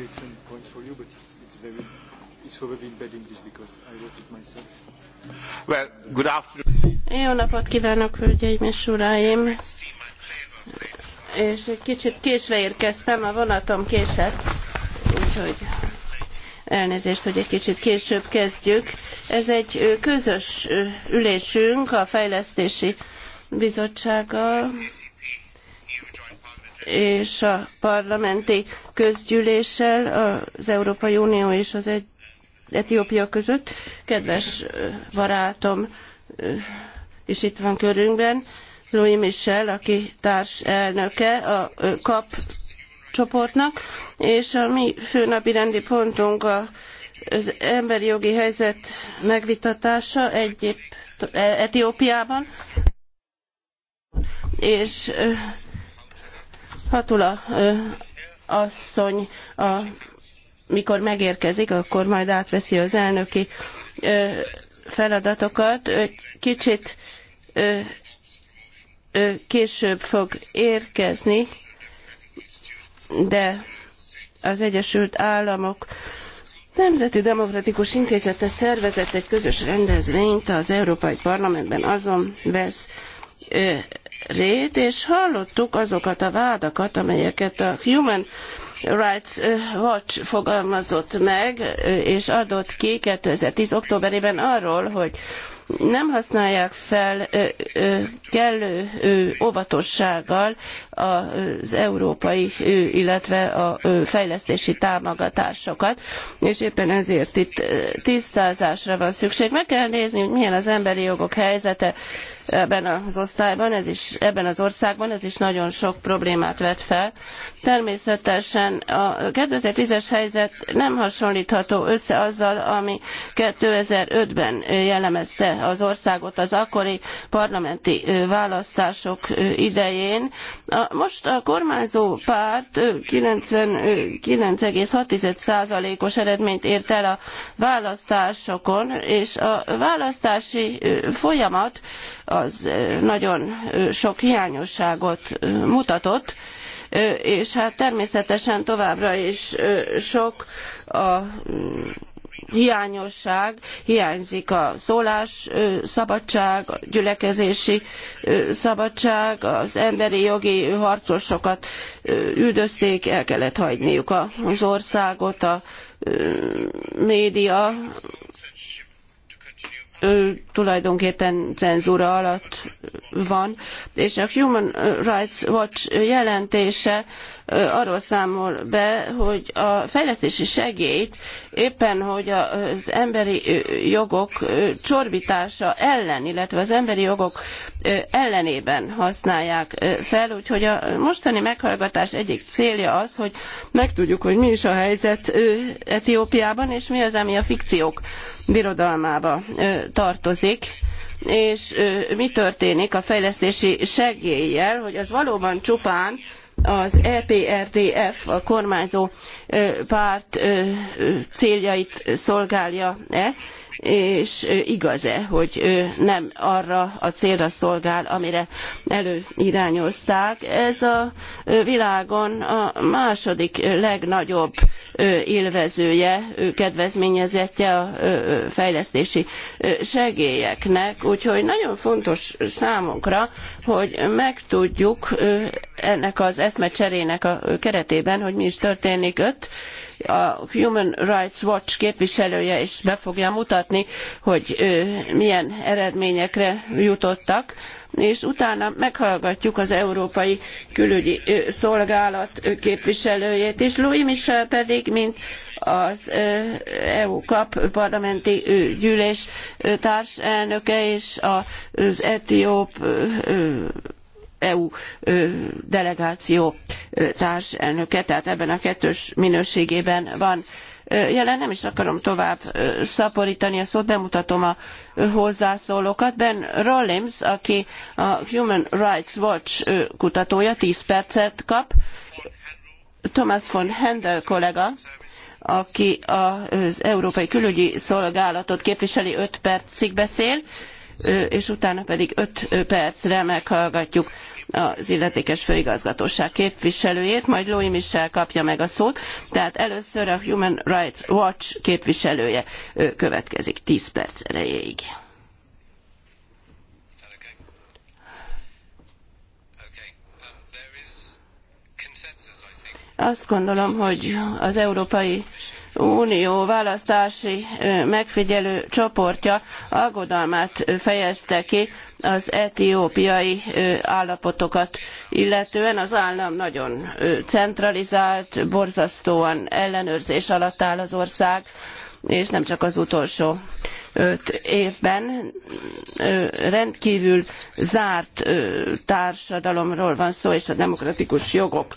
create some points for you, but it's, it's very, it's probably in bad English because I wrote it myself. Well, good afternoon. Jó napot kívánok, hölgyeim és uraim! És egy kicsit késve érkeztem, a vonatom késett, úgyhogy elnézést, hogy egy kicsit később kezdjük. Ez egy közös ülésünk a Fejlesztési Bizottsággal és a parlamenti közgyűléssel az Európai Unió és az Etiópia között. Kedves barátom, és itt van körünkben, Louis Michel, aki társelnöke a KAP csoportnak, és a mi főnapi rendi pontunk a, az emberi jogi helyzet megvitatása egyéb Etiópiában, és Hatula asszony, a, mikor megérkezik, akkor majd átveszi az elnöki ö, feladatokat. kicsit ö, ö, később fog érkezni, de az Egyesült Államok Nemzeti Demokratikus Intézete szervezett egy közös rendezvényt az Európai Parlamentben azon vesz rét, és hallottuk azokat a vádakat, amelyeket a Human Rights Watch fogalmazott meg, és adott ki 2010. októberében arról, hogy nem használják fel kellő óvatossággal az európai, illetve a fejlesztési támogatásokat, és éppen ezért itt tisztázásra van szükség. Meg kell nézni, hogy milyen az emberi jogok helyzete ebben az osztályban, ez is, ebben az országban, ez is nagyon sok problémát vet fel. Természetesen a 2010-es helyzet nem hasonlítható össze azzal, ami 2005-ben jellemezte az országot az akkori parlamenti választások idején. A, most a kormányzó párt 99,6%-os eredményt ért el a választásokon, és a választási folyamat a az nagyon sok hiányosságot mutatott, és hát természetesen továbbra is sok a mm, hiányosság, hiányzik a szólásszabadság, a gyülekezési szabadság, az emberi jogi harcosokat üldözték, el kellett hagyniuk az országot, a média tulajdonképpen cenzúra alatt van, és a Human Rights Watch jelentése arról számol be, hogy a fejlesztési segélyt éppen, hogy az emberi jogok csorbítása ellen, illetve az emberi jogok ellenében használják fel, úgyhogy a mostani meghallgatás egyik célja az, hogy megtudjuk, hogy mi is a helyzet Etiópiában, és mi az, ami a fikciók birodalmába tartozik, és mi történik a fejlesztési segéllyel, hogy az valóban csupán az EPRDF, a kormányzó párt céljait szolgálja-e, és igaz-e, hogy nem arra a célra szolgál, amire előirányozták. Ez a világon a második legnagyobb élvezője, kedvezményezettje a fejlesztési segélyeknek, úgyhogy nagyon fontos számunkra, hogy megtudjuk ennek az eszmecserének a keretében, hogy mi is történik között. A Human Rights Watch képviselője is be fogja mutatni, hogy milyen eredményekre jutottak és utána meghallgatjuk az Európai Külügyi Szolgálat képviselőjét, és Louis Michel pedig, mint az EU-KAP parlamenti gyűlés társelnöke és az etióp EU delegáció társelnöke, tehát ebben a kettős minőségében van jelen. Nem is akarom tovább szaporítani a szót, bemutatom a hozzászólókat. Ben Rollins, aki a Human Rights Watch kutatója, 10 percet kap. Thomas von Hendel kollega, aki az Európai Külügyi Szolgálatot képviseli, 5 percig beszél és utána pedig 5 percre meghallgatjuk az illetékes főigazgatóság képviselőjét, majd Lói Michel kapja meg a szót, tehát először a Human Rights Watch képviselője következik 10 perc erejéig. Azt gondolom, hogy az Európai Unió választási megfigyelő csoportja aggodalmát fejezte ki az etiópiai állapotokat illetően. Az állam nagyon centralizált, borzasztóan ellenőrzés alatt áll az ország és nem csak az utolsó öt évben rendkívül zárt társadalomról van szó, és a demokratikus jogok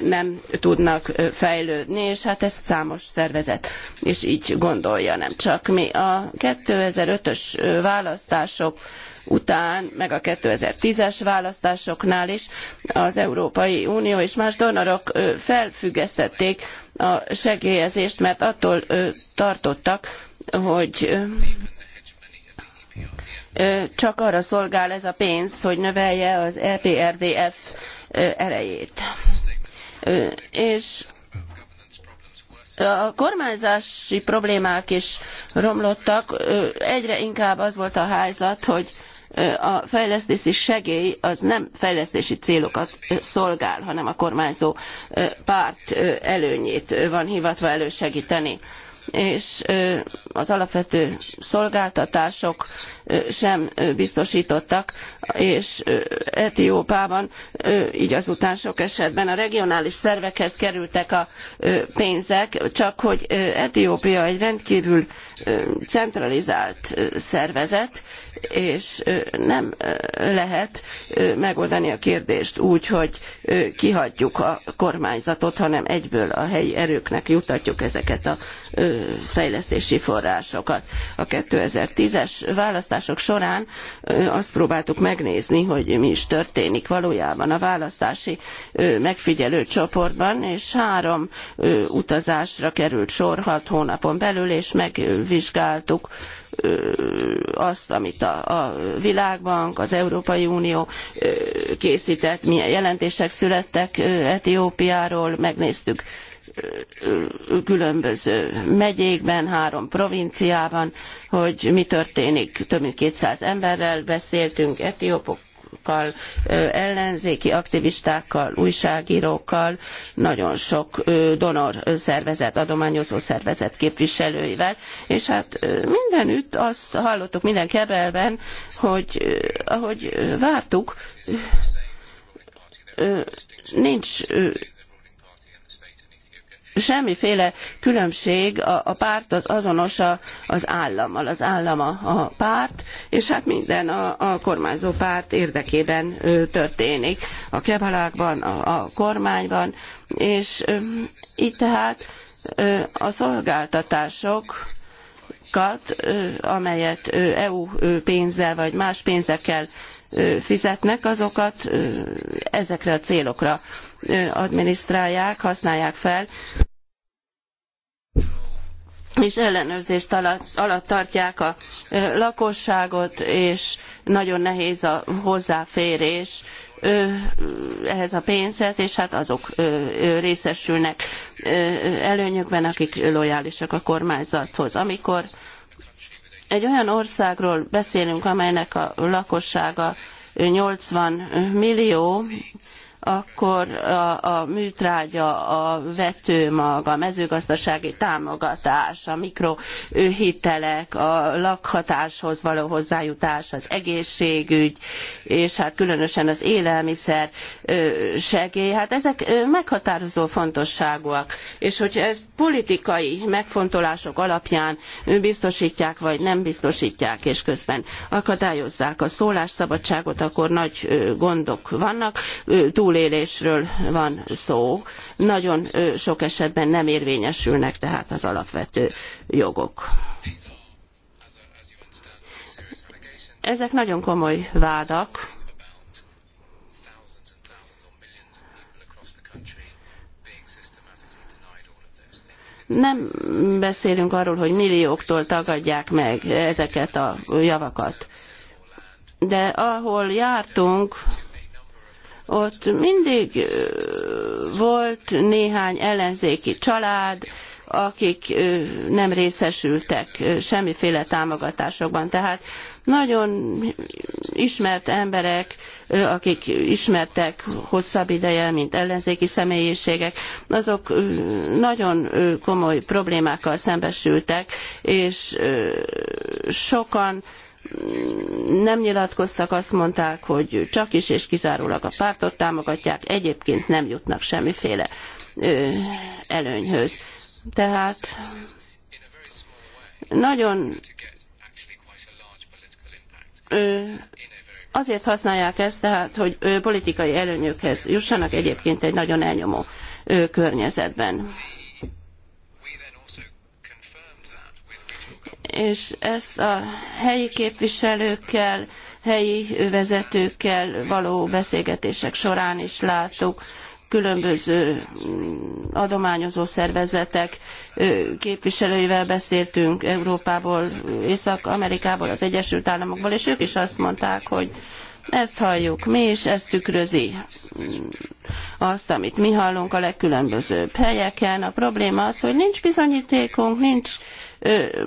nem tudnak fejlődni, és hát ezt számos szervezet is így gondolja, nem csak mi. A 2005-ös választások után, meg a 2010-es választásoknál is az Európai Unió és más donorok felfüggesztették a segélyezést, mert attól tartottak, hogy csak arra szolgál ez a pénz, hogy növelje az EPRDF erejét. És a kormányzási problémák is romlottak, egyre inkább az volt a helyzet, hogy a fejlesztési segély az nem fejlesztési célokat szolgál, hanem a kormányzó párt előnyét van hivatva elősegíteni és az alapvető szolgáltatások sem biztosítottak, és Etiópában így azután sok esetben a regionális szervekhez kerültek a pénzek, csak hogy Etiópia egy rendkívül centralizált szervezet, és nem lehet megoldani a kérdést úgy, hogy kihagyjuk a kormányzatot, hanem egyből a helyi erőknek jutatjuk ezeket a fejlesztési forrásokat. A 2010-es választás választások során azt próbáltuk megnézni, hogy mi is történik valójában a választási megfigyelő csoportban, és három utazásra került sor hat hónapon belül, és megvizsgáltuk azt, amit a, a Világbank, az Európai Unió készített, milyen jelentések születtek Etiópiáról, megnéztük különböző megyékben, három provinciában, hogy mi történik. Több mint 200 emberrel beszéltünk, etiópok, politikusokkal, ellenzéki aktivistákkal, újságírókkal, nagyon sok donor szervezet, adományozó szervezet képviselőivel, és hát mindenütt azt hallottuk minden kebelben, hogy ahogy vártuk, nincs semmiféle különbség, a, a párt az azonos a, az állammal, az állama a párt, és hát minden a, a kormányzó párt érdekében ö, történik, a kebalákban, a, a kormányban, és ö, így tehát ö, a szolgáltatások amelyet EU pénzzel vagy más pénzekkel fizetnek, azokat ezekre a célokra adminisztrálják, használják fel, és ellenőrzést alatt, alatt tartják a lakosságot, és nagyon nehéz a hozzáférés ehhez a pénzhez, és hát azok részesülnek előnyökben, akik lojálisak a kormányzathoz. Amikor egy olyan országról beszélünk, amelynek a lakossága 80 millió, akkor a, a műtrágya, a vetőmag, a mezőgazdasági támogatás, a mikrohitelek, a lakhatáshoz való hozzájutás, az egészségügy, és hát különösen az élelmiszer segély, hát ezek meghatározó fontosságúak. És hogyha ezt politikai megfontolások alapján biztosítják, vagy nem biztosítják, és közben akadályozzák a szólásszabadságot, akkor nagy gondok vannak, túl túlélésről van szó. Nagyon sok esetben nem érvényesülnek tehát az alapvető jogok. Ezek nagyon komoly vádak, nem beszélünk arról, hogy millióktól tagadják meg ezeket a javakat. De ahol jártunk, ott mindig volt néhány ellenzéki család, akik nem részesültek semmiféle támogatásokban. Tehát nagyon ismert emberek, akik ismertek hosszabb ideje, mint ellenzéki személyiségek, azok nagyon komoly problémákkal szembesültek, és sokan nem nyilatkoztak, azt mondták, hogy csak is és kizárólag a pártot támogatják, egyébként nem jutnak semmiféle előnyhöz. Tehát nagyon azért használják ezt, tehát, hogy politikai előnyökhez jussanak egyébként egy nagyon elnyomó környezetben. és ezt a helyi képviselőkkel, helyi vezetőkkel való beszélgetések során is láttuk különböző mm, adományozó szervezetek képviselőivel beszéltünk Európából, Észak-Amerikából, az Egyesült Államokból, és ők is azt mondták, hogy ezt halljuk mi, és ez tükrözi mm, azt, amit mi hallunk a legkülönbözőbb helyeken. A probléma az, hogy nincs bizonyítékunk, nincs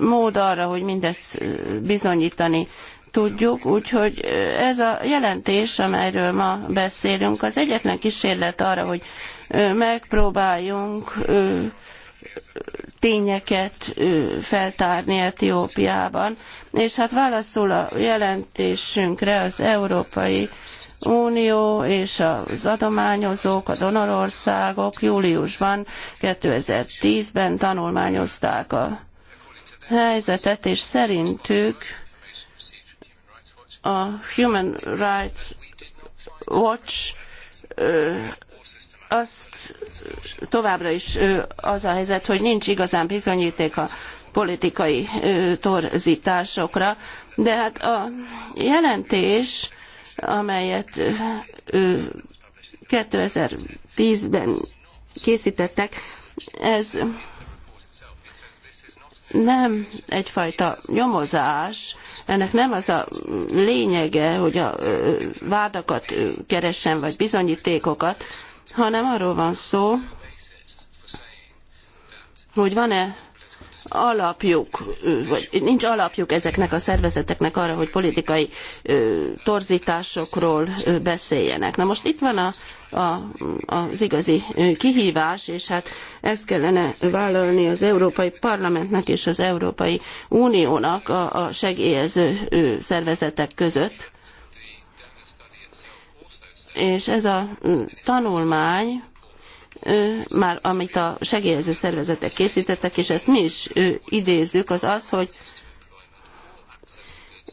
mód arra, hogy mindezt bizonyítani tudjuk, úgyhogy ez a jelentés, amelyről ma beszélünk, az egyetlen kísérlet arra, hogy megpróbáljunk tényeket feltárni Etiópiában. És hát válaszul a jelentésünkre az Európai Unió és az adományozók, a donorországok júliusban 2010-ben tanulmányozták a helyzetet, és szerintük a Human Rights Watch azt továbbra is az a helyzet, hogy nincs igazán bizonyíték a politikai torzításokra, de hát a jelentés, amelyet 2010-ben készítettek, ez nem egyfajta nyomozás, ennek nem az a lényege, hogy a vádakat keressen, vagy bizonyítékokat, hanem arról van szó, hogy van-e alapjuk, vagy nincs alapjuk ezeknek a szervezeteknek arra, hogy politikai torzításokról beszéljenek. Na most itt van a, a, az igazi kihívás, és hát ezt kellene vállalni az Európai Parlamentnek és az Európai Uniónak a, a segélyező szervezetek között. És ez a tanulmány, már amit a segélyező szervezetek készítettek, és ezt mi is idézzük, az az, hogy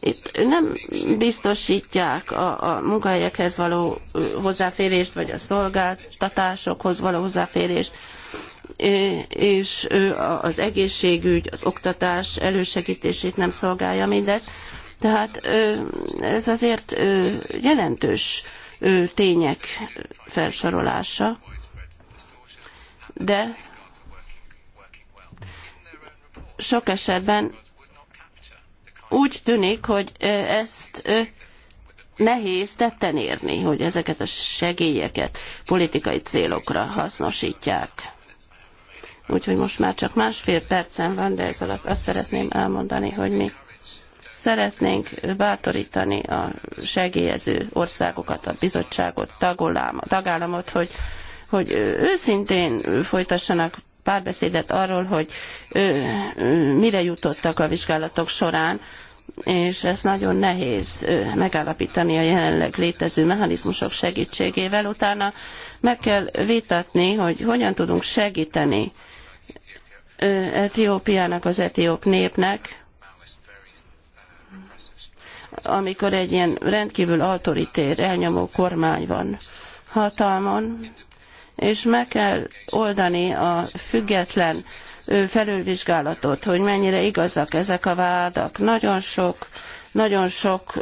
itt nem biztosítják a, a munkahelyekhez való hozzáférést, vagy a szolgáltatásokhoz való hozzáférést, és az egészségügy, az oktatás elősegítését nem szolgálja mindez. Tehát ez azért jelentős tények felsorolása de sok esetben úgy tűnik, hogy ezt nehéz tetten érni, hogy ezeket a segélyeket politikai célokra hasznosítják. Úgyhogy most már csak másfél percen van, de ez alatt azt szeretném elmondani, hogy mi szeretnénk bátorítani a segélyező országokat, a bizottságot, tagállamot, hogy hogy őszintén folytassanak párbeszédet arról, hogy mire jutottak a vizsgálatok során, és ez nagyon nehéz megállapítani a jelenleg létező mechanizmusok segítségével. Utána meg kell vitatni, hogy hogyan tudunk segíteni Etiópiának, az etióp népnek, amikor egy ilyen rendkívül autoritér, elnyomó kormány van hatalmon, és meg kell oldani a független felülvizsgálatot, hogy mennyire igazak ezek a vádak. Nagyon sok, nagyon sok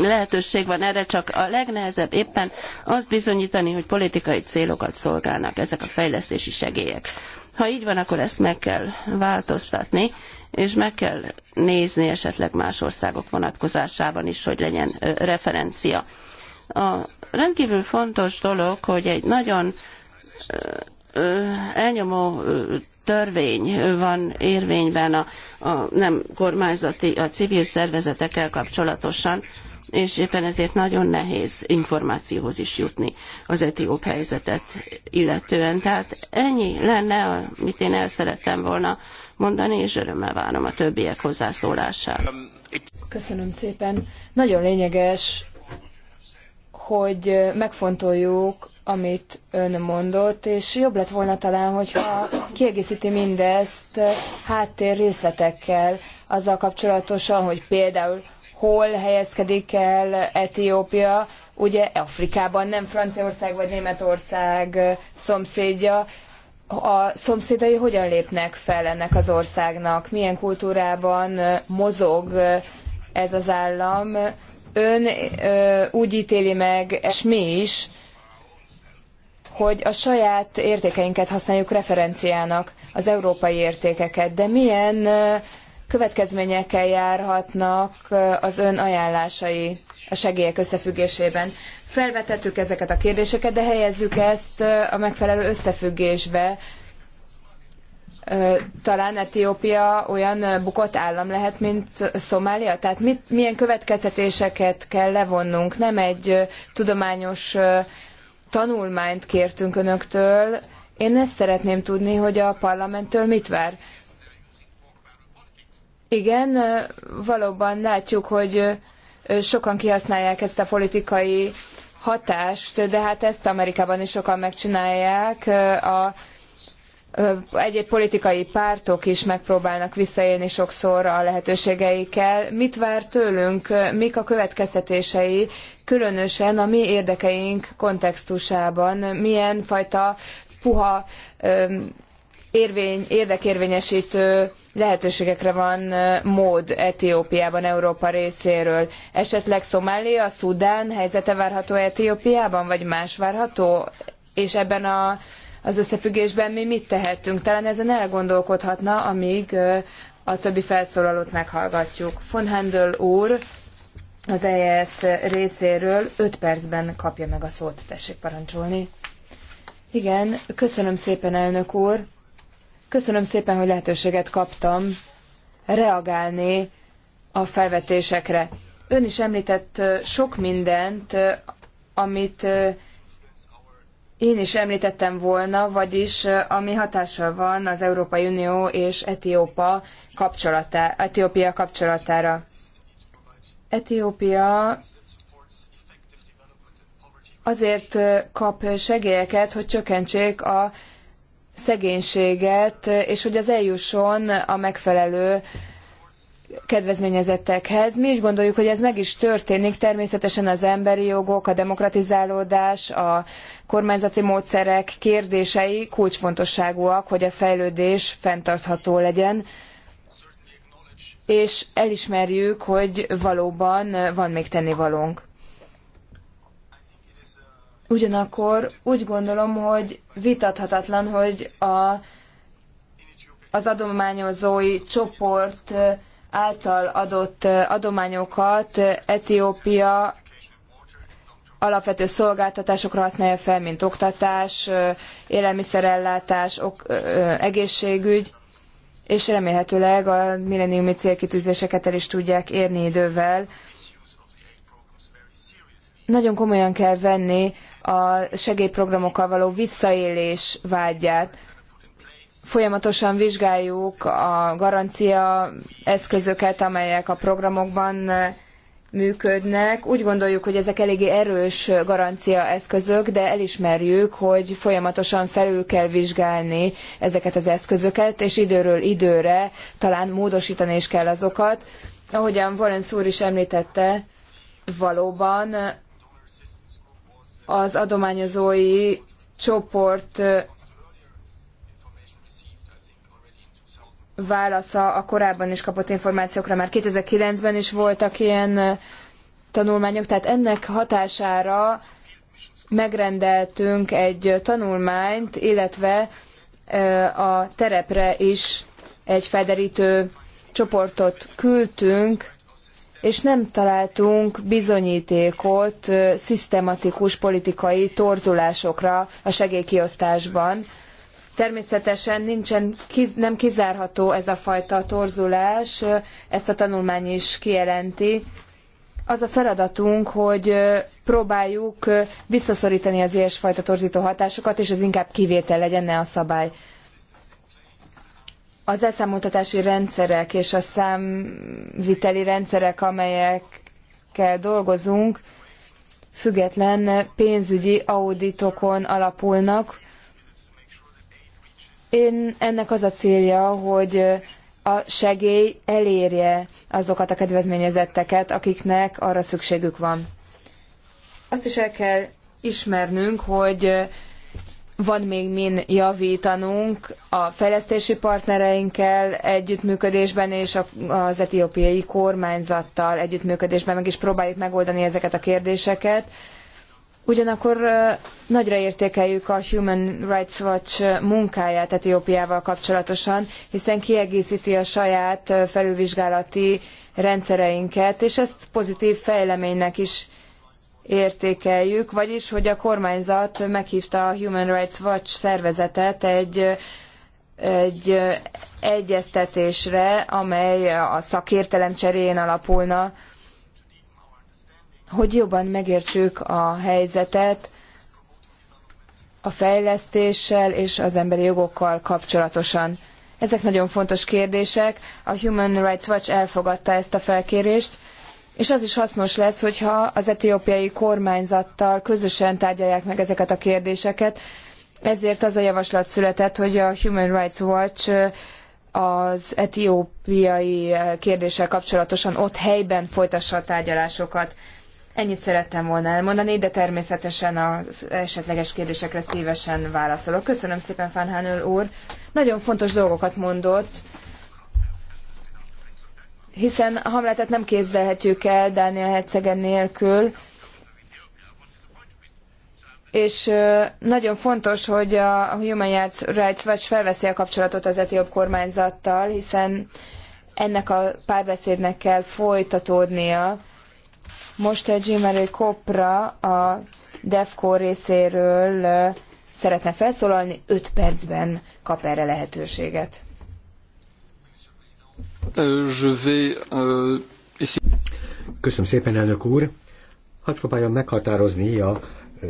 lehetőség van erre, csak a legnehezebb éppen azt bizonyítani, hogy politikai célokat szolgálnak ezek a fejlesztési segélyek. Ha így van, akkor ezt meg kell változtatni, és meg kell nézni esetleg más országok vonatkozásában is, hogy legyen referencia. A Rendkívül fontos dolog, hogy egy nagyon elnyomó törvény van érvényben a, a nem kormányzati, a civil szervezetekkel kapcsolatosan, és éppen ezért nagyon nehéz információhoz is jutni az etióp helyzetet illetően. Tehát ennyi lenne, amit én el szerettem volna mondani, és örömmel várom a többiek hozzászólását. Köszönöm szépen. Nagyon lényeges hogy megfontoljuk, amit ön mondott, és jobb lett volna talán, hogyha kiegészíti mindezt háttér részletekkel, azzal kapcsolatosan, hogy például hol helyezkedik el Etiópia, ugye Afrikában, nem Franciaország vagy Németország szomszédja, a szomszédai hogyan lépnek fel ennek az országnak, milyen kultúrában mozog ez az állam, ön ö, úgy ítéli meg, és mi is, hogy a saját értékeinket használjuk referenciának, az európai értékeket, de milyen következményekkel járhatnak az ön ajánlásai a segélyek összefüggésében. Felvetettük ezeket a kérdéseket, de helyezzük ezt a megfelelő összefüggésbe talán Etiópia olyan bukott állam lehet, mint Szomália? Tehát mit, milyen következtetéseket kell levonnunk? Nem egy tudományos tanulmányt kértünk önöktől. Én ezt szeretném tudni, hogy a parlamenttől mit vár. Igen, valóban látjuk, hogy sokan kihasználják ezt a politikai hatást, de hát ezt Amerikában is sokan megcsinálják. A egyéb politikai pártok is megpróbálnak visszaélni sokszor a lehetőségeikkel. Mit vár tőlünk, mik a következtetései, különösen a mi érdekeink kontextusában, milyen fajta puha érvény, érdekérvényesítő lehetőségekre van mód Etiópiában, Európa részéről. Esetleg Szomália, Szudán helyzete várható Etiópiában, vagy más várható? És ebben a az összefüggésben mi mit tehetünk. Talán ezen elgondolkodhatna, amíg a többi felszólalót meghallgatjuk. Von Handel úr az EES részéről 5 percben kapja meg a szót, tessék parancsolni. Igen, köszönöm szépen, elnök úr. Köszönöm szépen, hogy lehetőséget kaptam reagálni a felvetésekre. Ön is említett sok mindent, amit én is említettem volna, vagyis ami hatással van az Európai Unió és Etiópa kapcsolatá, Etiópia kapcsolatára. Etiópia azért kap segélyeket, hogy csökkentsék a szegénységet, és hogy az eljusson a megfelelő kedvezményezettekhez. Mi úgy gondoljuk, hogy ez meg is történik. Természetesen az emberi jogok, a demokratizálódás, a kormányzati módszerek kérdései kulcsfontosságúak, hogy a fejlődés fenntartható legyen. És elismerjük, hogy valóban van még tennivalónk. Ugyanakkor úgy gondolom, hogy vitathatatlan, hogy a, az adományozói csoport által adott adományokat Etiópia alapvető szolgáltatásokra használja fel, mint oktatás, élelmiszerellátás, ok, egészségügy, és remélhetőleg a milleniumi célkitűzéseket el is tudják érni idővel. Nagyon komolyan kell venni a segélyprogramokkal való visszaélés vágyát. Folyamatosan vizsgáljuk a garancia eszközöket, amelyek a programokban eh, működnek. Úgy gondoljuk, hogy ezek eléggé erős garancia eszközök, de elismerjük, hogy folyamatosan felül kell vizsgálni ezeket az eszközöket, és időről időre talán módosítani is kell azokat. Ahogyan Warren úr is említette, valóban az adományozói csoport eh, válasza a korábban is kapott információkra, már 2009-ben is voltak ilyen tanulmányok, tehát ennek hatására megrendeltünk egy tanulmányt, illetve a terepre is egy felderítő csoportot küldtünk, és nem találtunk bizonyítékot szisztematikus politikai torzulásokra a segélykiosztásban Természetesen nincsen, nem kizárható ez a fajta torzulás, ezt a tanulmány is kijelenti. Az a feladatunk, hogy próbáljuk visszaszorítani az ilyesfajta torzító hatásokat, és ez inkább kivétel legyen, ne a szabály. Az elszámoltatási rendszerek és a számviteli rendszerek, amelyekkel dolgozunk, független pénzügyi auditokon alapulnak, én ennek az a célja, hogy a segély elérje azokat a kedvezményezetteket, akiknek arra szükségük van. Azt is el kell ismernünk, hogy van még min javítanunk a fejlesztési partnereinkkel együttműködésben és az etiópiai kormányzattal együttműködésben meg is próbáljuk megoldani ezeket a kérdéseket. Ugyanakkor nagyra értékeljük a Human Rights Watch munkáját Etiópiával kapcsolatosan, hiszen kiegészíti a saját felülvizsgálati rendszereinket, és ezt pozitív fejleménynek is értékeljük, vagyis hogy a kormányzat meghívta a Human Rights Watch szervezetet egy egy egyeztetésre, amely a szakértelem cseréjén alapulna, hogy jobban megértsük a helyzetet a fejlesztéssel és az emberi jogokkal kapcsolatosan. Ezek nagyon fontos kérdések. A Human Rights Watch elfogadta ezt a felkérést, és az is hasznos lesz, hogyha az etiópiai kormányzattal közösen tárgyalják meg ezeket a kérdéseket. Ezért az a javaslat született, hogy a Human Rights Watch az etiópiai kérdéssel kapcsolatosan ott helyben folytassa a tárgyalásokat. Ennyit szerettem volna elmondani, de természetesen az esetleges kérdésekre szívesen válaszolok. Köszönöm szépen, Fánhánöl úr. Nagyon fontos dolgokat mondott, hiszen Hamletet nem képzelhetjük el dánia hercegen nélkül, és nagyon fontos, hogy a Human Rights Watch felveszi a kapcsolatot az etióp kormányzattal, hiszen ennek a párbeszédnek kell folytatódnia, most eh, Jimmery Kopra a DEFCO részéről eh, szeretne felszólalni, 5 percben kap erre lehetőséget. Eh, Köszönöm szépen, elnök úr. Hadd próbáljam meghatározni a,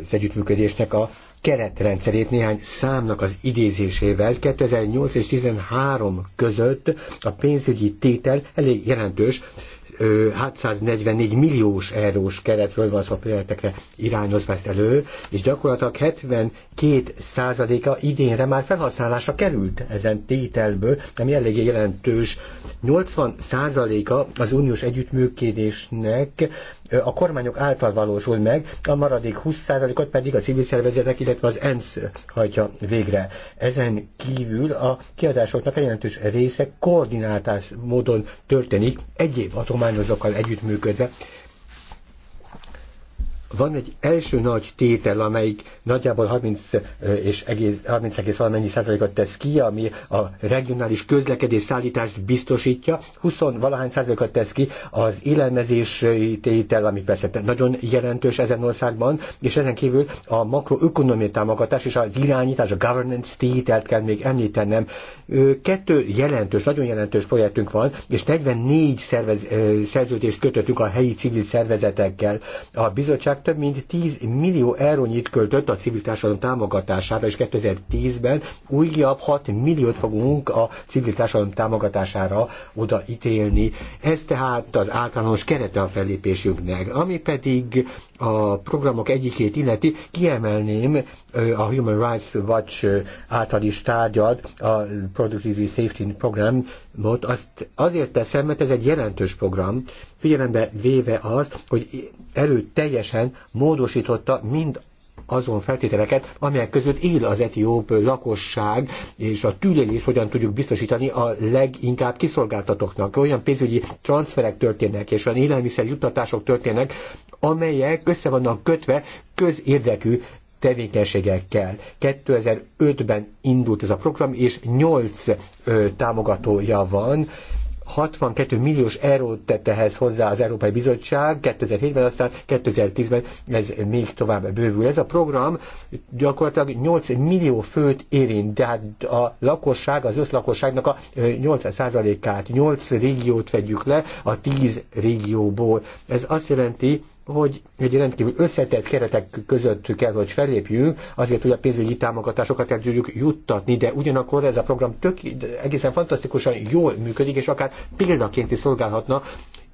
az együttműködésnek a keretrendszerét néhány számnak az idézésével 2008 és 2013 között a pénzügyi tétel elég jelentős 744 milliós eurós keretről van szó projektekre irányozva ezt elő, és gyakorlatilag 72 százaléka idénre már felhasználásra került ezen tételből, ami eléggé jelentős. 80 százaléka az uniós együttműködésnek a kormányok által valósul meg, a maradék 20%-ot pedig a civil szervezetek, illetve az ENSZ hajtja végre. Ezen kívül a kiadásoknak egy jelentős része koordináltás módon történik egyéb adományozókkal együttműködve, van egy első nagy tétel, amelyik nagyjából 30 eh, és egész, 30 egész valamennyi százalékot tesz ki, ami a regionális közlekedés szállítást biztosítja, 20 valahány százalékot tesz ki az élelmezés tétel, ami persze nagyon jelentős ezen országban, és ezen kívül a makroökonomiai támogatás és az irányítás, a governance tételt kell még említenem. Kettő jelentős, nagyon jelentős projektünk van, és 44 szervez, szerződést kötöttünk a helyi civil szervezetekkel. A bizottság több mint 10 millió eurónyit költött a civil társadalom támogatására, és 2010-ben újabb 6 milliót fogunk a civil társadalom támogatására odaítélni. Ez tehát az általános kerete a fellépésünknek. Ami pedig a programok egyikét illeti, kiemelném a Human Rights Watch által is tárgyad a Productivity Safety Programot. Azt azért teszem, mert ez egy jelentős program, figyelembe véve azt, hogy teljesen módosította mind azon feltételeket, amelyek között él az etióp lakosság, és a túlélés hogyan tudjuk biztosítani a leginkább kiszolgáltatóknak. Olyan pénzügyi transferek történnek, és olyan élelmiszer juttatások történnek, amelyek össze vannak kötve közérdekű tevékenységekkel. 2005-ben indult ez a program, és 8 ö, támogatója van, 62 milliós eurót tett ehhez hozzá az Európai Bizottság 2007-ben, aztán 2010-ben ez még tovább bővül. Ez a program gyakorlatilag 8 millió főt érint, de hát a lakosság, az összlakosságnak a 80%-át, 8 régiót vegyük le a 10 régióból. Ez azt jelenti, hogy egy rendkívül összetett keretek között kell, hogy felépjünk, azért, hogy a pénzügyi támogatásokat el tudjuk juttatni, de ugyanakkor ez a program tök, egészen fantasztikusan jól működik, és akár példaként is szolgálhatna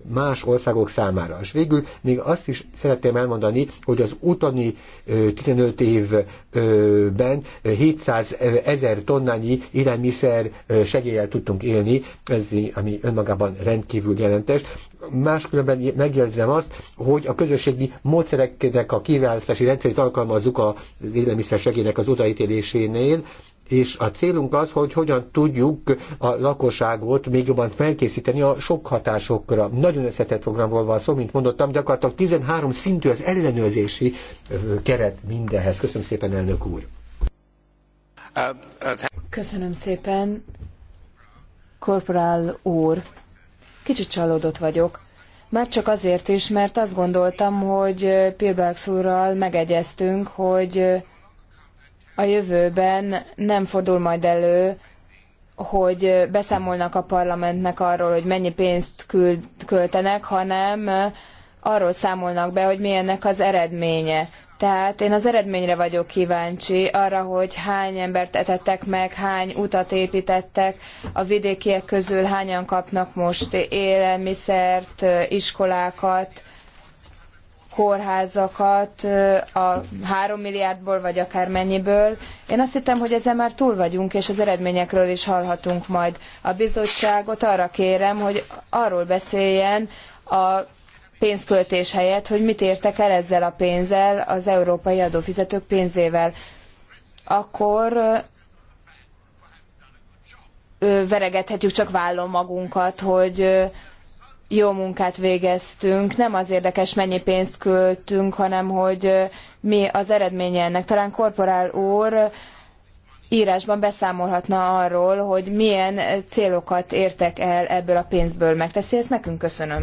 más országok számára. És végül még azt is szeretném elmondani, hogy az utani 15 évben 700 ezer tonnányi élelmiszer segéllyel tudtunk élni, ez ami önmagában rendkívül jelentes. Máskülönben megjegyzem azt, hogy a közösségi módszereknek a kiválasztási rendszerét alkalmazzuk az élelmiszer segélynek az odaítélésénél, és a célunk az, hogy hogyan tudjuk a lakosságot még jobban felkészíteni a sok hatásokra. Nagyon összetett programról van szó, mint mondottam, gyakorlatilag 13 szintű az ellenőrzési keret mindenhez. Köszönöm szépen, elnök úr! Köszönöm szépen, korporál úr. Kicsit csalódott vagyok. Már csak azért is, mert azt gondoltam, hogy Pilbax úrral megegyeztünk, hogy a jövőben nem fordul majd elő, hogy beszámolnak a parlamentnek arról, hogy mennyi pénzt küld, költenek, hanem arról számolnak be, hogy mi ennek az eredménye. Tehát én az eredményre vagyok kíváncsi, arra, hogy hány embert etettek meg, hány utat építettek, a vidékiek közül hányan kapnak most élelmiszert, iskolákat, kórházakat a három milliárdból, vagy akár mennyiből. Én azt hittem, hogy ezzel már túl vagyunk, és az eredményekről is hallhatunk majd. A bizottságot arra kérem, hogy arról beszéljen a pénzköltés helyett, hogy mit értek el ezzel a pénzzel, az európai adófizetők pénzével. Akkor veregethetjük csak vállon magunkat, hogy jó munkát végeztünk. Nem az érdekes, mennyi pénzt költünk, hanem hogy mi az eredménye ennek. Talán korporál úr írásban beszámolhatna arról, hogy milyen célokat értek el ebből a pénzből. Megteszi ezt nekünk? Köszönöm.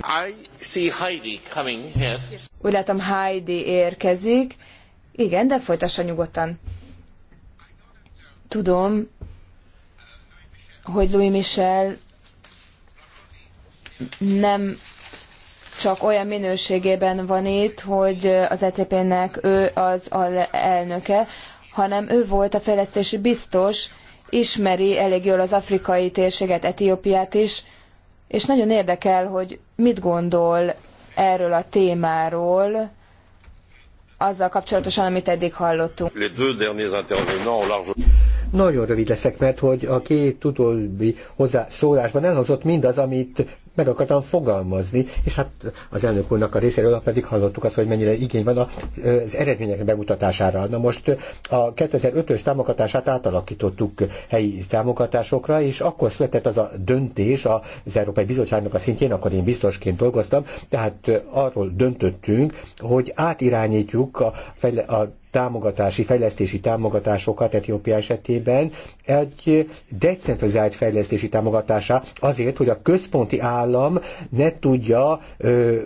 Heidi coming here. Úgy látom Heidi érkezik. Igen, de folytassa nyugodtan. Tudom, hogy Louis Michel nem csak olyan minőségében van itt, hogy az ECP-nek ő az elnöke, hanem ő volt a fejlesztési biztos, ismeri elég jól az afrikai térséget, Etiópiát is, és nagyon érdekel, hogy mit gondol erről a témáról, azzal kapcsolatosan, amit eddig hallottunk. Nagyon rövid leszek, mert hogy a két utóbbi hozzászólásban elhozott mindaz, amit meg akartam fogalmazni, és hát az elnök úrnak a részéről pedig hallottuk azt, hogy mennyire igény van az eredmények bemutatására. Na most a 2005-ös támogatását átalakítottuk helyi támogatásokra, és akkor született az a döntés az Európai Bizottságnak a szintjén, akkor én biztosként dolgoztam, tehát arról döntöttünk, hogy átirányítjuk a, fejle- a támogatási, fejlesztési támogatásokat Etiópia esetében egy decentralizált fejlesztési támogatása azért, hogy a központi állam ne tudja ö,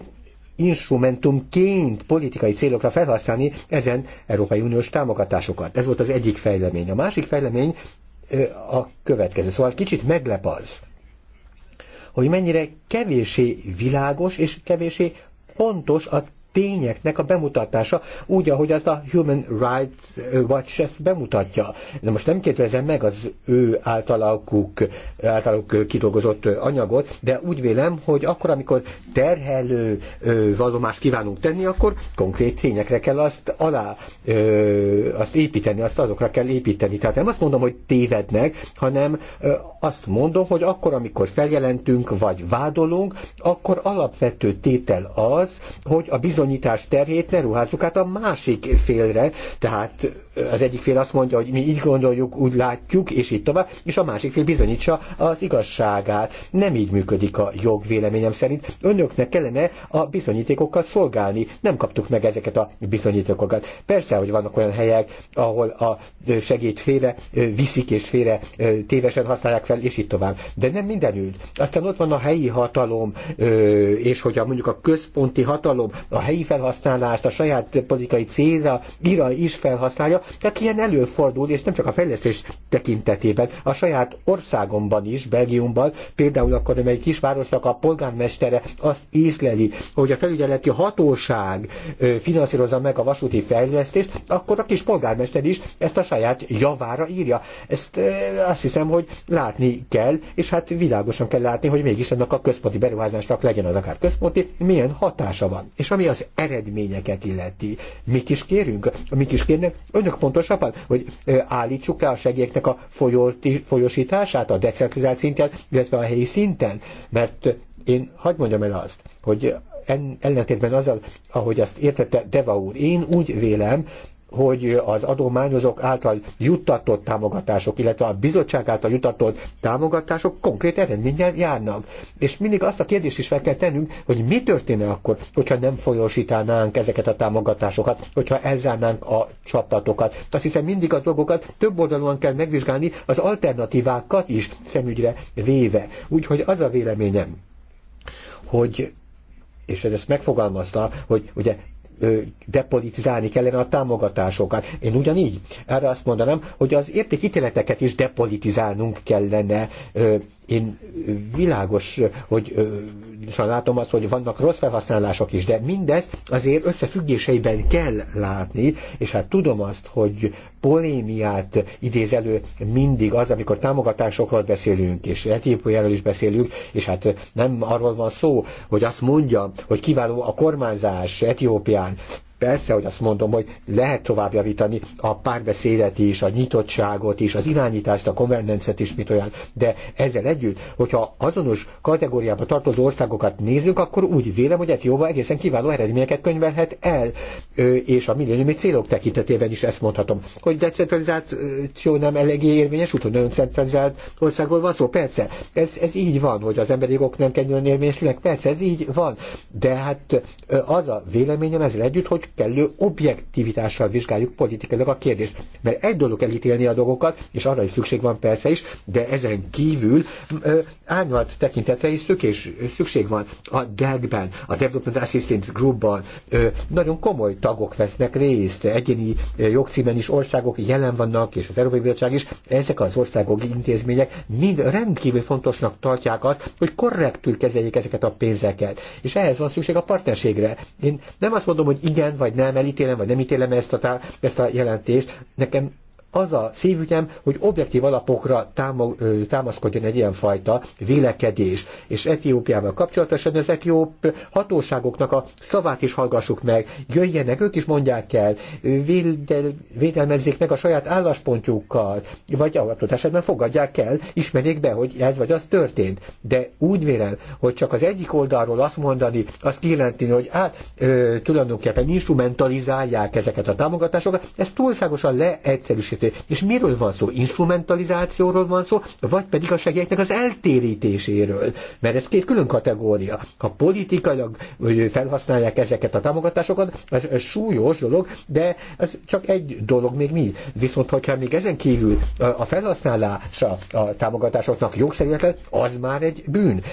instrumentumként politikai célokra felhasználni ezen Európai Uniós támogatásokat. Ez volt az egyik fejlemény. A másik fejlemény ö, a következő. Szóval kicsit meglep az, hogy mennyire kevésé világos és kevésé pontos a tényeknek a bemutatása, úgy, ahogy azt a Human Rights Watch ezt bemutatja. De most nem kérdezem meg az ő általuk, általuk kidolgozott anyagot, de úgy vélem, hogy akkor, amikor terhelő vallomást kívánunk tenni, akkor konkrét tényekre kell azt alá, ö, azt építeni, azt azokra kell építeni. Tehát nem azt mondom, hogy tévednek, hanem ö, azt mondom, hogy akkor, amikor feljelentünk, vagy vádolunk, akkor alapvető tétel az, hogy a bizonyos bizonyítás terhét ne ruházzuk át a másik félre, tehát az egyik fél azt mondja, hogy mi így gondoljuk, úgy látjuk, és így tovább, és a másik fél bizonyítsa az igazságát. Nem így működik a jog véleményem szerint. Önöknek kellene a bizonyítékokkal szolgálni. Nem kaptuk meg ezeket a bizonyítékokat. Persze, hogy vannak olyan helyek, ahol a segéd félre viszik és félre tévesen használják fel, és így tovább. De nem mindenütt. Aztán ott van a helyi hatalom, és hogyha mondjuk a központi hatalom a helyi felhasználást a saját politikai célra, ira is felhasználja, tehát ilyen előfordul, és nem csak a fejlesztés tekintetében, a saját országomban is, Belgiumban, például akkor, egy kisvárosnak a polgármestere azt észleli, hogy a felügyeleti hatóság finanszírozza meg a vasúti fejlesztést, akkor a kis polgármester is ezt a saját javára írja. Ezt azt hiszem, hogy látni kell, és hát világosan kell látni, hogy mégis ennek a központi beruházásnak legyen az akár központi, milyen hatása van. És ami az az eredményeket illeti. Mit is kérünk? Mit is kérnek? Önök pontosabban, hogy állítsuk le a segélyeknek a folyosítását a decentralizált szinten, illetve a helyi szinten, mert én hagyd mondjam el azt, hogy ellentétben azzal, ahogy azt értette Deva úr, én úgy vélem, hogy az adományozók által juttatott támogatások, illetve a bizottság által juttatott támogatások konkrét eredménnyel járnak. És mindig azt a kérdést is fel kell tennünk, hogy mi történne akkor, hogyha nem folyósítanánk ezeket a támogatásokat, hogyha elzárnánk a csapatokat. Azt hiszem mindig a dolgokat több oldalon kell megvizsgálni, az alternatívákat is szemügyre véve. Úgyhogy az a véleményem, hogy és ezt megfogalmazta, hogy ugye depolitizálni kellene a támogatásokat. Én ugyanígy erre azt mondanám, hogy az értékítéleteket is depolitizálnunk kellene én világos, hogy látom azt, hogy vannak rossz felhasználások is, de mindez azért összefüggéseiben kell látni, és hát tudom azt, hogy polémiát idéz elő mindig az, amikor támogatásokról beszélünk, és etépőjelről is beszélünk, és hát nem arról van szó, hogy azt mondja, hogy kiváló a kormányzás Etiópián, Persze, hogy azt mondom, hogy lehet tovább javítani a párbeszédet is, a nyitottságot is, az irányítást, a konvergencet is, mit olyan, de ezzel együtt, hogyha azonos kategóriába tartozó országokat nézzük, akkor úgy vélem, hogy egy jóval egészen kiváló eredményeket könyvelhet el, és a milleniumi célok tekintetében is ezt mondhatom, hogy decentralizáció nem eléggé érvényes, úton centralizált országról van szó. Persze, ez, ez így van, hogy az emberi jogok nem kerülnek érvényesülnek, persze, ez így van, de hát az a véleményem ezzel együtt, hogy kellő objektivitással vizsgáljuk politikailag a kérdést. Mert egy dolog elítélni a dolgokat, és arra is szükség van persze is, de ezen kívül ö, árnyalt tekintetre is szükség, szükség van. A DEG-ben, a Development Assistance group ö, nagyon komoly tagok vesznek részt, egyéni ö, jogcímen is országok jelen vannak, és az Európai Bizottság is, ezek az országok intézmények mind rendkívül fontosnak tartják azt, hogy korrektül kezeljék ezeket a pénzeket. És ehhez van szükség a partnerségre. Én nem azt mondom, hogy igen vagy nem, elítélem, vagy nem ítélem ezt a, ezt a jelentést. Nekem az a szívügyem, hogy objektív alapokra támaszkodjon egy ilyen fajta vélekedés. És Etiópiával kapcsolatosan az etióp hatóságoknak a szavát is hallgassuk meg, jöjjenek, ők is mondják el, védel, védelmezzék meg a saját álláspontjukkal, vagy adott esetben fogadják el, ismerjék be, hogy ez vagy az történt. De úgy vélem, hogy csak az egyik oldalról azt mondani, azt kijelenteni, hogy hát tulajdonképpen instrumentalizálják ezeket a támogatásokat, ez túlságosan leegyszerűsít kettőt. És miről van szó? Instrumentalizációról van szó, vagy pedig a segélyeknek az eltérítéséről? Mert ez két külön kategória. Ha politikailag felhasználják ezeket a támogatásokat, az súlyos dolog, de ez csak egy dolog még mi. Viszont, hogyha még ezen kívül a felhasználása a támogatásoknak jogszerűetlen, az már egy bűn.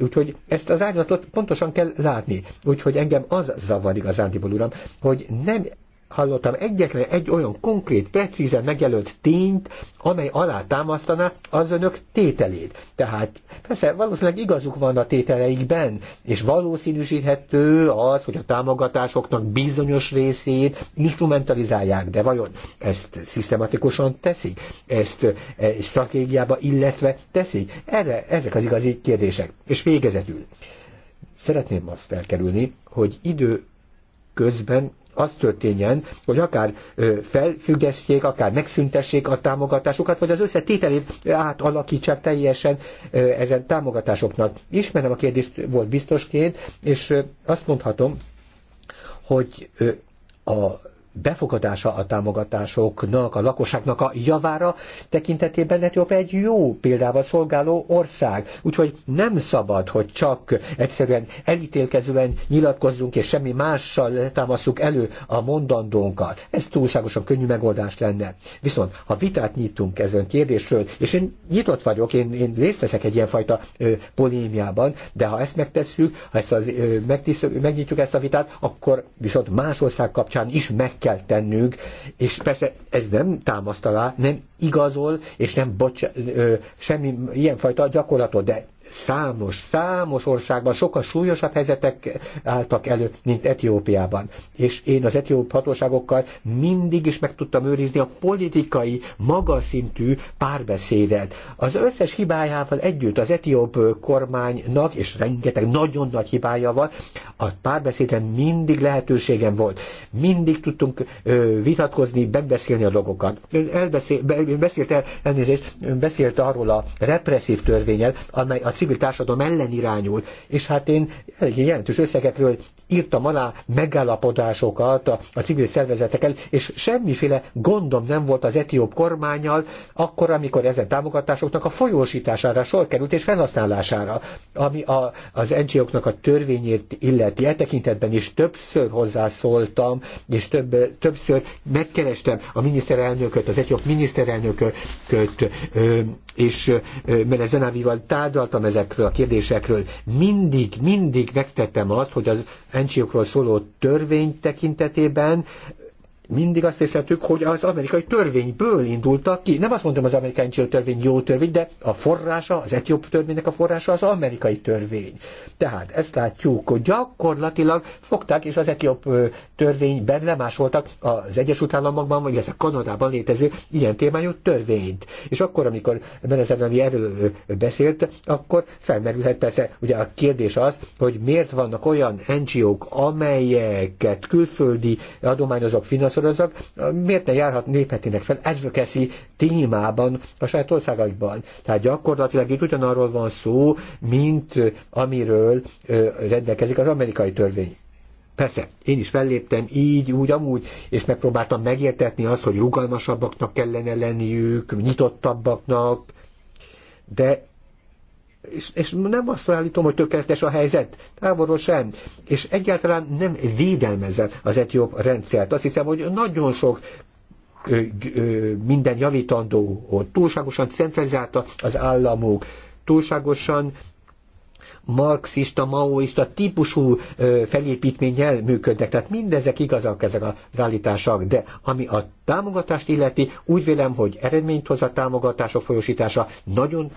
Úgyhogy ezt az árnyatot pontosan kell látni. Úgyhogy engem az zavar igazándiból, uram, hogy nem hallottam egyetlen egy olyan konkrét, precízen megjelölt tényt, amely alá támasztaná az önök tételét. Tehát persze valószínűleg igazuk van a tételeikben, és valószínűsíthető az, hogy a támogatásoknak bizonyos részét instrumentalizálják, de vajon ezt szisztematikusan teszik? Ezt e, stratégiába illesztve teszik? Erre ezek az igazi kérdések. És végezetül. Szeretném azt elkerülni, hogy idő közben az történjen, hogy akár felfüggesztjék, akár megszüntessék a támogatásokat, vagy az összetételét átalakítsák teljesen ezen támogatásoknak. Ismerem a kérdést, volt biztosként, és azt mondhatom, hogy a befogadása a támogatásoknak, a lakosságnak a javára tekintetében Etióp egy jó példával szolgáló ország. Úgyhogy nem szabad, hogy csak egyszerűen elítélkezően nyilatkozzunk, és semmi mással támaszuk elő a mondandónkat. Ez túlságosan könnyű megoldás lenne. Viszont, ha vitát nyitunk ezen kérdésről, és én nyitott vagyok, én, én részt veszek egy ilyenfajta ö, polémiában, de ha ezt megtesszük, ha ezt az, ö, megnyitjuk ezt a vitát, akkor viszont más ország kapcsán is meg kell tennünk, és persze ez nem támasztalá, nem igazol, és nem bocsa, ö, semmi ilyenfajta gyakorlatot, de számos, számos országban sokkal súlyosabb helyzetek álltak elő, mint Etiópiában. És én az etióp hatóságokkal mindig is meg tudtam őrizni a politikai, magas szintű párbeszédet. Az összes hibájával együtt az etióp kormánynak, és rengeteg nagyon nagy hibája van, a párbeszéden mindig lehetőségem volt. Mindig tudtunk ö, vitatkozni, megbeszélni a dolgokat. Elbeszél, be, beszélt el, elnézést, beszélt arról a represszív törvényel, amely a civil társadalom ellen irányul. És hát én elég jelentős összegekről írtam alá megállapodásokat a, a civil szervezetekkel, és semmiféle gondom nem volt az etióp kormányal, akkor, amikor ezen támogatásoknak a folyósítására sor került és felhasználására, ami a, az NGO-knak a törvényét illeti. E tekintetben is többször hozzászóltam, és több, többször megkerestem a miniszterelnököt, az etióp miniszterelnököt, és Mele Zenávival tárgyaltam ezekről a kérdésekről. Mindig, mindig megtettem azt, hogy az NGO-król szóló törvény tekintetében mindig azt hiszlettük, hogy az amerikai törvényből indultak ki. Nem azt mondom, az amerikai törvény jó törvény, de a forrása, az etióp törvénynek a forrása az amerikai törvény. Tehát ezt látjuk, hogy gyakorlatilag fogták, és az etióp törvényben lemásoltak az Egyesült Államokban, vagy a Kanadában létező ilyen témájú törvényt. És akkor, amikor Menezerlani erről beszélt, akkor felmerülhet persze ugye a kérdés az, hogy miért vannak olyan NGO-k, amelyeket külföldi adományozók finanszíroznak, finanszíroznak, miért ne járhat, néphetének fel advocacy témában a saját országaikban. Tehát gyakorlatilag itt ugyanarról van szó, mint amiről rendelkezik az amerikai törvény. Persze, én is felléptem így, úgy, amúgy, és megpróbáltam megértetni azt, hogy rugalmasabbaknak kellene lenniük, nyitottabbaknak, de és, és nem azt állítom, hogy tökéletes a helyzet, távolról sem, és egyáltalán nem védelmezem az etióp rendszert. Azt hiszem, hogy nagyon sok ö, ö, minden javítandó, túlságosan centralizálta az államok, túlságosan marxista, maoista típusú felépítménnyel működnek. Tehát mindezek igazak ezek az állítások, de ami a támogatást illeti, úgy vélem, hogy eredményt hoz a támogatások folyosítása, nagyon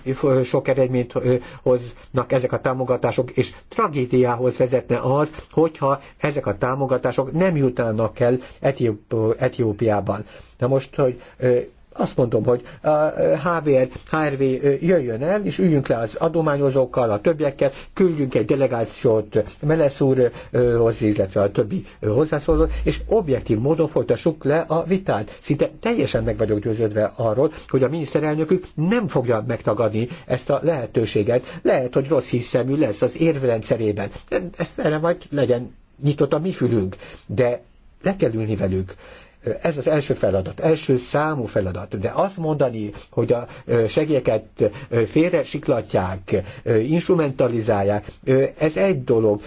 sok eredményt hoznak ezek a támogatások, és tragédiához vezetne az, hogyha ezek a támogatások nem jutnának el Etiópiában. Na most, hogy azt mondom, hogy a HVR, HRV jöjjön el, és üljünk le az adományozókkal, a többiekkel, küldjünk egy delegációt Melesz úrhoz, illetve a többi hozzászólót, és objektív módon folytassuk le a vitát. Szinte teljesen meg vagyok győződve arról, hogy a miniszterelnökük nem fogja megtagadni ezt a lehetőséget. Lehet, hogy rossz hiszemű lesz az érvrendszerében. Ezt erre majd legyen nyitott a mi fülünk, de le kell ülni velük ez az első feladat, első számú feladat. De azt mondani, hogy a segélyeket félre siklatják, instrumentalizálják, ez egy dolog,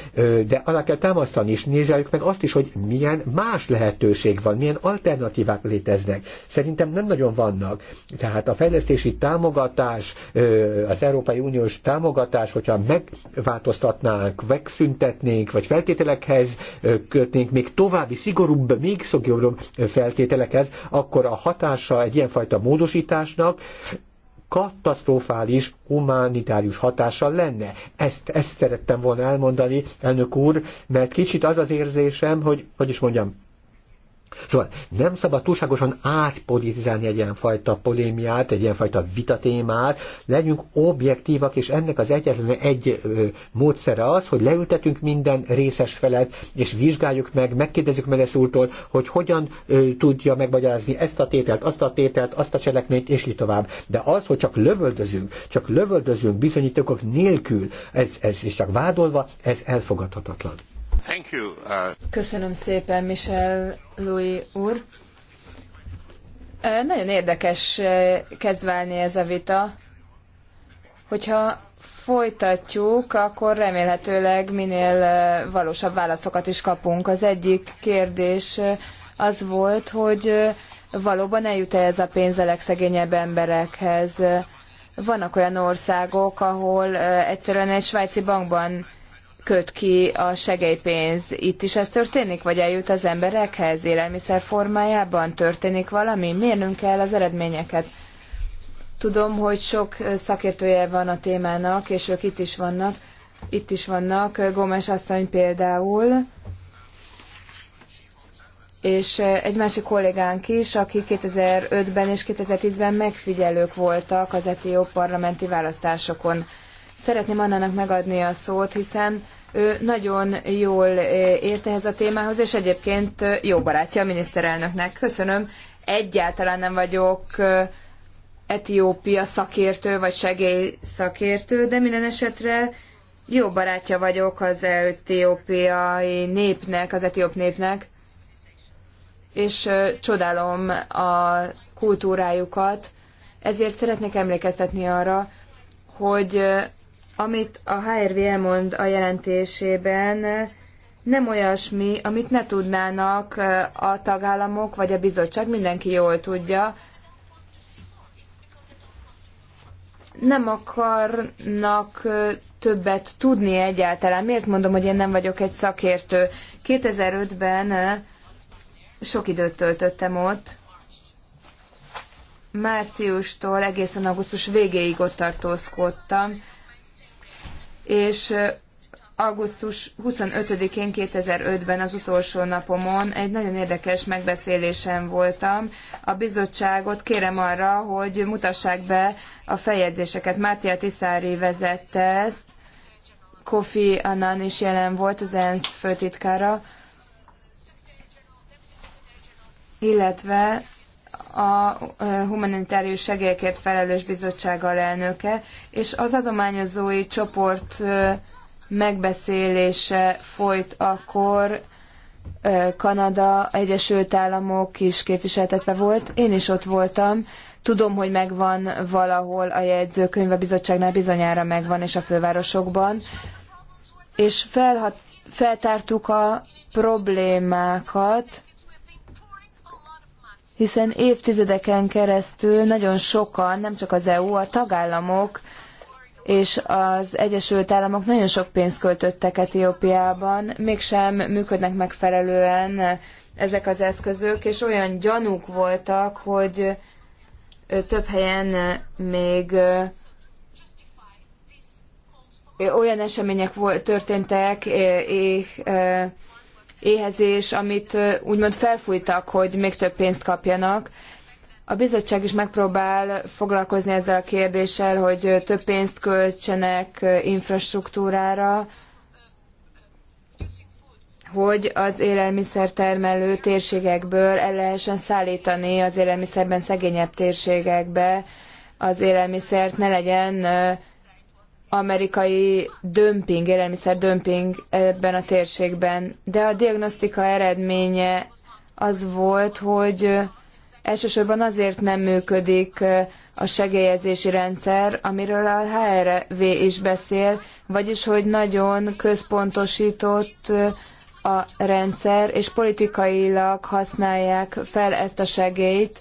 de alá kell támasztani, és nézzük meg azt is, hogy milyen más lehetőség van, milyen alternatívák léteznek. Szerintem nem nagyon vannak. Tehát a fejlesztési támogatás, az Európai Uniós támogatás, hogyha megváltoztatnánk, megszüntetnénk, vagy feltételekhez kötnénk, még további, szigorúbb, még szigorúbb feltételekhez, akkor a hatása egy ilyenfajta módosításnak katasztrofális humanitárius hatással lenne. Ezt, ezt szerettem volna elmondani, elnök úr, mert kicsit az az érzésem, hogy, hogy is mondjam, Szóval nem szabad túlságosan átpolitizálni egy ilyenfajta polémiát, egy ilyenfajta vitatémát, legyünk objektívak, és ennek az egyetlen egy ö, módszere az, hogy leültetünk minden részes felet, és vizsgáljuk meg, megkérdezzük Melesz úrtól, hogy hogyan ö, tudja megmagyarázni ezt a tételt, azt a tételt, azt a cselekményt, és így tovább. De az, hogy csak lövöldözünk, csak lövöldözünk bizonyítékok nélkül, ez, ez is csak vádolva, ez elfogadhatatlan. Uh, Köszönöm szépen, Michel Louis úr. Uh, nagyon érdekes uh, kezd válni ez a vita. Hogyha folytatjuk, akkor remélhetőleg minél valósabb válaszokat is kapunk. Az egyik kérdés az volt, hogy valóban eljut-e ez a pénz a legszegényebb emberekhez. Vannak olyan országok, ahol egyszerűen egy svájci bankban köt ki a segélypénz. Itt is ez történik, vagy eljut az emberekhez élelmiszer formájában? Történik valami? Mérnünk kell az eredményeket. Tudom, hogy sok szakértője van a témának, és ők itt is vannak. Itt is vannak, Gómez asszony például, és egy másik kollégánk is, aki 2005-ben és 2010-ben megfigyelők voltak az etióp parlamenti választásokon. Szeretném Annának megadni a szót, hiszen ő nagyon jól eh, ért ehhez a témához, és egyébként eh, jó barátja a miniszterelnöknek. Köszönöm, egyáltalán nem vagyok eh, Etiópia szakértő vagy segélyszakértő, de minden esetre jó barátja vagyok az etiópiai népnek, az etióp népnek, és csodálom a kultúrájukat. Ezért szeretnék emlékeztetni arra, hogy amit a HRV elmond a jelentésében, nem olyasmi, amit ne tudnának a tagállamok vagy a bizottság, mindenki jól tudja. Nem akarnak többet tudni egyáltalán. Miért mondom, hogy én nem vagyok egy szakértő? 2005-ben sok időt töltöttem ott. Márciustól egészen augusztus végéig ott tartózkodtam és augusztus 25-én 2005-ben az utolsó napomon egy nagyon érdekes megbeszélésen voltam. A bizottságot kérem arra, hogy mutassák be a feljegyzéseket. Mátia Tiszári vezette ezt, Kofi Annan is jelen volt, az ENSZ főtitkára, illetve a humanitárius segélyekért felelős bizottság alelnöke, és az adományozói csoport megbeszélése folyt akkor, Kanada, Egyesült Államok is képviseltetve volt, én is ott voltam, tudom, hogy megvan valahol a jegyzőkönyv, a bizottságnál bizonyára megvan, és a fővárosokban, és felhat, feltártuk a problémákat, hiszen évtizedeken keresztül nagyon sokan, nem csak az EU, a tagállamok és az Egyesült Államok nagyon sok pénzt költöttek Etiópiában, mégsem működnek megfelelően ezek az eszközök, és olyan gyanúk voltak, hogy több helyen még olyan események volt, történtek, és éhezés, amit úgymond felfújtak, hogy még több pénzt kapjanak. A bizottság is megpróbál foglalkozni ezzel a kérdéssel, hogy több pénzt költsenek infrastruktúrára, hogy az élelmiszertermelő térségekből el lehessen szállítani az élelmiszerben szegényebb térségekbe az élelmiszert, ne legyen amerikai dömping, élelmiszer dömping ebben a térségben. De a diagnosztika eredménye az volt, hogy elsősorban azért nem működik a segélyezési rendszer, amiről a HRV is beszél, vagyis hogy nagyon központosított a rendszer, és politikailag használják fel ezt a segélyt,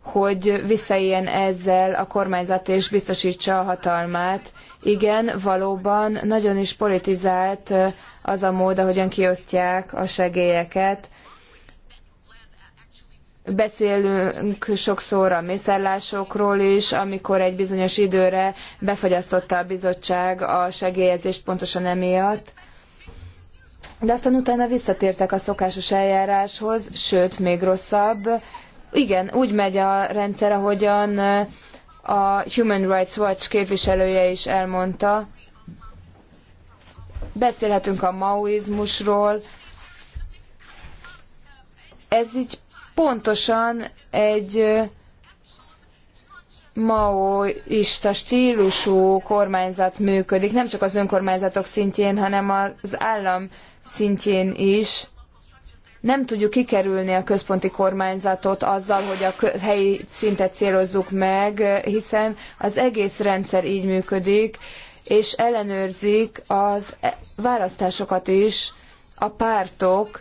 hogy visszaéljen ezzel a kormányzat és biztosítsa a hatalmát igen, valóban nagyon is politizált az a mód, ahogyan kiosztják a segélyeket. Beszélünk sokszor a mészárlásokról is, amikor egy bizonyos időre befagyasztotta a bizottság a segélyezést pontosan emiatt. De aztán utána visszatértek a szokásos eljáráshoz, sőt, még rosszabb. Igen, úgy megy a rendszer, ahogyan a Human Rights Watch képviselője is elmondta, beszélhetünk a maoizmusról. Ez így pontosan egy maoista stílusú kormányzat működik, nem csak az önkormányzatok szintjén, hanem az állam szintjén is nem tudjuk kikerülni a központi kormányzatot azzal, hogy a helyi szintet célozzuk meg, hiszen az egész rendszer így működik, és ellenőrzik az e- választásokat is a pártok,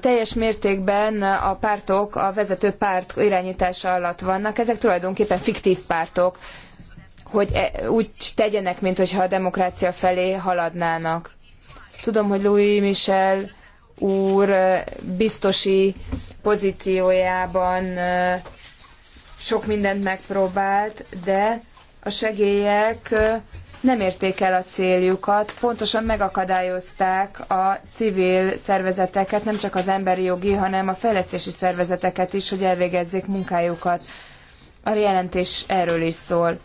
teljes mértékben a pártok a vezető párt irányítása alatt vannak. Ezek tulajdonképpen fiktív pártok, hogy e- úgy tegyenek, mintha a demokrácia felé haladnának. Tudom, hogy Louis Michel úr biztosi pozíciójában sok mindent megpróbált, de a segélyek nem érték el a céljukat, pontosan megakadályozták a civil szervezeteket, nem csak az emberi jogi, hanem a fejlesztési szervezeteket is, hogy elvégezzék munkájukat. A jelentés erről is szól.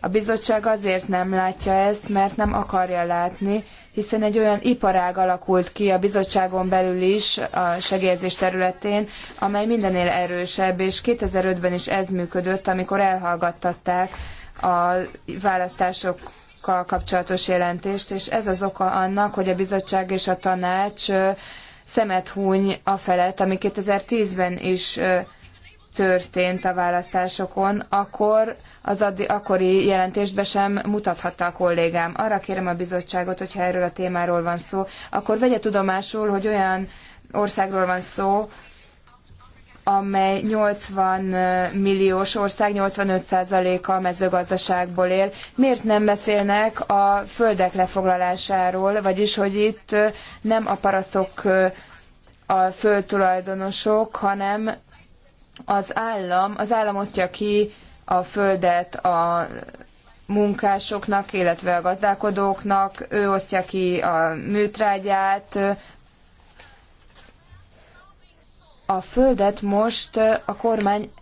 A bizottság azért nem látja ezt, mert nem akarja látni, hiszen egy olyan iparág alakult ki a bizottságon belül is a segélyezés területén, amely mindenél erősebb, és 2005-ben is ez működött, amikor elhallgattatták a választások kapcsolatos jelentést, és ez az oka annak, hogy a bizottság és a tanács szemet húny afelett, ami 2010-ben is történt a választásokon, akkor az addi, akkori jelentésbe sem mutathatta a kollégám. Arra kérem a bizottságot, hogyha erről a témáról van szó, akkor vegye tudomásul, hogy olyan országról van szó, amely 80 milliós ország, 85%-a mezőgazdaságból él. Miért nem beszélnek a földek lefoglalásáról, vagyis hogy itt nem a parasztok a földtulajdonosok, hanem az állam, az állam osztja ki a földet a munkásoknak, illetve a gazdálkodóknak, ő osztja ki a műtrágyát. A földet most a kormány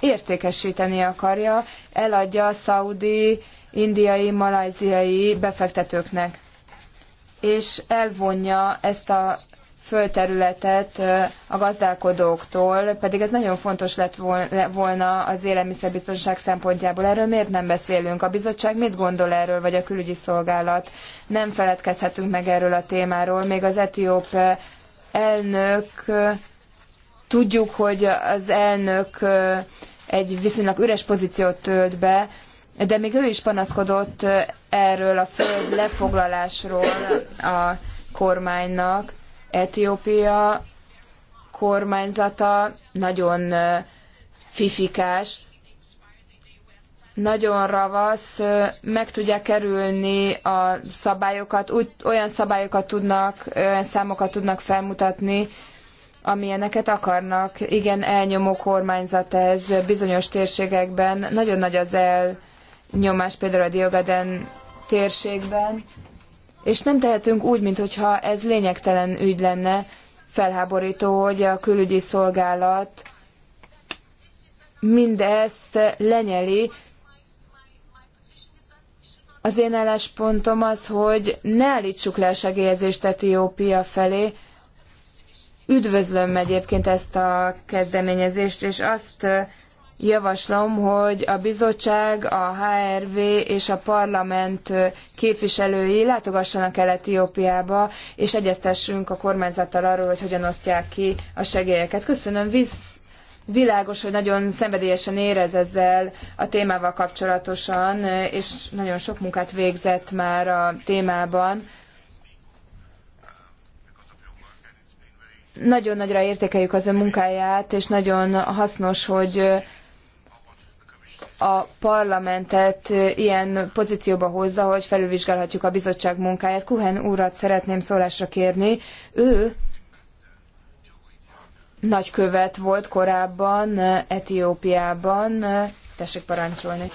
értékesíteni akarja, eladja a szaudi, indiai, malajziai befektetőknek és elvonja ezt a földterületet a gazdálkodóktól, pedig ez nagyon fontos lett volna az élelmiszerbiztonság szempontjából. Erről miért nem beszélünk? A bizottság mit gondol erről, vagy a külügyi szolgálat? Nem feledkezhetünk meg erről a témáról. Még az etióp elnök, tudjuk, hogy az elnök egy viszonylag üres pozíciót tölt be, de még ő is panaszkodott erről a föld lefoglalásról a kormánynak Etiópia kormányzata nagyon fifikás, nagyon ravasz, meg tudja kerülni a szabályokat, úgy, olyan szabályokat tudnak, olyan számokat tudnak felmutatni, amilyeneket akarnak. Igen, elnyomó kormányzat ez bizonyos térségekben. Nagyon nagy az elnyomás például a Diogaden térségben. És nem tehetünk úgy, mintha ez lényegtelen ügy lenne, felháborító, hogy a külügyi szolgálat mindezt lenyeli. Az én álláspontom az, hogy ne állítsuk le a segélyezést Etiópia felé. Üdvözlöm egyébként ezt a kezdeményezést, és azt javaslom, hogy a bizottság, a HRV és a parlament képviselői látogassanak el Etiópiába, és egyeztessünk a kormányzattal arról, hogy hogyan osztják ki a segélyeket. Köszönöm, visz világos, hogy nagyon szenvedélyesen érez ezzel a témával kapcsolatosan, és nagyon sok munkát végzett már a témában. Nagyon nagyra értékeljük az ön munkáját, és nagyon hasznos, hogy a parlamentet ilyen pozícióba hozza, hogy felülvizsgálhatjuk a bizottság munkáját. Kuhen úrat szeretném szólásra kérni. Ő nagykövet volt korábban Etiópiában. Tessék parancsolni.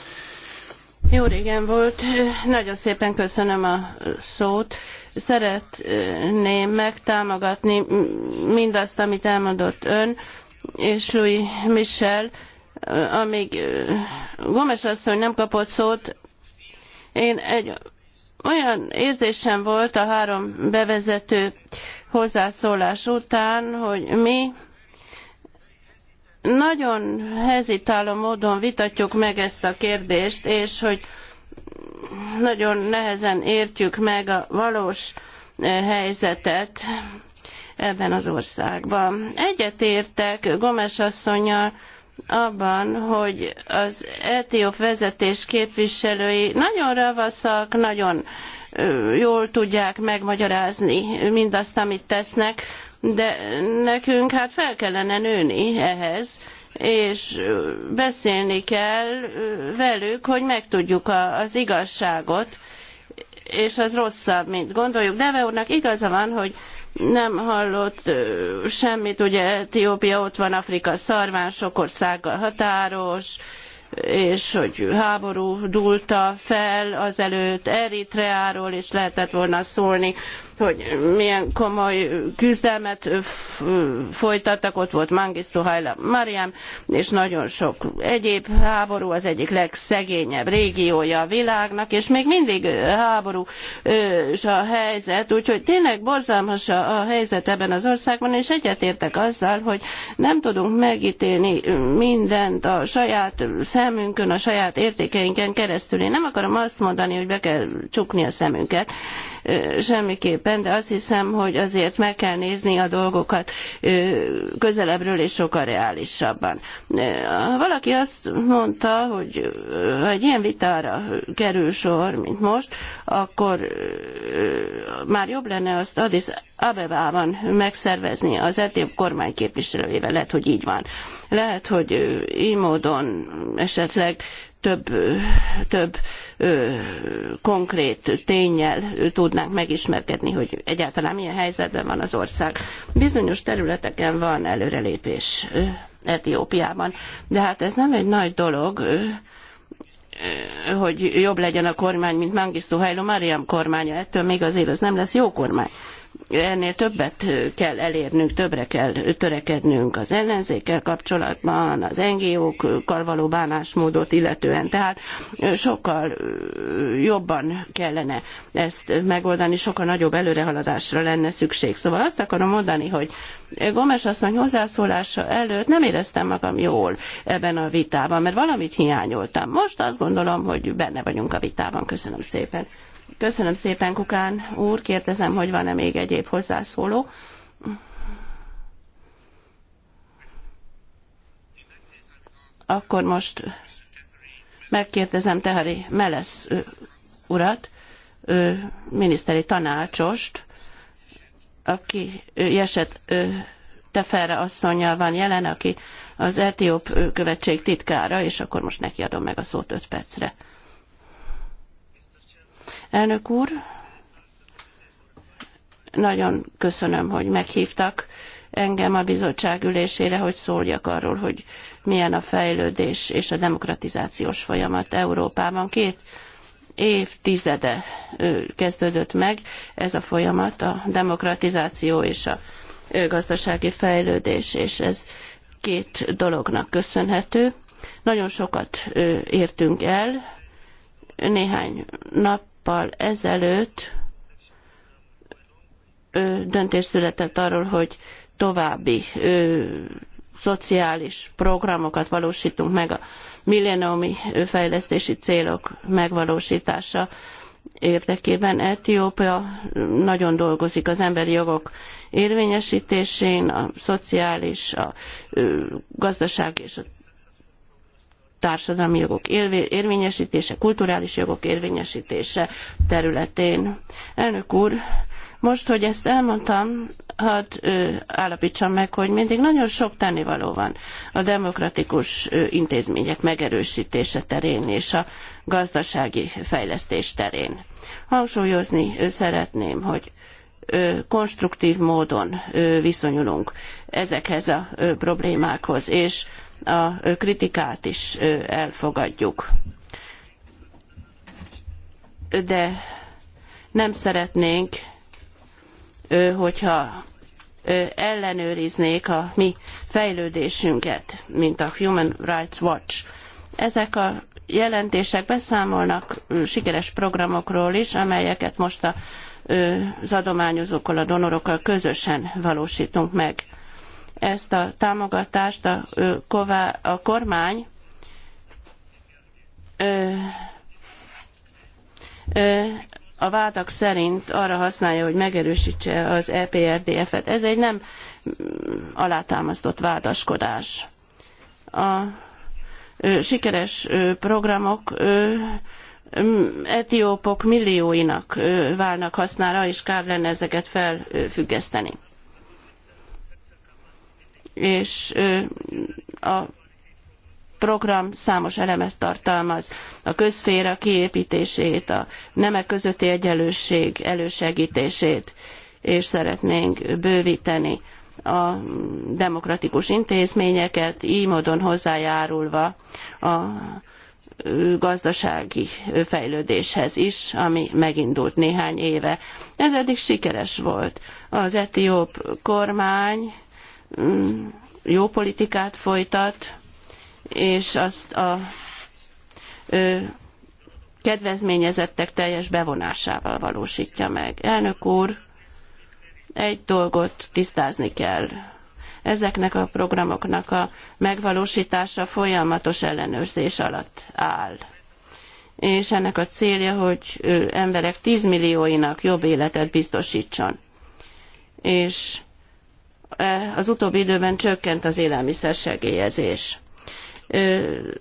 Jó régen volt. Nagyon szépen köszönöm a szót. Szeretném megtámogatni mindazt, amit elmondott ön és Louis Michel amíg Gomes asszony nem kapott szót, én egy olyan érzésem volt a három bevezető hozzászólás után, hogy mi nagyon hezitáló módon vitatjuk meg ezt a kérdést, és hogy nagyon nehezen értjük meg a valós helyzetet ebben az országban. Egyetértek Gomes asszonyjal, abban, hogy az etióp vezetés képviselői nagyon ravaszak, nagyon jól tudják megmagyarázni mindazt, amit tesznek, de nekünk hát fel kellene nőni ehhez, és beszélni kell velük, hogy megtudjuk az igazságot, és az rosszabb, mint gondoljuk. Deve úrnak igaza van, hogy nem hallott semmit, ugye Etiópia ott van, Afrika szarván, sok országgal határos, és hogy háború dúlta fel azelőtt Eritreáról, is lehetett volna szólni hogy milyen komoly küzdelmet folytattak, ott volt Mangisztó Hajla Mariam, és nagyon sok egyéb háború, az egyik legszegényebb régiója a világnak, és még mindig háború és a helyzet, úgyhogy tényleg borzalmas a helyzet ebben az országban, és egyetértek azzal, hogy nem tudunk megítélni mindent a saját szemünkön, a saját értékeinken keresztül. Én nem akarom azt mondani, hogy be kell csukni a szemünket, semmiképpen, de azt hiszem, hogy azért meg kell nézni a dolgokat közelebbről és sokkal reálisabban. Valaki azt mondta, hogy ha egy ilyen vitára kerül sor, mint most, akkor már jobb lenne azt Addis Abebában megszervezni az etióp kormány képviselőjével. Lehet, hogy így van. Lehet, hogy így módon esetleg több, több ö, konkrét tényel tudnánk megismerkedni, hogy egyáltalán milyen helyzetben van az ország. Bizonyos területeken van előrelépés ö, Etiópiában, de hát ez nem egy nagy dolog. Ö, hogy jobb legyen a kormány, mint Mangisztó Hajló Mariam kormánya. Ettől még azért az nem lesz jó kormány ennél többet kell elérnünk, többre kell törekednünk az ellenzékkel kapcsolatban, az NGO-kkal való bánásmódot illetően. Tehát sokkal jobban kellene ezt megoldani, sokkal nagyobb előrehaladásra lenne szükség. Szóval azt akarom mondani, hogy Gomes asszony hozzászólása előtt nem éreztem magam jól ebben a vitában, mert valamit hiányoltam. Most azt gondolom, hogy benne vagyunk a vitában. Köszönöm szépen. Köszönöm szépen, Kukán úr. Kérdezem, hogy van-e még egyéb hozzászóló. Akkor most megkérdezem Tehari Melesz urat, ő, miniszteri tanácsost, aki Jeset Teferre asszonyjal van jelen, aki az etióp követség titkára, és akkor most neki adom meg a szót öt percre. Elnök úr, nagyon köszönöm, hogy meghívtak engem a bizottság ülésére, hogy szóljak arról, hogy milyen a fejlődés és a demokratizációs folyamat Európában. Két évtizede kezdődött meg ez a folyamat, a demokratizáció és a gazdasági fejlődés, és ez két dolognak köszönhető. Nagyon sokat értünk el, néhány nap hónappal ezelőtt döntés született arról, hogy további ö, szociális programokat valósítunk meg a millenniumi fejlesztési célok megvalósítása érdekében. Etiópia nagyon dolgozik az emberi jogok érvényesítésén, a szociális, a ö, gazdaság és a társadalmi jogok érvényesítése, kulturális jogok érvényesítése területén. Elnök úr, most, hogy ezt elmondtam, hadd állapítsam meg, hogy mindig nagyon sok tennivaló van a demokratikus intézmények megerősítése terén és a gazdasági fejlesztés terén. Hangsúlyozni szeretném, hogy konstruktív módon viszonyulunk ezekhez a problémákhoz, és a kritikát is elfogadjuk. De nem szeretnénk, hogyha ellenőriznék a mi fejlődésünket, mint a Human Rights Watch. Ezek a jelentések beszámolnak sikeres programokról is, amelyeket most az adományozókkal, a donorokkal közösen valósítunk meg ezt a támogatást a, a kormány a vádak szerint arra használja, hogy megerősítse az EPRDF-et. Ez egy nem mm, alátámasztott vádaskodás. A sikeres programok etiópok millióinak válnak hasznára, és kár lenne ezeket felfüggeszteni és a program számos elemet tartalmaz. A közféra kiépítését, a nemek közötti egyenlőség elősegítését, és szeretnénk bővíteni a demokratikus intézményeket, így módon hozzájárulva a gazdasági fejlődéshez is, ami megindult néhány éve. Ez eddig sikeres volt. Az etióp kormány jó politikát folytat, és azt a ö, kedvezményezettek teljes bevonásával valósítja meg. Elnök úr, egy dolgot tisztázni kell. Ezeknek a programoknak a megvalósítása folyamatos ellenőrzés alatt áll. És ennek a célja, hogy emberek 10 millióinak jobb életet biztosítson. És E, az utóbbi időben csökkent az élelmiszer segélyezés.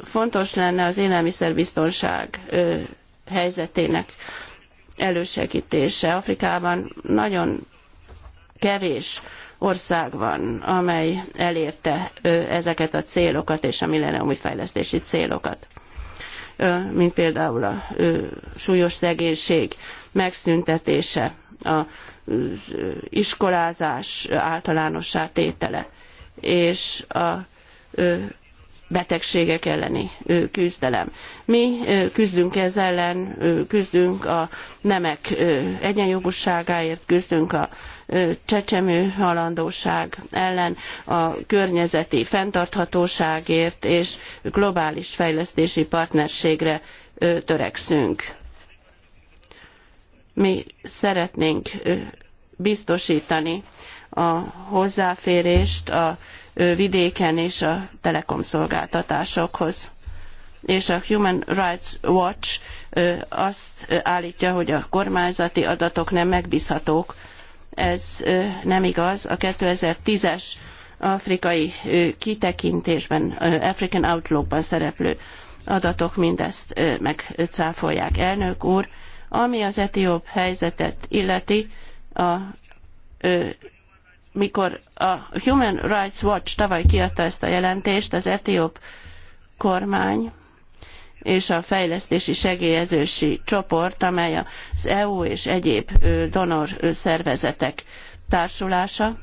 Fontos lenne az élelmiszerbiztonság helyzetének elősegítése. Afrikában nagyon kevés ország van, amely elérte ezeket a célokat és a millenniumi fejlesztési célokat, mint például a súlyos szegénység megszüntetése, a iskolázás általánossá tétele és a betegségek elleni küzdelem. Mi küzdünk ez ellen, küzdünk a nemek egyenjogúságáért, küzdünk a csecsemő halandóság ellen, a környezeti fenntarthatóságért és globális fejlesztési partnerségre törekszünk mi szeretnénk biztosítani a hozzáférést a vidéken és a telekomszolgáltatásokhoz. És a Human Rights Watch azt állítja, hogy a kormányzati adatok nem megbízhatók. Ez nem igaz. A 2010-es afrikai kitekintésben, African Outlookban szereplő adatok mindezt megcáfolják. Elnök úr, ami az etióp helyzetet illeti, a, ö, mikor a Human Rights Watch tavaly kiadta ezt a jelentést, az etióp kormány és a fejlesztési segélyezősi csoport, amely az EU és egyéb donor szervezetek társulása,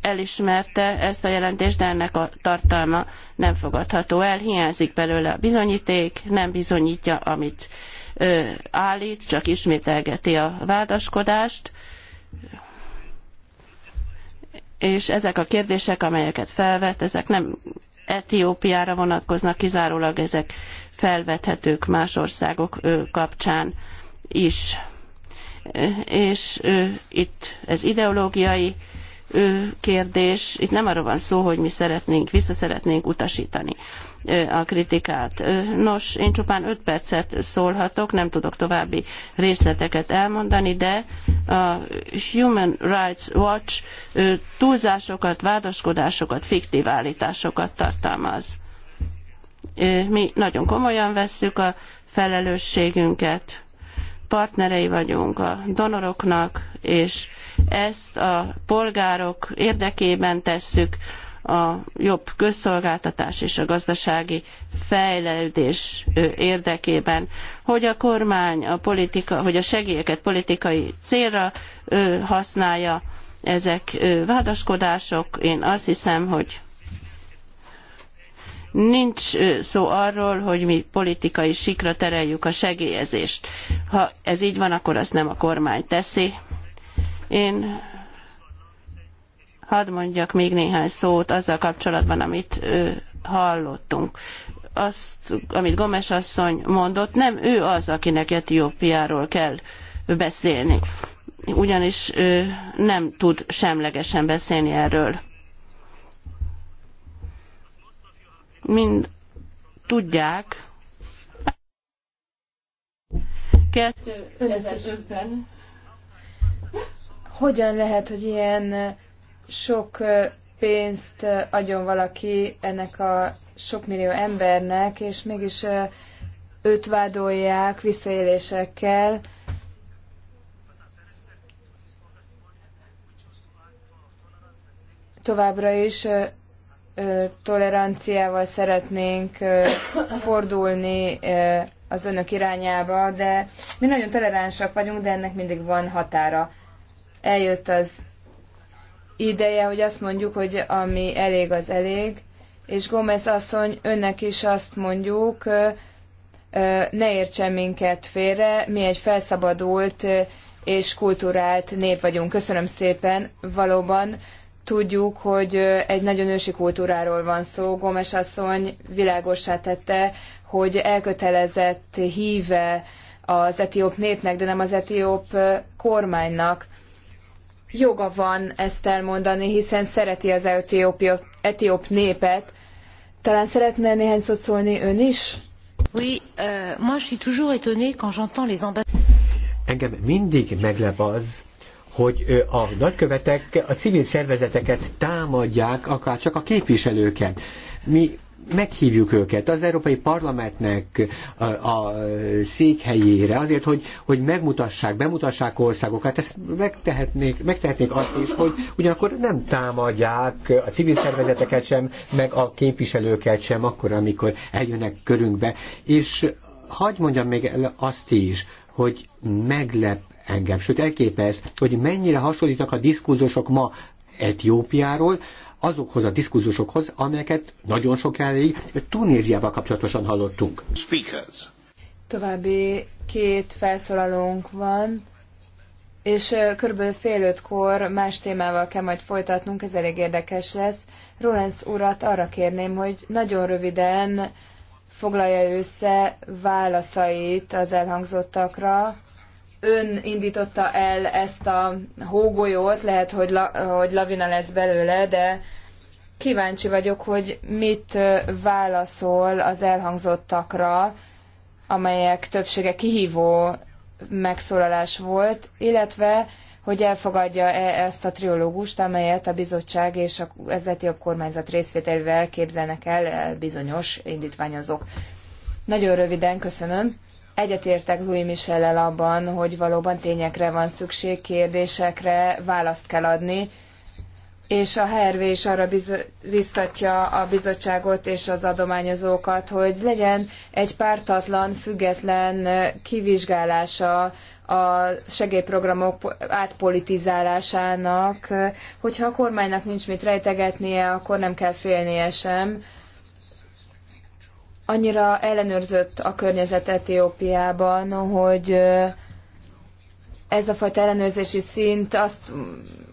elismerte ezt a jelentést, de ennek a tartalma nem fogadható el, hiányzik belőle a bizonyíték, nem bizonyítja, amit ö, állít, csak ismételgeti a vádaskodást. És ezek a kérdések, amelyeket felvet, ezek nem Etiópiára vonatkoznak, kizárólag ezek felvethetők más országok kapcsán is. És itt ez ideológiai kérdés. Itt nem arról van szó, hogy mi szeretnénk, vissza szeretnénk utasítani a kritikát. Nos, én csupán 5 percet szólhatok, nem tudok további részleteket elmondani, de a Human Rights Watch túlzásokat, vádaskodásokat, fiktív állításokat tartalmaz. Mi nagyon komolyan vesszük a felelősségünket, partnerei vagyunk a donoroknak, és ezt a polgárok érdekében tesszük a jobb közszolgáltatás és a gazdasági fejlődés érdekében, hogy a kormány a politika, hogy a segélyeket politikai célra használja, ezek vádaskodások. Én azt hiszem, hogy Nincs szó arról, hogy mi politikai sikra tereljük a segélyezést. Ha ez így van, akkor azt nem a kormány teszi. Én hadd mondjak még néhány szót azzal kapcsolatban, amit hallottunk azt, amit Gomes asszony mondott, nem ő az, akinek Etiópiáról kell beszélni, ugyanis nem tud semlegesen beszélni erről. mind tudják, 2005-ben hogyan lehet, hogy ilyen sok pénzt adjon valaki ennek a sok millió embernek, és mégis őt vádolják visszaélésekkel. Továbbra is toleranciával szeretnénk fordulni az önök irányába, de mi nagyon toleránsak vagyunk, de ennek mindig van határa. Eljött az ideje, hogy azt mondjuk, hogy ami elég, az elég, és Gomez asszony, önnek is azt mondjuk, ne értsen minket félre, mi egy felszabadult és kulturált nép vagyunk. Köszönöm szépen, valóban Tudjuk, hogy egy nagyon ősi kultúráról van szó. Gomes asszony világossá tette, hogy elkötelezett híve az etióp népnek, de nem az etióp kormánynak. Joga van ezt elmondani, hiszen szereti az etióp, etióp népet. Talán szeretne néhány szót szólni ön is? Oui, euh, moi je suis toujours étonné quand j'entends les ambassadeurs. Engem mindig meglep az, hogy a nagykövetek a civil szervezeteket támadják, akár csak a képviselőket. Mi meghívjuk őket az Európai Parlamentnek a székhelyére, azért, hogy, hogy megmutassák, bemutassák országokat, ezt megtehetnék, megtehetnék azt is, hogy ugyanakkor nem támadják a civil szervezeteket sem, meg a képviselőket sem, akkor, amikor eljönnek körünkbe. És hagyd mondjam még azt is, hogy meglep engem, sőt elképez, hogy mennyire hasonlítak a diszkúzusok ma Etiópiáról, azokhoz a diszkúzusokhoz, amelyeket nagyon sok elég Tunéziával kapcsolatosan hallottunk. Speakers. További két felszólalónk van, és körülbelül fél ötkor más témával kell majd folytatnunk, ez elég érdekes lesz. Rolenz urat arra kérném, hogy nagyon röviden foglalja össze válaszait az elhangzottakra, ön indította el ezt a hógolyót, lehet, hogy, la, hogy lavina lesz belőle, de kíváncsi vagyok, hogy mit válaszol az elhangzottakra, amelyek többsége kihívó megszólalás volt, illetve hogy elfogadja-e ezt a triológust, amelyet a bizottság és az etióp kormányzat részvételével képzelnek el bizonyos indítványozók. Nagyon röviden köszönöm. Egyetértek Louis Michellel abban, hogy valóban tényekre van szükség, kérdésekre választ kell adni, és a HRV is arra biztatja a bizottságot és az adományozókat, hogy legyen egy pártatlan, független kivizsgálása a segélyprogramok átpolitizálásának, hogyha a kormánynak nincs mit rejtegetnie, akkor nem kell félnie sem annyira ellenőrzött a környezet Etiópiában, hogy ez a fajta ellenőrzési szint azt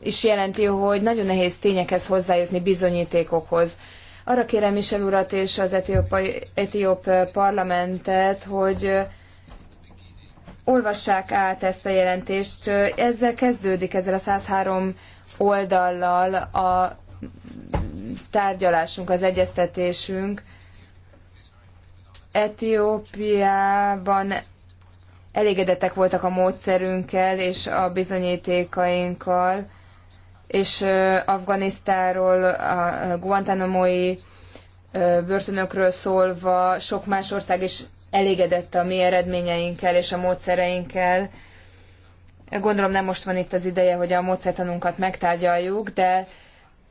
is jelenti, hogy nagyon nehéz tényekhez hozzájutni, bizonyítékokhoz. Arra kérem Michel urat és az etióp parlamentet, hogy olvassák át ezt a jelentést. Ezzel kezdődik, ezzel a 103 oldallal a tárgyalásunk, az egyeztetésünk Etiópiában elégedettek voltak a módszerünkkel és a bizonyítékainkkal, és Afganisztáról, a Guantanamo-i börtönökről szólva sok más ország is elégedett a mi eredményeinkkel és a módszereinkkel. Gondolom nem most van itt az ideje, hogy a módszertanunkat megtárgyaljuk, de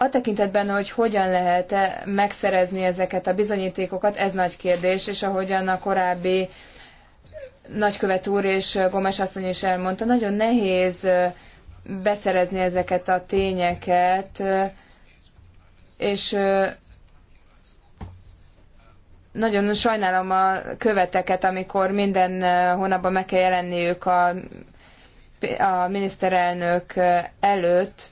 a tekintetben, hogy hogyan lehet -e megszerezni ezeket a bizonyítékokat, ez nagy kérdés, és ahogyan a korábbi nagykövet úr és Gomes asszony is elmondta, nagyon nehéz beszerezni ezeket a tényeket, és nagyon sajnálom a követeket, amikor minden hónapban meg kell jelenniük a, a miniszterelnök előtt,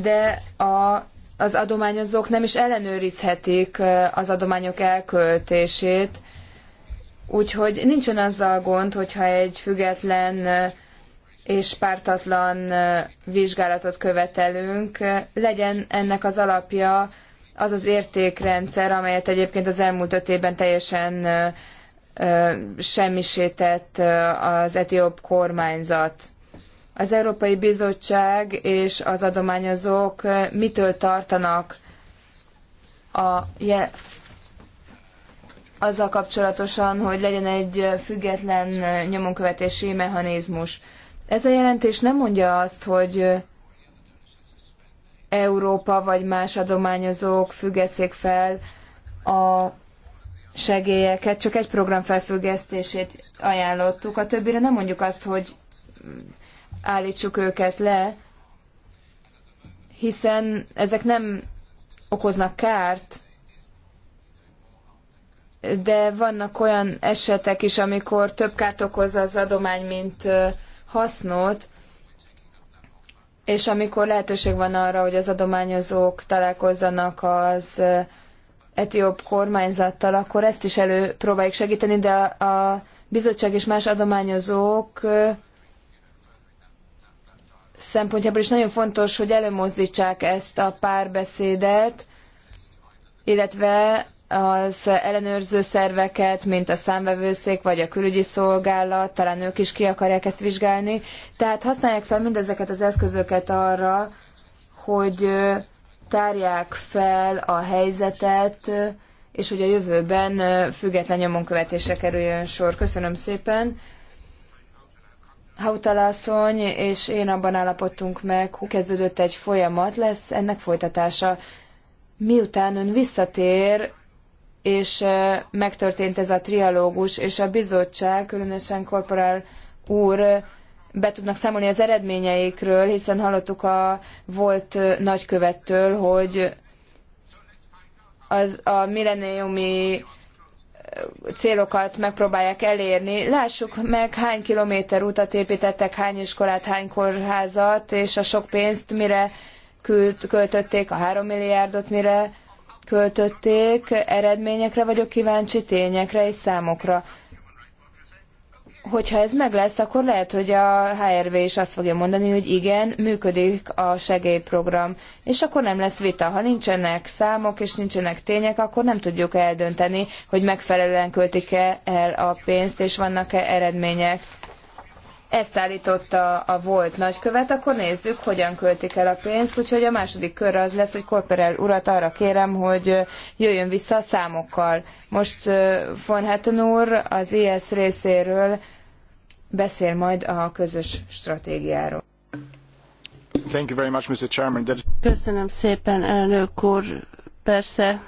de a, az adományozók nem is ellenőrizhetik az adományok elköltését, úgyhogy nincsen azzal gond, hogyha egy független és pártatlan vizsgálatot követelünk, legyen ennek az alapja az az értékrendszer, amelyet egyébként az elmúlt öt évben teljesen semmisített az etióp kormányzat az Európai Bizottság és az adományozók mitől tartanak a je, azzal kapcsolatosan, hogy legyen egy független nyomonkövetési mechanizmus. Ez a jelentés nem mondja azt, hogy Európa vagy más adományozók függesszék fel a segélyeket, csak egy program felfüggesztését ajánlottuk. A többire nem mondjuk azt, hogy állítsuk őket le, hiszen ezek nem okoznak kárt, de vannak olyan esetek is, amikor több kárt okoz az adomány, mint hasznot, és amikor lehetőség van arra, hogy az adományozók találkozzanak az etióp kormányzattal, akkor ezt is elő próbáljuk segíteni, de a bizottság és más adományozók szempontjából is nagyon fontos, hogy előmozdítsák ezt a párbeszédet, illetve az ellenőrző szerveket, mint a számvevőszék vagy a külügyi szolgálat, talán ők is ki akarják ezt vizsgálni. Tehát használják fel mindezeket az eszközöket arra, hogy tárják fel a helyzetet, és hogy a jövőben független nyomon követésre kerüljön sor. Köszönöm szépen. Hautala asszony, és én abban állapodtunk meg, hogy kezdődött egy folyamat, lesz ennek folytatása. Miután ön visszatér, és megtörtént ez a trialógus, és a bizottság, különösen korporál úr be tudnak számolni az eredményeikről, hiszen hallottuk a volt nagykövettől, hogy az a milleniumi célokat megpróbálják elérni. Lássuk meg, hány kilométer utat építettek, hány iskolát, hány kórházat, és a sok pénzt mire költötték, a három milliárdot mire költötték, eredményekre vagyok kíváncsi, tényekre és számokra hogyha ez meg lesz, akkor lehet, hogy a HRV is azt fogja mondani, hogy igen, működik a segélyprogram, és akkor nem lesz vita. Ha nincsenek számok és nincsenek tények, akkor nem tudjuk eldönteni, hogy megfelelően költik-e el a pénzt, és vannak-e eredmények. Ezt állította a volt nagykövet, akkor nézzük, hogyan költik el a pénzt, úgyhogy a második kör az lesz, hogy Korperel urat arra kérem, hogy jöjjön vissza a számokkal. Most eh, von Hetten úr az IS részéről beszél majd a közös stratégiáról. Thank you very much, Mr. Chairman. Köszönöm szépen, elnök úr. Persze,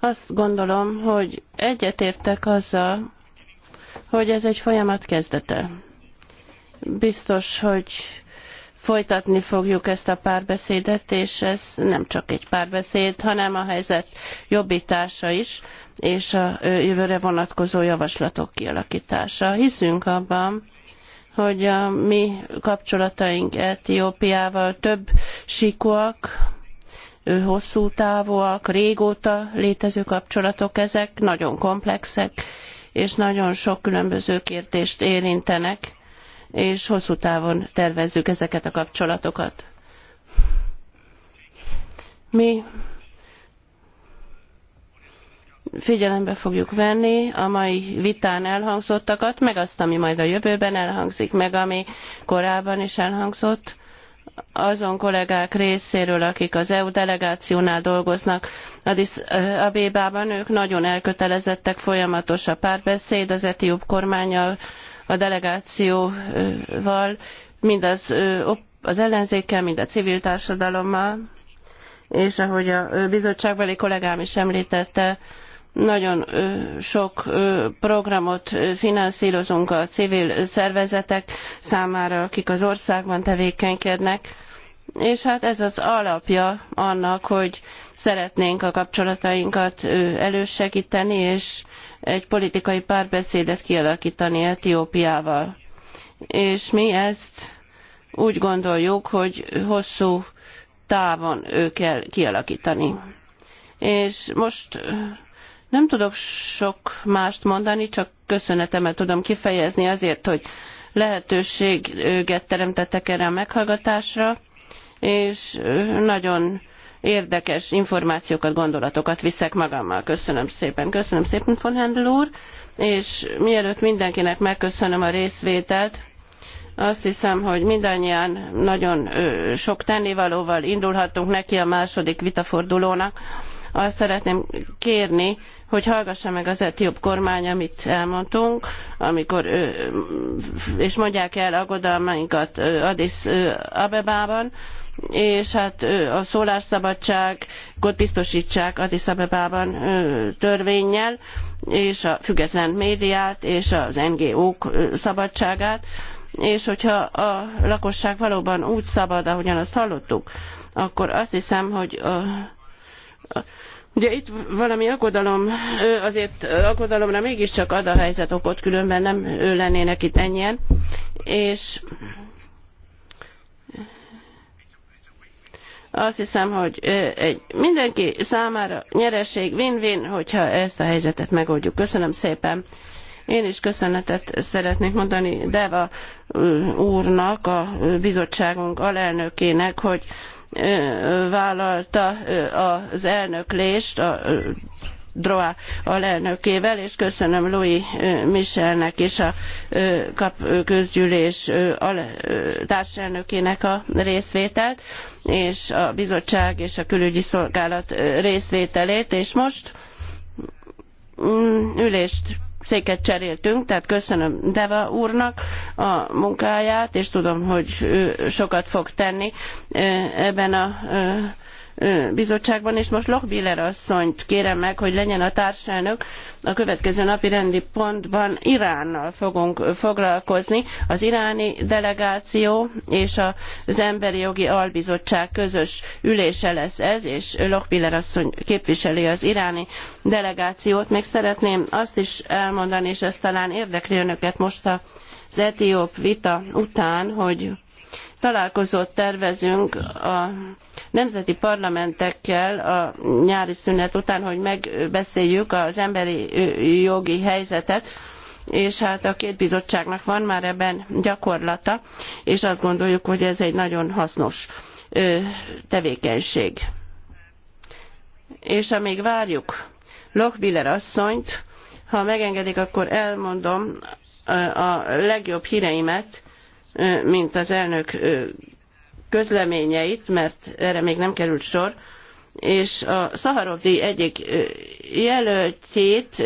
azt gondolom, hogy egyetértek azzal, hogy ez egy folyamat kezdete. Biztos, hogy folytatni fogjuk ezt a párbeszédet, és ez nem csak egy párbeszéd, hanem a helyzet jobbítása is és a jövőre vonatkozó javaslatok kialakítása. Hiszünk abban, hogy a mi kapcsolataink Etiópiával több síkúak, hosszú távúak, régóta létező kapcsolatok ezek, nagyon komplexek, és nagyon sok különböző kérdést érintenek, és hosszú távon tervezzük ezeket a kapcsolatokat. Mi figyelembe fogjuk venni a mai vitán elhangzottakat, meg azt, ami majd a jövőben elhangzik, meg ami korábban is elhangzott azon kollégák részéről, akik az EU delegációnál dolgoznak Addis eh, bébában ők nagyon elkötelezettek, folyamatos a párbeszéd az etióp kormányal a delegációval, mind az, az ellenzékkel, mind a civil társadalommal, és ahogy a bizottságbeli kollégám is említette, nagyon sok programot finanszírozunk a civil szervezetek számára, akik az országban tevékenykednek, és hát ez az alapja annak, hogy szeretnénk a kapcsolatainkat elősegíteni, és egy politikai párbeszédet kialakítani Etiópiával. És mi ezt úgy gondoljuk, hogy hosszú távon ő kell kialakítani. És most nem tudok sok mást mondani, csak köszönetemet tudom kifejezni azért, hogy lehetőséget teremtettek erre a meghallgatásra, és nagyon érdekes információkat, gondolatokat viszek magammal. Köszönöm szépen, köszönöm szépen, von Handel úr, és mielőtt mindenkinek megköszönöm a részvételt, azt hiszem, hogy mindannyian nagyon sok tennivalóval indulhatunk neki a második vitafordulónak. Azt szeretném kérni, hogy hallgassa meg az etióp kormány, amit elmondtunk, amikor, és mondják el aggodalmainkat Addis Abebában, és hát a szólásszabadságot biztosítsák Addis Abebában törvényel, és a független médiát, és az NGO-k szabadságát, és hogyha a lakosság valóban úgy szabad, ahogyan azt hallottuk, akkor azt hiszem, hogy a, a Ugye itt valami aggodalom, azért aggodalomra mégiscsak ad a helyzet okot, különben nem ő lennének itt ennyien, és azt hiszem, hogy egy mindenki számára nyereség win-win, hogyha ezt a helyzetet megoldjuk. Köszönöm szépen. Én is köszönetet szeretnék mondani Deva úrnak, a bizottságunk alelnökének, hogy vállalta az elnöklést, a Droa alelnökével, és köszönöm Louis Michelnek és a KAP közgyűlés társelnökének a részvételt, és a bizottság és a külügyi szolgálat részvételét, és most mm, ülést széket cseréltünk, tehát köszönöm Deva úrnak a munkáját, és tudom, hogy ő sokat fog tenni eh, ebben a eh, bizottságban, és most Lochbiller asszonyt kérem meg, hogy legyen a társelnök. A következő napi rendi pontban Iránnal fogunk foglalkozni. Az iráni delegáció és az Emberi Jogi Albizottság közös ülése lesz ez, és Lochbiller asszony képviseli az iráni delegációt. Még szeretném azt is elmondani, és ez talán érdekli önöket most a az etióp vita után, hogy találkozót tervezünk a nemzeti parlamentekkel a nyári szünet után, hogy megbeszéljük az emberi jogi helyzetet, és hát a két bizottságnak van már ebben gyakorlata, és azt gondoljuk, hogy ez egy nagyon hasznos tevékenység. És amíg várjuk Lochbiller asszonyt, ha megengedik, akkor elmondom a legjobb híreimet, mint az elnök közleményeit, mert erre még nem került sor, és a Szaharov díj egyik jelöltjét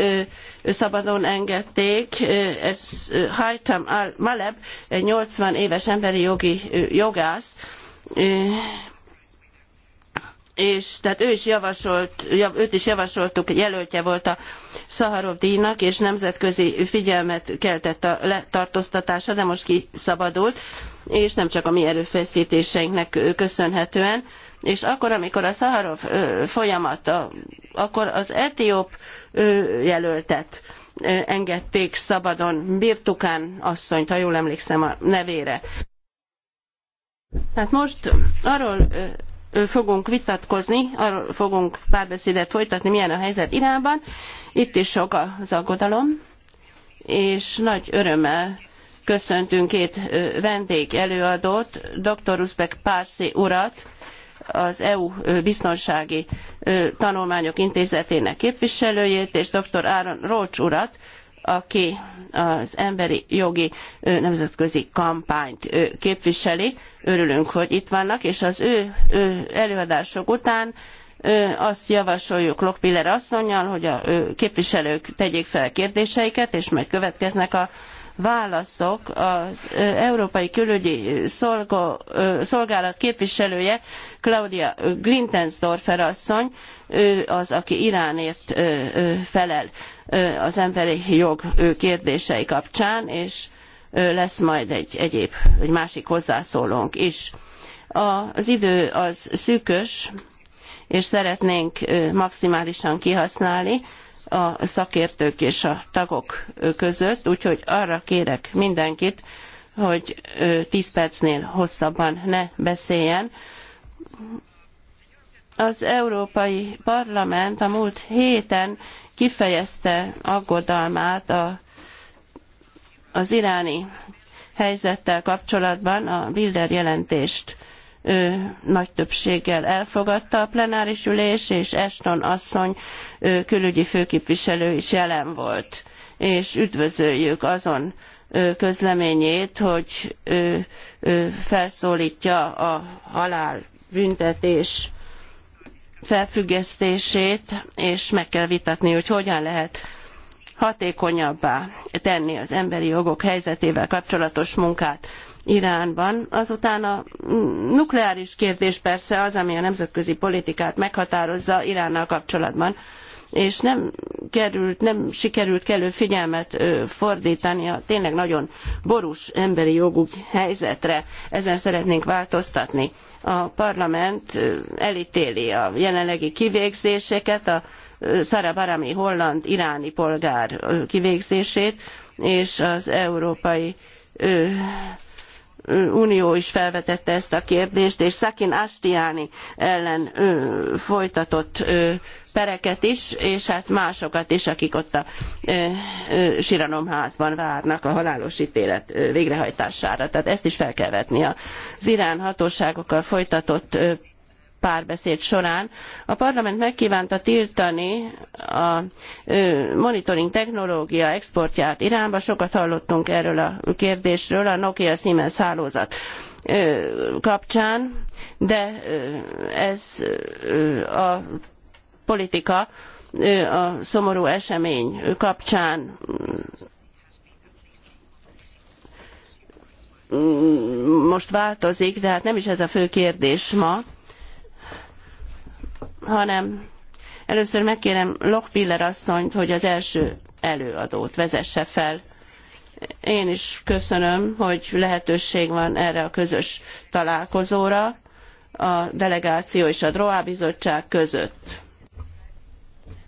szabadon engedték, ez Haitam al-Maleb, egy 80 éves emberi jogi jogász, és tehát ő is javasolt, őt is javasoltuk, jelöltje volt a Szaharov díjnak, és nemzetközi figyelmet keltett a letartóztatása, de most kiszabadult, és nem csak a mi erőfeszítéseinknek köszönhetően. És akkor, amikor a Szaharov folyamat, akkor az etióp jelöltet engedték szabadon, Birtukán asszonyt, ha jól emlékszem a nevére. Hát most arról fogunk vitatkozni, arról fogunk párbeszédet folytatni, milyen a helyzet Iránban. Itt is sok az aggodalom, és nagy örömmel köszöntünk két vendég előadót, dr. Uzbek Pársi urat, az EU Biztonsági Tanulmányok Intézetének képviselőjét, és dr. Áron Rolcs urat, aki az emberi jogi nemzetközi kampányt képviseli. Örülünk, hogy itt vannak, és az ő, ő előadások után azt javasoljuk Lokpiller asszonynal, hogy a képviselők tegyék fel kérdéseiket, és majd következnek a válaszok. Az Európai Külügyi Szolgálat képviselője, Claudia Glintensdorfer asszony, ő az, aki Iránért felel az emberi jog kérdései kapcsán, és lesz majd egy egyéb, egy másik hozzászólónk is. Az idő az szűkös, és szeretnénk maximálisan kihasználni a szakértők és a tagok között, úgyhogy arra kérek mindenkit, hogy 10 percnél hosszabban ne beszéljen. Az Európai Parlament a múlt héten kifejezte aggodalmát a, az iráni helyzettel kapcsolatban a Bilder jelentést nagy többséggel elfogadta a plenáris ülés, és Eston asszony ö, külügyi főképviselő is jelen volt. És üdvözöljük azon közleményét, hogy felszólítja a halálbüntetés felfüggesztését, és meg kell vitatni, hogy hogyan lehet hatékonyabbá tenni az emberi jogok helyzetével kapcsolatos munkát. Iránban. Azután a nukleáris kérdés persze az, ami a nemzetközi politikát meghatározza Iránnal kapcsolatban, és nem, került, nem sikerült kellő figyelmet fordítani a tényleg nagyon borús emberi jogú helyzetre. Ezen szeretnénk változtatni. A parlament elítéli a jelenlegi kivégzéseket, a Szara Barami holland iráni polgár kivégzését, és az Európai Unió is felvetette ezt a kérdést, és Szakin Astiani ellen folytatott pereket is, és hát másokat is, akik ott a ö, ö, Siranomházban várnak a halálos ítélet ö, végrehajtására. Tehát ezt is fel kell vetni az irán hatóságokkal folytatott párbeszéd során. A parlament megkívánta tiltani a monitoring technológia exportját Iránba. Sokat hallottunk erről a kérdésről a Nokia Siemens hálózat kapcsán, de ez a politika a szomorú esemény kapcsán most változik, de hát nem is ez a fő kérdés ma hanem először megkérem Lochpiller asszonyt, hogy az első előadót vezesse fel. Én is köszönöm, hogy lehetőség van erre a közös találkozóra a delegáció és a DROA bizottság között.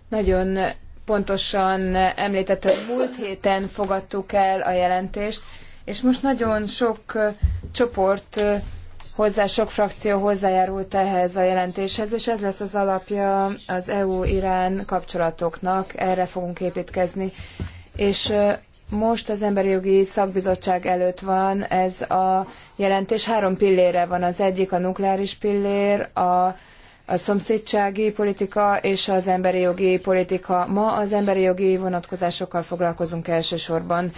Nagyon pontosan említett, hogy múlt héten fogadtuk el a jelentést, és most nagyon sok csoport hozzá sok frakció hozzájárult ehhez a jelentéshez, és ez lesz az alapja az EU-Irán kapcsolatoknak, erre fogunk építkezni. És most az Emberi Jogi Szakbizottság előtt van ez a jelentés. Három pillére van. Az egyik a nukleáris pillér, a, a szomszédsági politika és az emberi jogi politika. Ma az emberi jogi vonatkozásokkal foglalkozunk elsősorban.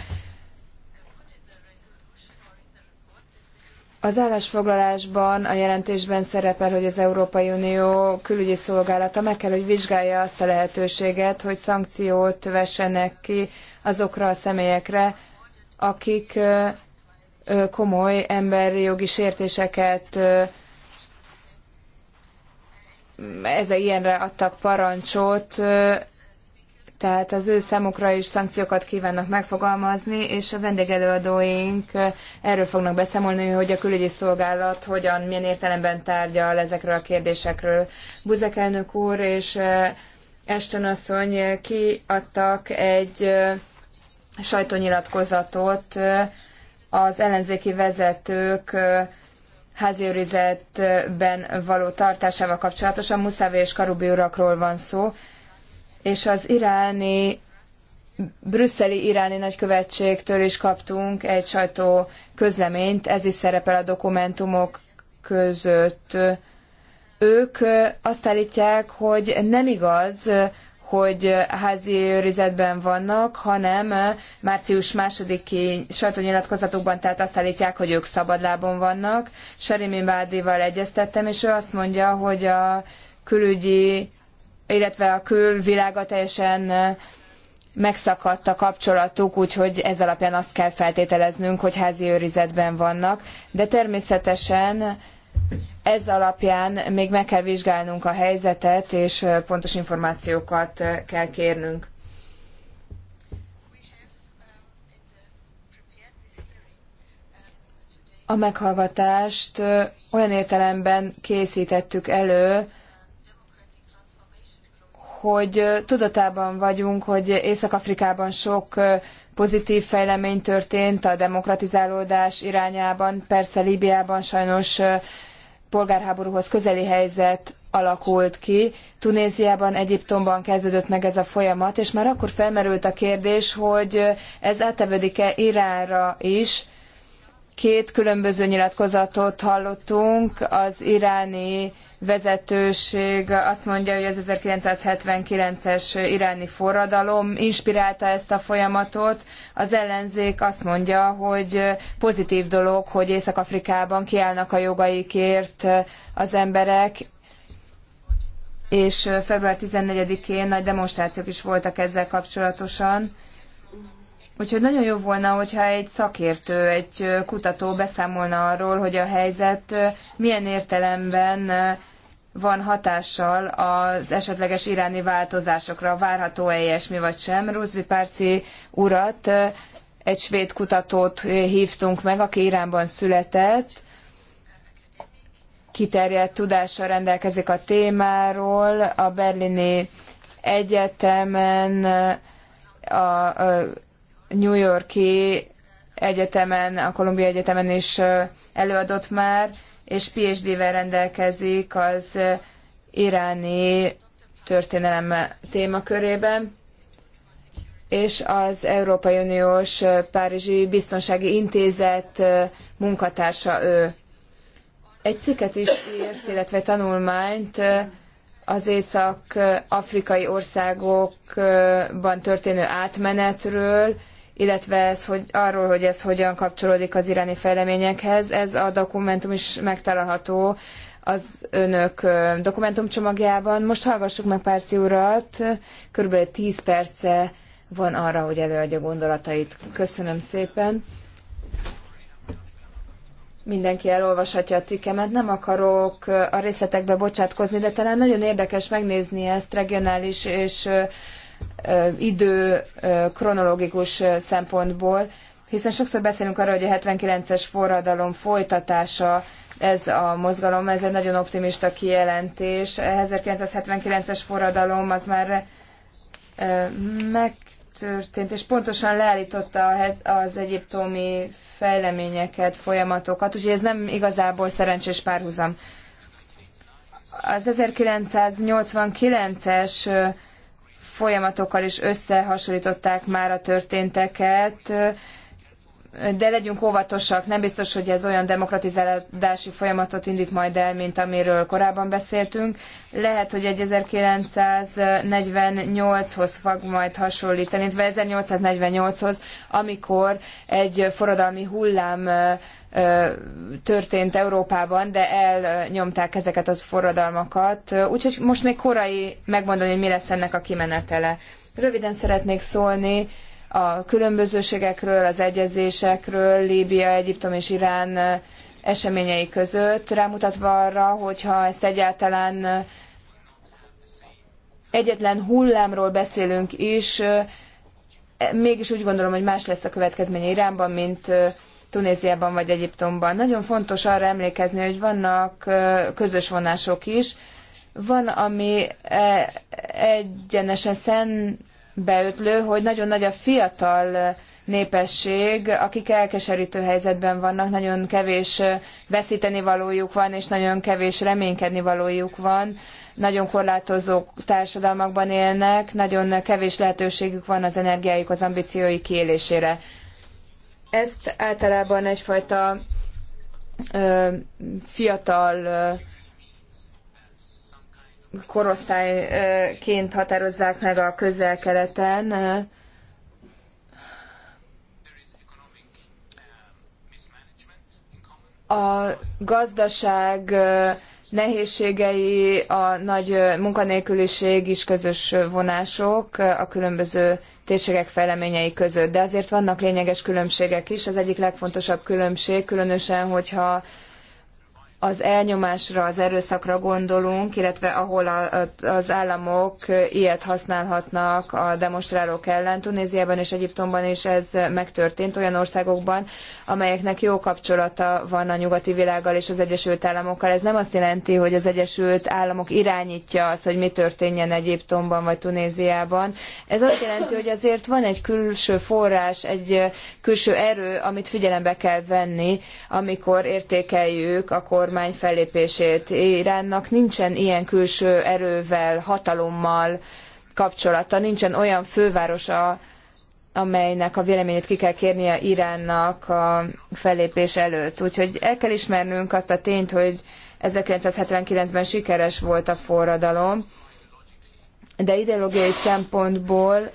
Az állásfoglalásban, a jelentésben szerepel, hogy az Európai Unió külügyi szolgálata meg kell, hogy vizsgálja azt a lehetőséget, hogy szankciót vessenek ki azokra a személyekre, akik komoly emberi jogi sértéseket ezzel ilyenre adtak parancsot, tehát az ő számukra is szankciókat kívánnak megfogalmazni, és a vendégelőadóink erről fognak beszámolni, hogy a külügyi szolgálat hogyan, milyen értelemben tárgyal ezekről a kérdésekről. Buzek elnök úr és Esten asszony kiadtak egy sajtónyilatkozatot az ellenzéki vezetők háziőrizetben való tartásával kapcsolatosan. Muszávé és Karubi urakról van szó és az iráni brüsszeli iráni nagykövetségtől is kaptunk egy sajtó közleményt, ez is szerepel a dokumentumok között. Ők azt állítják, hogy nem igaz, hogy házi őrizetben vannak, hanem március másodiki sajtónyilatkozatukban, tehát azt állítják, hogy ők szabadlábon vannak. Serimin Bádival egyeztettem, és ő azt mondja, hogy a külügyi illetve a külvilága teljesen megszakadt a kapcsolatuk, úgyhogy ez alapján azt kell feltételeznünk, hogy házi őrizetben vannak. De természetesen ez alapján még meg kell vizsgálnunk a helyzetet, és pontos információkat kell kérnünk. A meghallgatást olyan értelemben készítettük elő, hogy tudatában vagyunk, hogy Észak-Afrikában sok pozitív fejlemény történt a demokratizálódás irányában. Persze Líbiában sajnos polgárháborúhoz közeli helyzet alakult ki. Tunéziában, Egyiptomban kezdődött meg ez a folyamat, és már akkor felmerült a kérdés, hogy ez átevődik-e Iránra is. Két különböző nyilatkozatot hallottunk az iráni vezetőség azt mondja, hogy az 1979-es iráni forradalom inspirálta ezt a folyamatot. Az ellenzék azt mondja, hogy pozitív dolog, hogy Észak-Afrikában kiállnak a jogaikért az emberek, és február 14-én nagy demonstrációk is voltak ezzel kapcsolatosan. Úgyhogy nagyon jó volna, hogyha egy szakértő, egy kutató beszámolna arról, hogy a helyzet milyen értelemben van hatással az esetleges iráni változásokra, várható-e ilyesmi vagy sem. Ruzvi Párci urat, egy svéd kutatót hívtunk meg, aki Iránban született, kiterjedt tudással rendelkezik a témáról, a berlini egyetemen a, a New Yorki egyetemen, a Columbia Egyetemen is előadott már, és PhD-vel rendelkezik az iráni történelem témakörében, és az Európai Uniós Párizsi Biztonsági Intézet munkatársa ő. Egy cikket is írt, illetve tanulmányt az észak-afrikai országokban történő átmenetről, illetve ez, hogy arról, hogy ez hogyan kapcsolódik az iráni fejleményekhez, ez a dokumentum is megtalálható az önök dokumentumcsomagjában. Most hallgassuk meg Párci urat, körülbelül 10 perce van arra, hogy előadja gondolatait. Köszönöm szépen. Mindenki elolvashatja a cikkemet, nem akarok a részletekbe bocsátkozni, de talán nagyon érdekes megnézni ezt regionális és idő kronológikus szempontból, hiszen sokszor beszélünk arról, hogy a 79-es forradalom folytatása ez a mozgalom, ez egy nagyon optimista kijelentés. 1979-es forradalom az már megtörtént, és pontosan leállította az egyiptomi fejleményeket, folyamatokat, úgyhogy ez nem igazából szerencsés párhuzam. Az 1989-es folyamatokkal is összehasonlították már a történteket, de legyünk óvatosak, nem biztos, hogy ez olyan demokratizálási folyamatot indít majd el, mint amiről korábban beszéltünk. Lehet, hogy egy 1948-hoz fog majd hasonlítani, vagy 1848-hoz, amikor egy forradalmi hullám történt Európában, de elnyomták ezeket a forradalmakat, úgyhogy most még korai megmondani, hogy mi lesz ennek a kimenetele. Röviden szeretnék szólni a különbözőségekről, az egyezésekről, Líbia, Egyiptom és Irán eseményei között, rámutatva arra, hogyha ezt egyáltalán egyetlen hullámról beszélünk is, e, mégis úgy gondolom, hogy más lesz a következménye Iránban, mint Tunéziában vagy Egyiptomban. Nagyon fontos arra emlékezni, hogy vannak közös vonások is. Van, ami e, egyenesen szembeötlő, hogy nagyon nagy a fiatal népesség, akik elkeserítő helyzetben vannak, nagyon kevés veszíteni valójuk van, és nagyon kevés reménykedni valójuk van, nagyon korlátozó társadalmakban élnek, nagyon kevés lehetőségük van az energiájuk, az ambíciói kiélésére. Ezt általában egyfajta ö, fiatal ö, korosztályként határozzák meg a közel-keleten. A gazdaság nehézségei, a nagy munkanélküliség is közös vonások a különböző térségek fejleményei között. De azért vannak lényeges különbségek is. Az egyik legfontosabb különbség, különösen, hogyha az elnyomásra, az erőszakra gondolunk, illetve ahol a, a, az államok ilyet használhatnak a demonstrálók ellen. Tunéziában és Egyiptomban is ez megtörtént olyan országokban, amelyeknek jó kapcsolata van a nyugati világgal és az Egyesült Államokkal. Ez nem azt jelenti, hogy az Egyesült Államok irányítja azt, hogy mi történjen Egyiptomban vagy Tunéziában. Ez azt jelenti, hogy azért van egy külső forrás, egy külső erő, amit figyelembe kell venni, amikor értékeljük a kormány fellépését. Iránnak nincsen ilyen külső erővel, hatalommal kapcsolata, nincsen olyan fővárosa, amelynek a véleményét ki kell kérnie Iránnak a fellépés előtt. Úgyhogy el kell ismernünk azt a tényt, hogy 1979-ben sikeres volt a forradalom, de ideológiai szempontból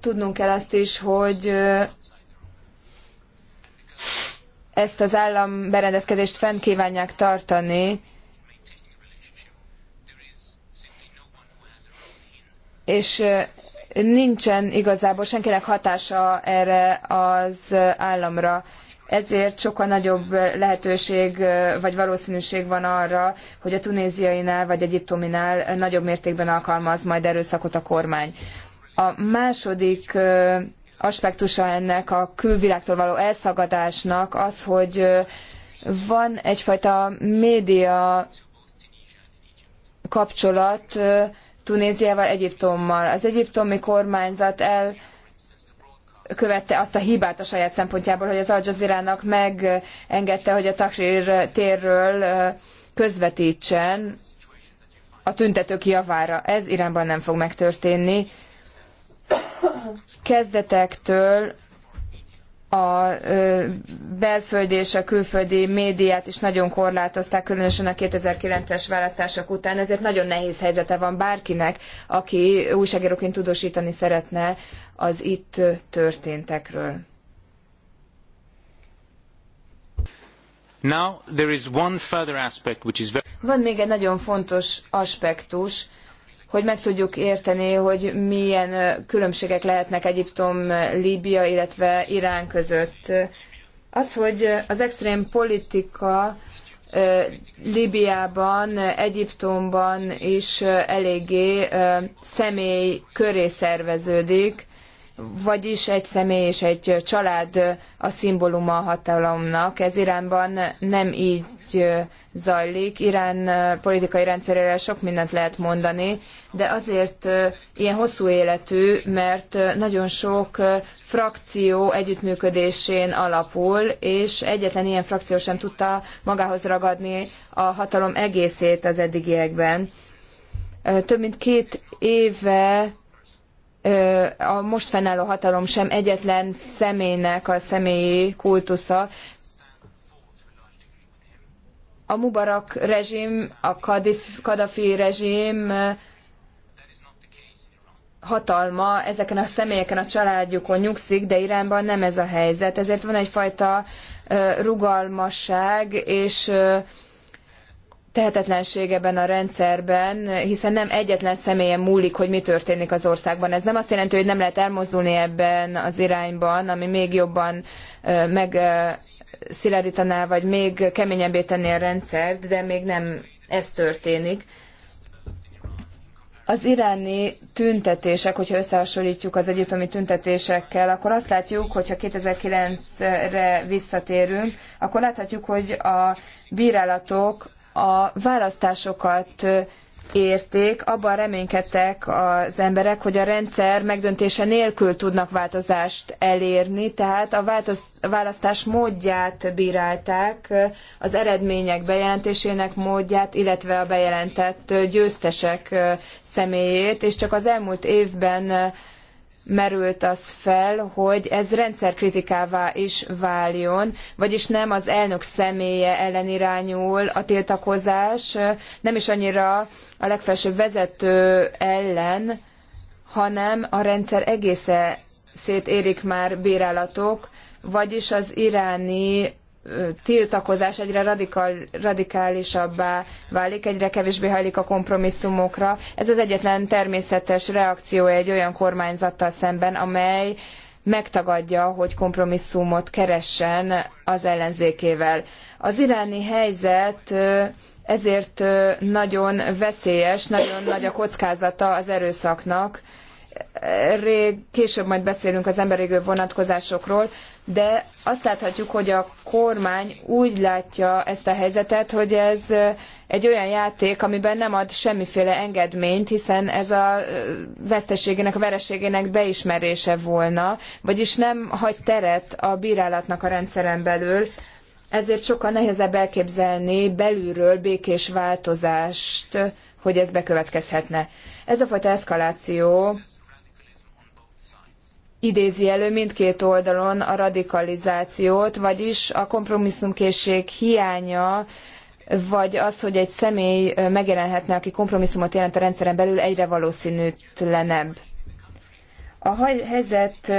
tudnunk kell azt is, hogy ezt az államberendezkedést fent kívánják tartani, és nincsen igazából senkinek hatása erre az államra. Ezért sokkal nagyobb lehetőség vagy valószínűség van arra, hogy a tunéziainál vagy egyiptominál nagyobb mértékben alkalmaz majd erőszakot a kormány. A második aspektusa ennek a külvilágtól való elszagadásnak az, hogy van egyfajta média kapcsolat Tunéziával, Egyiptommal. Az egyiptomi kormányzat el követte azt a hibát a saját szempontjából, hogy az Al Jazeera-nak megengedte, hogy a Tahrir térről közvetítsen a tüntetők javára. Ez Iránban nem fog megtörténni kezdetektől a belföldi és a külföldi médiát is nagyon korlátozták, különösen a 2009-es választások után, ezért nagyon nehéz helyzete van bárkinek, aki újságíróként tudósítani szeretne az itt történtekről. Now, there is one further aspect, which is... Van még egy nagyon fontos aspektus, hogy meg tudjuk érteni, hogy milyen különbségek lehetnek Egyiptom, Líbia, illetve Irán között. Az, hogy az extrém politika Líbiában, Egyiptomban is eléggé személy köré szerveződik, vagyis egy személy és egy család a szimbóluma a hatalomnak. Ez Iránban nem így zajlik. Irán politikai rendszerével sok mindent lehet mondani, de azért ilyen hosszú életű, mert nagyon sok frakció együttműködésén alapul, és egyetlen ilyen frakció sem tudta magához ragadni a hatalom egészét az eddigiekben. Több mint két éve a most fennálló hatalom sem egyetlen személynek a személyi kultusza. A Mubarak rezsim, a Kadhafi rezsim hatalma ezeken a személyeken, a családjukon nyugszik, de Iránban nem ez a helyzet. Ezért van egyfajta rugalmasság, és tehetetlenség ebben a rendszerben, hiszen nem egyetlen személyen múlik, hogy mi történik az országban. Ez nem azt jelenti, hogy nem lehet elmozdulni ebben az irányban, ami még jobban megszilárdítaná, vagy még keményebbé tenné a rendszert, de még nem ez történik. Az iráni tüntetések, hogyha összehasonlítjuk az egyiptomi tüntetésekkel, akkor azt látjuk, hogyha 2009-re visszatérünk, akkor láthatjuk, hogy a bírálatok a választásokat érték, abban reménykedtek az emberek, hogy a rendszer megdöntése nélkül tudnak változást elérni, tehát a, választás módját bírálták, az eredmények bejelentésének módját, illetve a bejelentett győztesek személyét, és csak az elmúlt évben merült az fel, hogy ez rendszerkritikává is váljon, vagyis nem az elnök személye ellen irányul a tiltakozás, nem is annyira a legfelsőbb vezető ellen, hanem a rendszer egésze szétérik már bírálatok, vagyis az iráni tiltakozás egyre radikál, radikálisabbá válik, egyre kevésbé hajlik a kompromisszumokra. Ez az egyetlen természetes reakció egy olyan kormányzattal szemben, amely megtagadja, hogy kompromisszumot keressen az ellenzékével. Az iráni helyzet ezért nagyon veszélyes, nagyon nagy a kockázata az erőszaknak. Rég, később majd beszélünk az emberi vonatkozásokról de azt láthatjuk, hogy a kormány úgy látja ezt a helyzetet, hogy ez egy olyan játék, amiben nem ad semmiféle engedményt, hiszen ez a veszteségének, a vereségének beismerése volna, vagyis nem hagy teret a bírálatnak a rendszeren belül, ezért sokkal nehezebb elképzelni belülről békés változást, hogy ez bekövetkezhetne. Ez a fajta eszkaláció idézi elő mindkét oldalon a radikalizációt, vagyis a kompromisszumkészség hiánya, vagy az, hogy egy személy megjelenhetne, aki kompromisszumot jelent a rendszeren belül, egyre valószínűtlenebb. A helyzet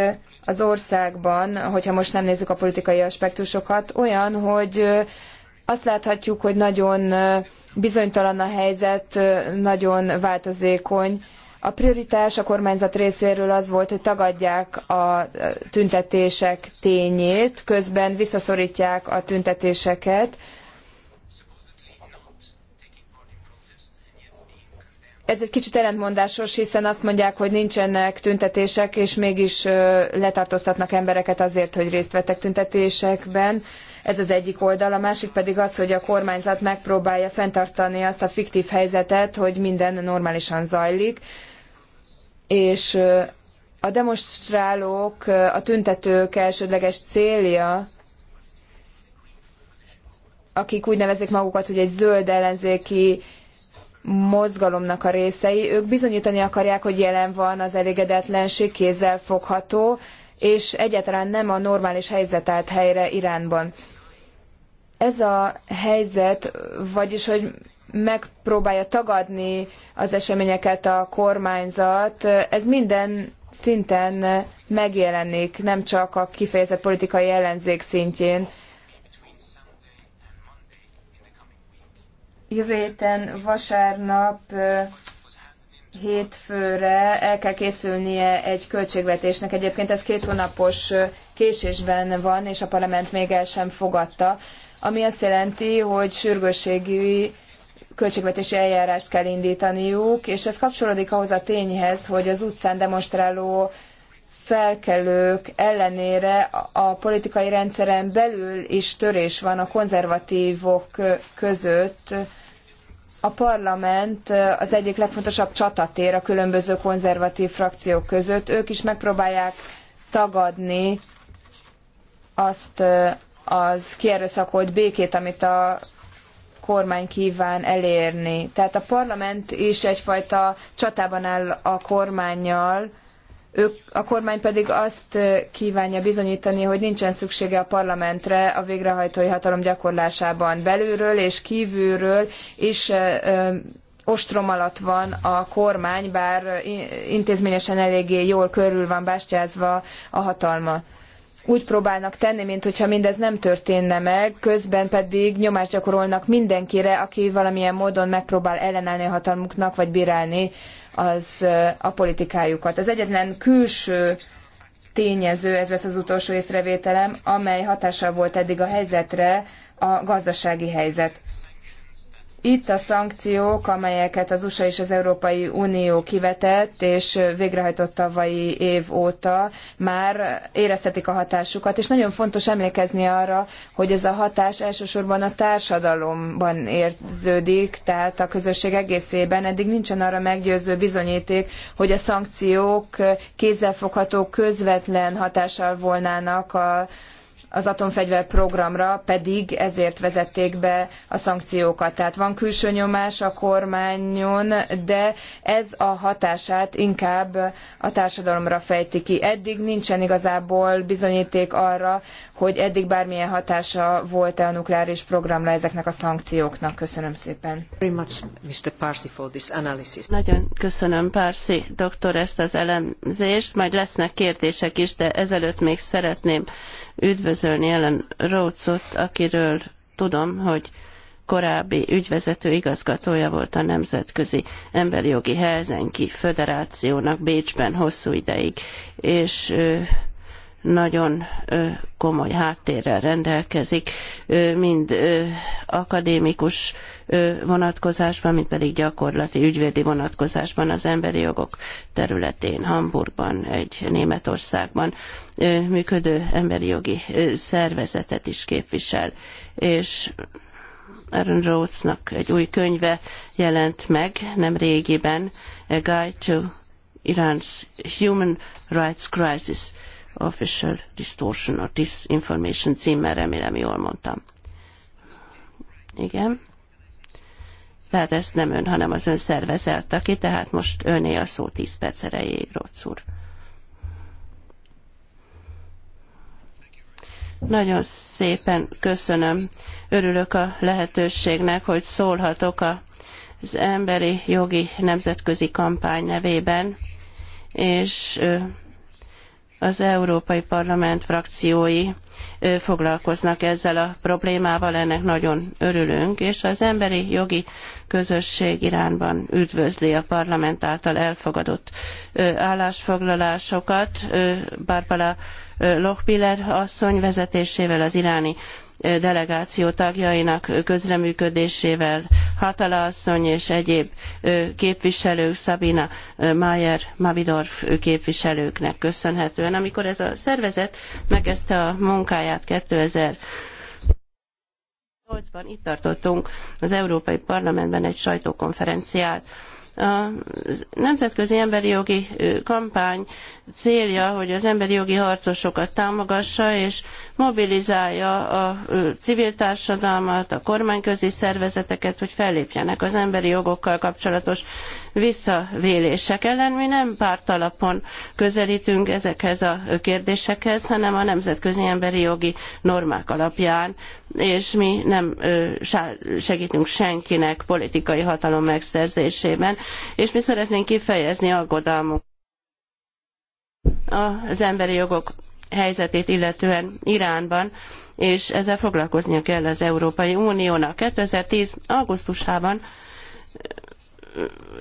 az országban, hogyha most nem nézzük a politikai aspektusokat, olyan, hogy azt láthatjuk, hogy nagyon bizonytalan a helyzet, nagyon változékony, a prioritás a kormányzat részéről az volt, hogy tagadják a tüntetések tényét, közben visszaszorítják a tüntetéseket. Ez egy kicsit ellentmondásos, hiszen azt mondják, hogy nincsenek tüntetések, és mégis letartóztatnak embereket azért, hogy részt vettek tüntetésekben. Ez az egyik oldal, a másik pedig az, hogy a kormányzat megpróbálja fenntartani azt a fiktív helyzetet, hogy minden normálisan zajlik és a demonstrálók, a tüntetők elsődleges célja, akik úgy nevezik magukat, hogy egy zöld ellenzéki mozgalomnak a részei, ők bizonyítani akarják, hogy jelen van az elégedetlenség, kézzel fogható, és egyáltalán nem a normális helyzet állt helyre Iránban. Ez a helyzet, vagyis, hogy megpróbálja tagadni az eseményeket a kormányzat, ez minden szinten megjelenik, nem csak a kifejezett politikai ellenzék szintjén. Jövő héten vasárnap hétfőre el kell készülnie egy költségvetésnek. Egyébként ez két hónapos késésben van, és a parlament még el sem fogadta, ami azt jelenti, hogy sürgősségi költségvetési eljárást kell indítaniuk, és ez kapcsolódik ahhoz a tényhez, hogy az utcán demonstráló felkelők ellenére a politikai rendszeren belül is törés van a konzervatívok között. A parlament az egyik legfontosabb csatatér a különböző konzervatív frakciók között. Ők is megpróbálják tagadni azt az kierőszakolt békét, amit a kormány kíván elérni. Tehát a parlament is egyfajta csatában áll a kormányjal, ők, a kormány pedig azt kívánja bizonyítani, hogy nincsen szüksége a parlamentre a végrehajtói hatalom gyakorlásában belülről és kívülről is ostrom alatt van a kormány, bár intézményesen eléggé jól körül van bástyázva a hatalma úgy próbálnak tenni, mintha mindez nem történne meg, közben pedig nyomást gyakorolnak mindenkire, aki valamilyen módon megpróbál ellenállni a hatalmuknak, vagy bírálni az, a politikájukat. Az egyetlen külső tényező, ez lesz az utolsó észrevételem, amely hatással volt eddig a helyzetre, a gazdasági helyzet. Itt a szankciók, amelyeket az USA és az Európai Unió kivetett és végrehajtott tavalyi év óta, már éreztetik a hatásukat, és nagyon fontos emlékezni arra, hogy ez a hatás elsősorban a társadalomban érződik, tehát a közösség egészében. Eddig nincsen arra meggyőző bizonyíték, hogy a szankciók kézzelfogható közvetlen hatással volnának a az atomfegyver programra pedig ezért vezették be a szankciókat. Tehát van külső nyomás a kormányon, de ez a hatását inkább a társadalomra fejti ki. Eddig nincsen igazából bizonyíték arra, hogy eddig bármilyen hatása volt-e a nukleáris programra ezeknek a szankcióknak. Köszönöm szépen. Nagyon köszönöm, Parsi doktor, ezt az elemzést. Majd lesznek kérdések is, de ezelőtt még szeretném üdvözölni Ellen Rhodesot, akiről tudom, hogy korábbi ügyvezető igazgatója volt a Nemzetközi Emberi Jogi Helsinki Föderációnak Bécsben hosszú ideig, és nagyon komoly háttérrel rendelkezik, mind akadémikus vonatkozásban, mind pedig gyakorlati ügyvédi vonatkozásban az emberi jogok területén, Hamburgban, egy Németországban működő emberi jogi szervezetet is képvisel. És Aaron Rhodesnak egy új könyve jelent meg, nem régiben, A Guide to Iran's Human Rights Crisis Official Distortion or Disinformation címmel, remélem jól mondtam. Igen. Tehát ezt nem ön, hanem az ön szervezett, aki, tehát most öné a szó 10 perc erejéig, Rocz úr. Nagyon szépen köszönöm. Örülök a lehetőségnek, hogy szólhatok az emberi jogi nemzetközi kampány nevében, és az Európai Parlament frakciói foglalkoznak ezzel a problémával, ennek nagyon örülünk, és az emberi jogi közösség Iránban üdvözli a parlament által elfogadott állásfoglalásokat. Barbara Lochbiller asszony vezetésével az iráni delegáció tagjainak közreműködésével Hatala asszony és egyéb képviselők, Szabina Mayer, Mavidorf képviselőknek köszönhetően. Amikor ez a szervezet megkezdte a munkáját 2000 2008-ban itt tartottunk az Európai Parlamentben egy sajtókonferenciát, a nemzetközi emberi jogi kampány célja, hogy az emberi jogi harcosokat támogassa és mobilizálja a civil társadalmat, a kormányközi szervezeteket, hogy fellépjenek az emberi jogokkal kapcsolatos visszavélések ellen. Mi nem pártalapon közelítünk ezekhez a kérdésekhez, hanem a nemzetközi emberi jogi normák alapján és mi nem segítünk senkinek politikai hatalom megszerzésében, és mi szeretnénk kifejezni aggodalmunk az emberi jogok helyzetét illetően Iránban, és ezzel foglalkoznia kell az Európai Uniónak. 2010. augusztusában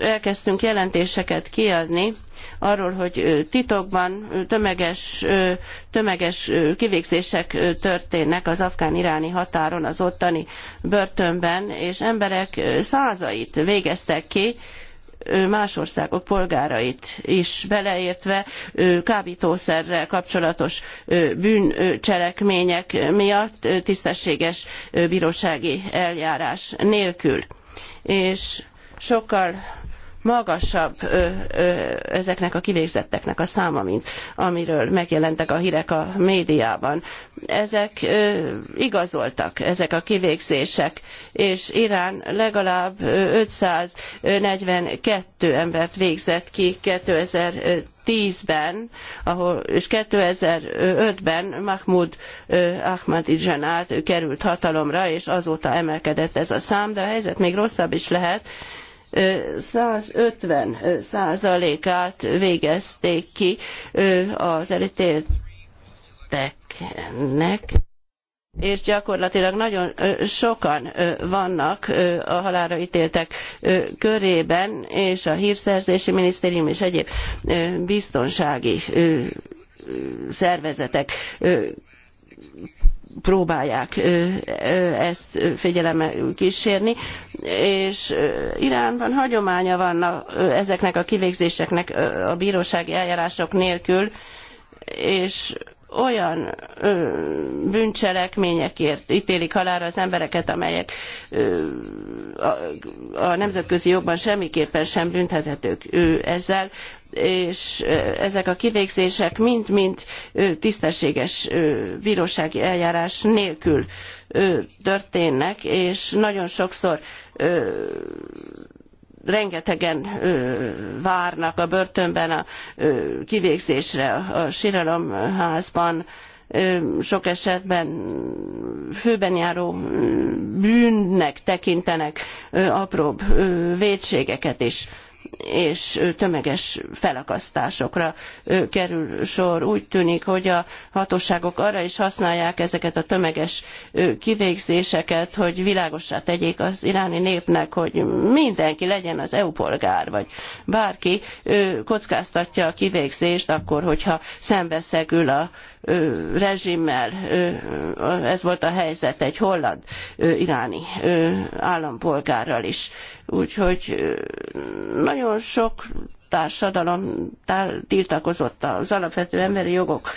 elkezdtünk jelentéseket kiadni arról, hogy titokban tömeges, tömeges kivégzések történnek az afgán-iráni határon, az ottani börtönben, és emberek százait végeztek ki, más országok polgárait is beleértve kábítószerrel kapcsolatos bűncselekmények miatt tisztességes bírósági eljárás nélkül. És sokkal magasabb ö, ö, ezeknek a kivégzetteknek a száma, mint amiről megjelentek a hírek a médiában. Ezek ö, igazoltak, ezek a kivégzések, és Irán legalább 542 embert végzett ki 2010 ben ahol, és 2005-ben Mahmoud Ahmadinejad került hatalomra, és azóta emelkedett ez a szám, de a helyzet még rosszabb is lehet, 150 százalékát végezték ki az elítélteknek és gyakorlatilag nagyon sokan vannak a halálra ítéltek körében, és a hírszerzési minisztérium és egyéb biztonsági szervezetek próbálják ezt figyelemmel kísérni, és Iránban hagyománya vannak ezeknek a kivégzéseknek a bírósági eljárások nélkül, és olyan ö, bűncselekményekért ítélik halálra az embereket, amelyek ö, a, a, nemzetközi jogban semmiképpen sem büntethetők ö, ezzel és ezek a kivégzések mind-mind tisztességes bírósági eljárás nélkül történnek, és nagyon sokszor rengetegen várnak a börtönben a kivégzésre, a síralomházban, sok esetben főben járó bűnnek tekintenek apróbb vétségeket is és tömeges felakasztásokra kerül sor. Úgy tűnik, hogy a hatóságok arra is használják ezeket a tömeges kivégzéseket, hogy világossá tegyék az iráni népnek, hogy mindenki legyen az EU polgár, vagy bárki kockáztatja a kivégzést akkor, hogyha szembeszegül a rezsimmel, ez volt a helyzet egy holland iráni állampolgárral is. Úgyhogy nagyon sok társadalom tiltakozott az alapvető emberi jogok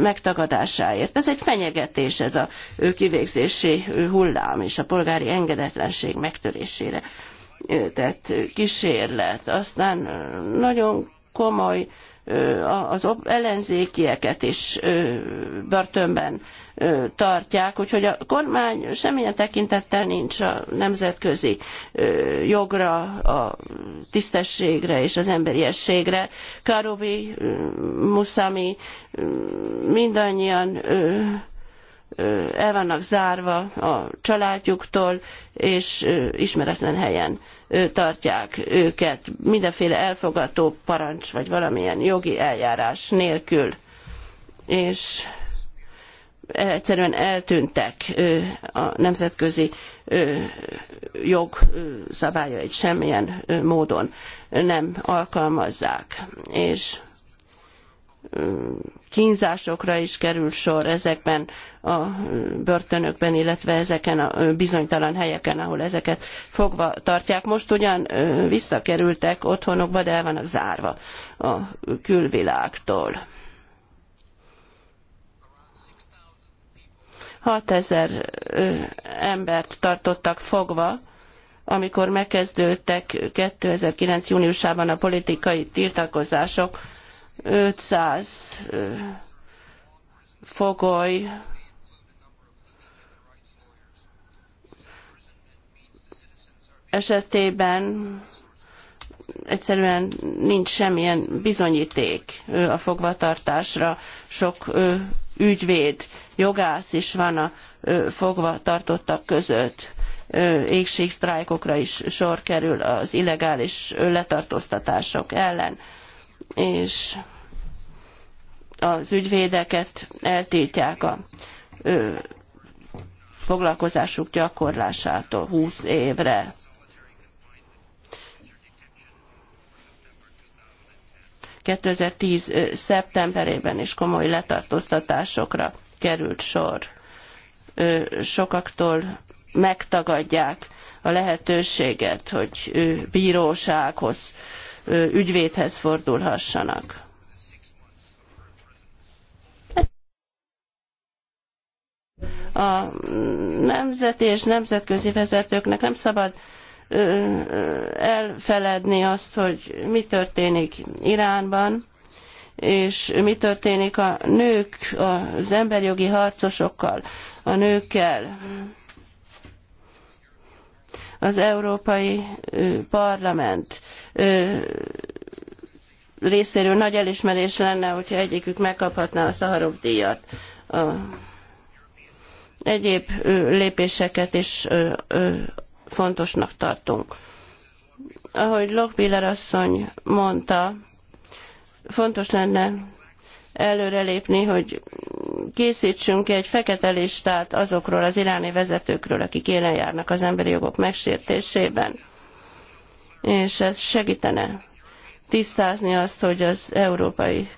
megtagadásáért. Ez egy fenyegetés, ez a kivégzési hullám és a polgári engedetlenség megtörésére tett kísérlet. Aztán nagyon komoly az ellenzékieket is börtönben tartják, úgyhogy a kormány semmilyen tekintettel nincs a nemzetközi jogra, a tisztességre és az emberiességre. Karobi, Muszami, mindannyian el vannak zárva a családjuktól, és ismeretlen helyen tartják őket mindenféle elfogató parancs, vagy valamilyen jogi eljárás nélkül. És egyszerűen eltűntek a nemzetközi jog szabályait semmilyen módon nem alkalmazzák. És kínzásokra is kerül sor ezekben a börtönökben, illetve ezeken a bizonytalan helyeken, ahol ezeket fogva tartják. Most ugyan visszakerültek otthonukba, de el vannak zárva a külvilágtól. 6000 embert tartottak fogva, amikor megkezdődtek 2009. júniusában a politikai tiltakozások, 500 fogoly esetében egyszerűen nincs semmilyen bizonyíték a fogvatartásra. Sok ügyvéd, jogász is van a fogvatartottak között. Égségsztrájkokra is sor kerül az illegális letartóztatások ellen és az ügyvédeket eltiltják a ö, foglalkozásuk gyakorlásától 20 évre. ...2010. szeptemberében is komoly letartóztatásokra került sor. Ö, sokaktól megtagadják a lehetőséget, hogy bírósághoz ügyvédhez fordulhassanak. A nemzeti és nemzetközi vezetőknek nem szabad elfeledni azt, hogy mi történik Iránban, és mi történik a nők, az emberjogi harcosokkal, a nőkkel. Mm az Európai Parlament részéről nagy elismerés lenne, hogyha egyikük megkaphatná a Szaharov díjat. A egyéb lépéseket is fontosnak tartunk. Ahogy Lokbiller asszony mondta, fontos lenne előrelépni, hogy készítsünk egy fekete listát azokról az iráni vezetőkről, akik élen járnak az emberi jogok megsértésében. És ez segítene tisztázni azt, hogy az európai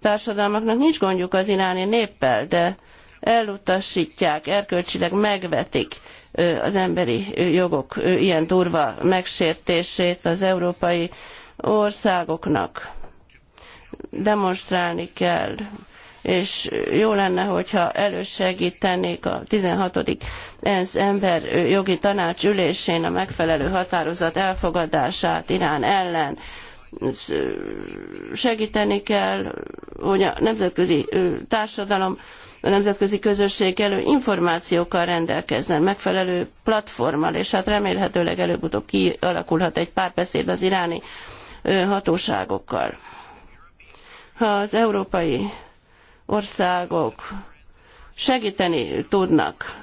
társadalmaknak nincs gondjuk az iráni néppel, de elutasítják, erkölcsileg megvetik az emberi jogok ilyen durva megsértését az európai országoknak demonstrálni kell, és jó lenne, hogyha elősegítenék a 16. ENSZ emberjogi tanács ülésén a megfelelő határozat elfogadását Irán ellen segíteni kell, hogy a nemzetközi társadalom, a nemzetközi közösség elő információkkal rendelkezzen, megfelelő platformmal, és hát remélhetőleg előbb-utóbb kialakulhat egy párbeszéd az iráni hatóságokkal ha az európai országok segíteni tudnak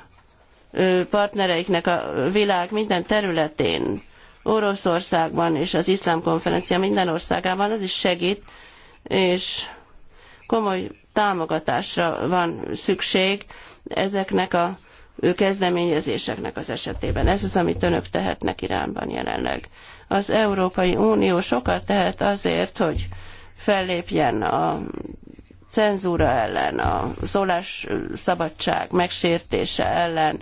partnereiknek a világ minden területén, Oroszországban és az iszlám konferencia minden országában, az is segít, és komoly támogatásra van szükség ezeknek a kezdeményezéseknek az esetében. Ez az, amit önök tehetnek Iránban jelenleg. Az Európai Unió sokat tehet azért, hogy fellépjen a cenzúra ellen, a szólásszabadság megsértése ellen,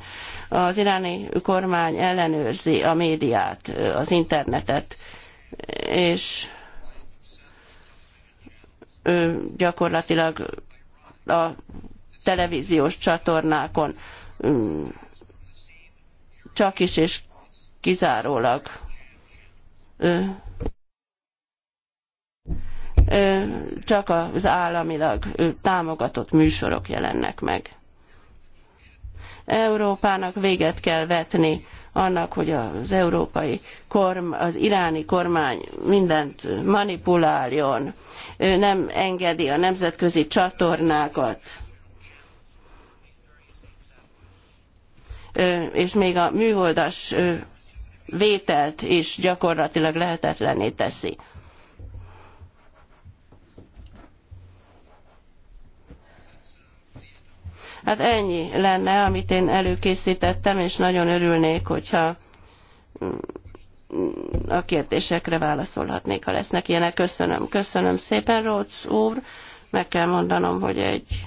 az iráni kormány ellenőrzi a médiát, az internetet, és ő gyakorlatilag a televíziós csatornákon mm, csak is és kizárólag ő csak az államilag támogatott műsorok jelennek meg. Európának véget kell vetni annak, hogy az európai korm, az iráni kormány mindent manipuláljon, nem engedi a nemzetközi csatornákat, és még a műholdas vételt is gyakorlatilag lehetetlenné teszi. Hát ennyi lenne, amit én előkészítettem, és nagyon örülnék, hogyha mm, a kérdésekre válaszolhatnék, ha lesznek ilyenek. Köszönöm. Köszönöm szépen, Rócz úr. Meg kell mondanom, hogy egy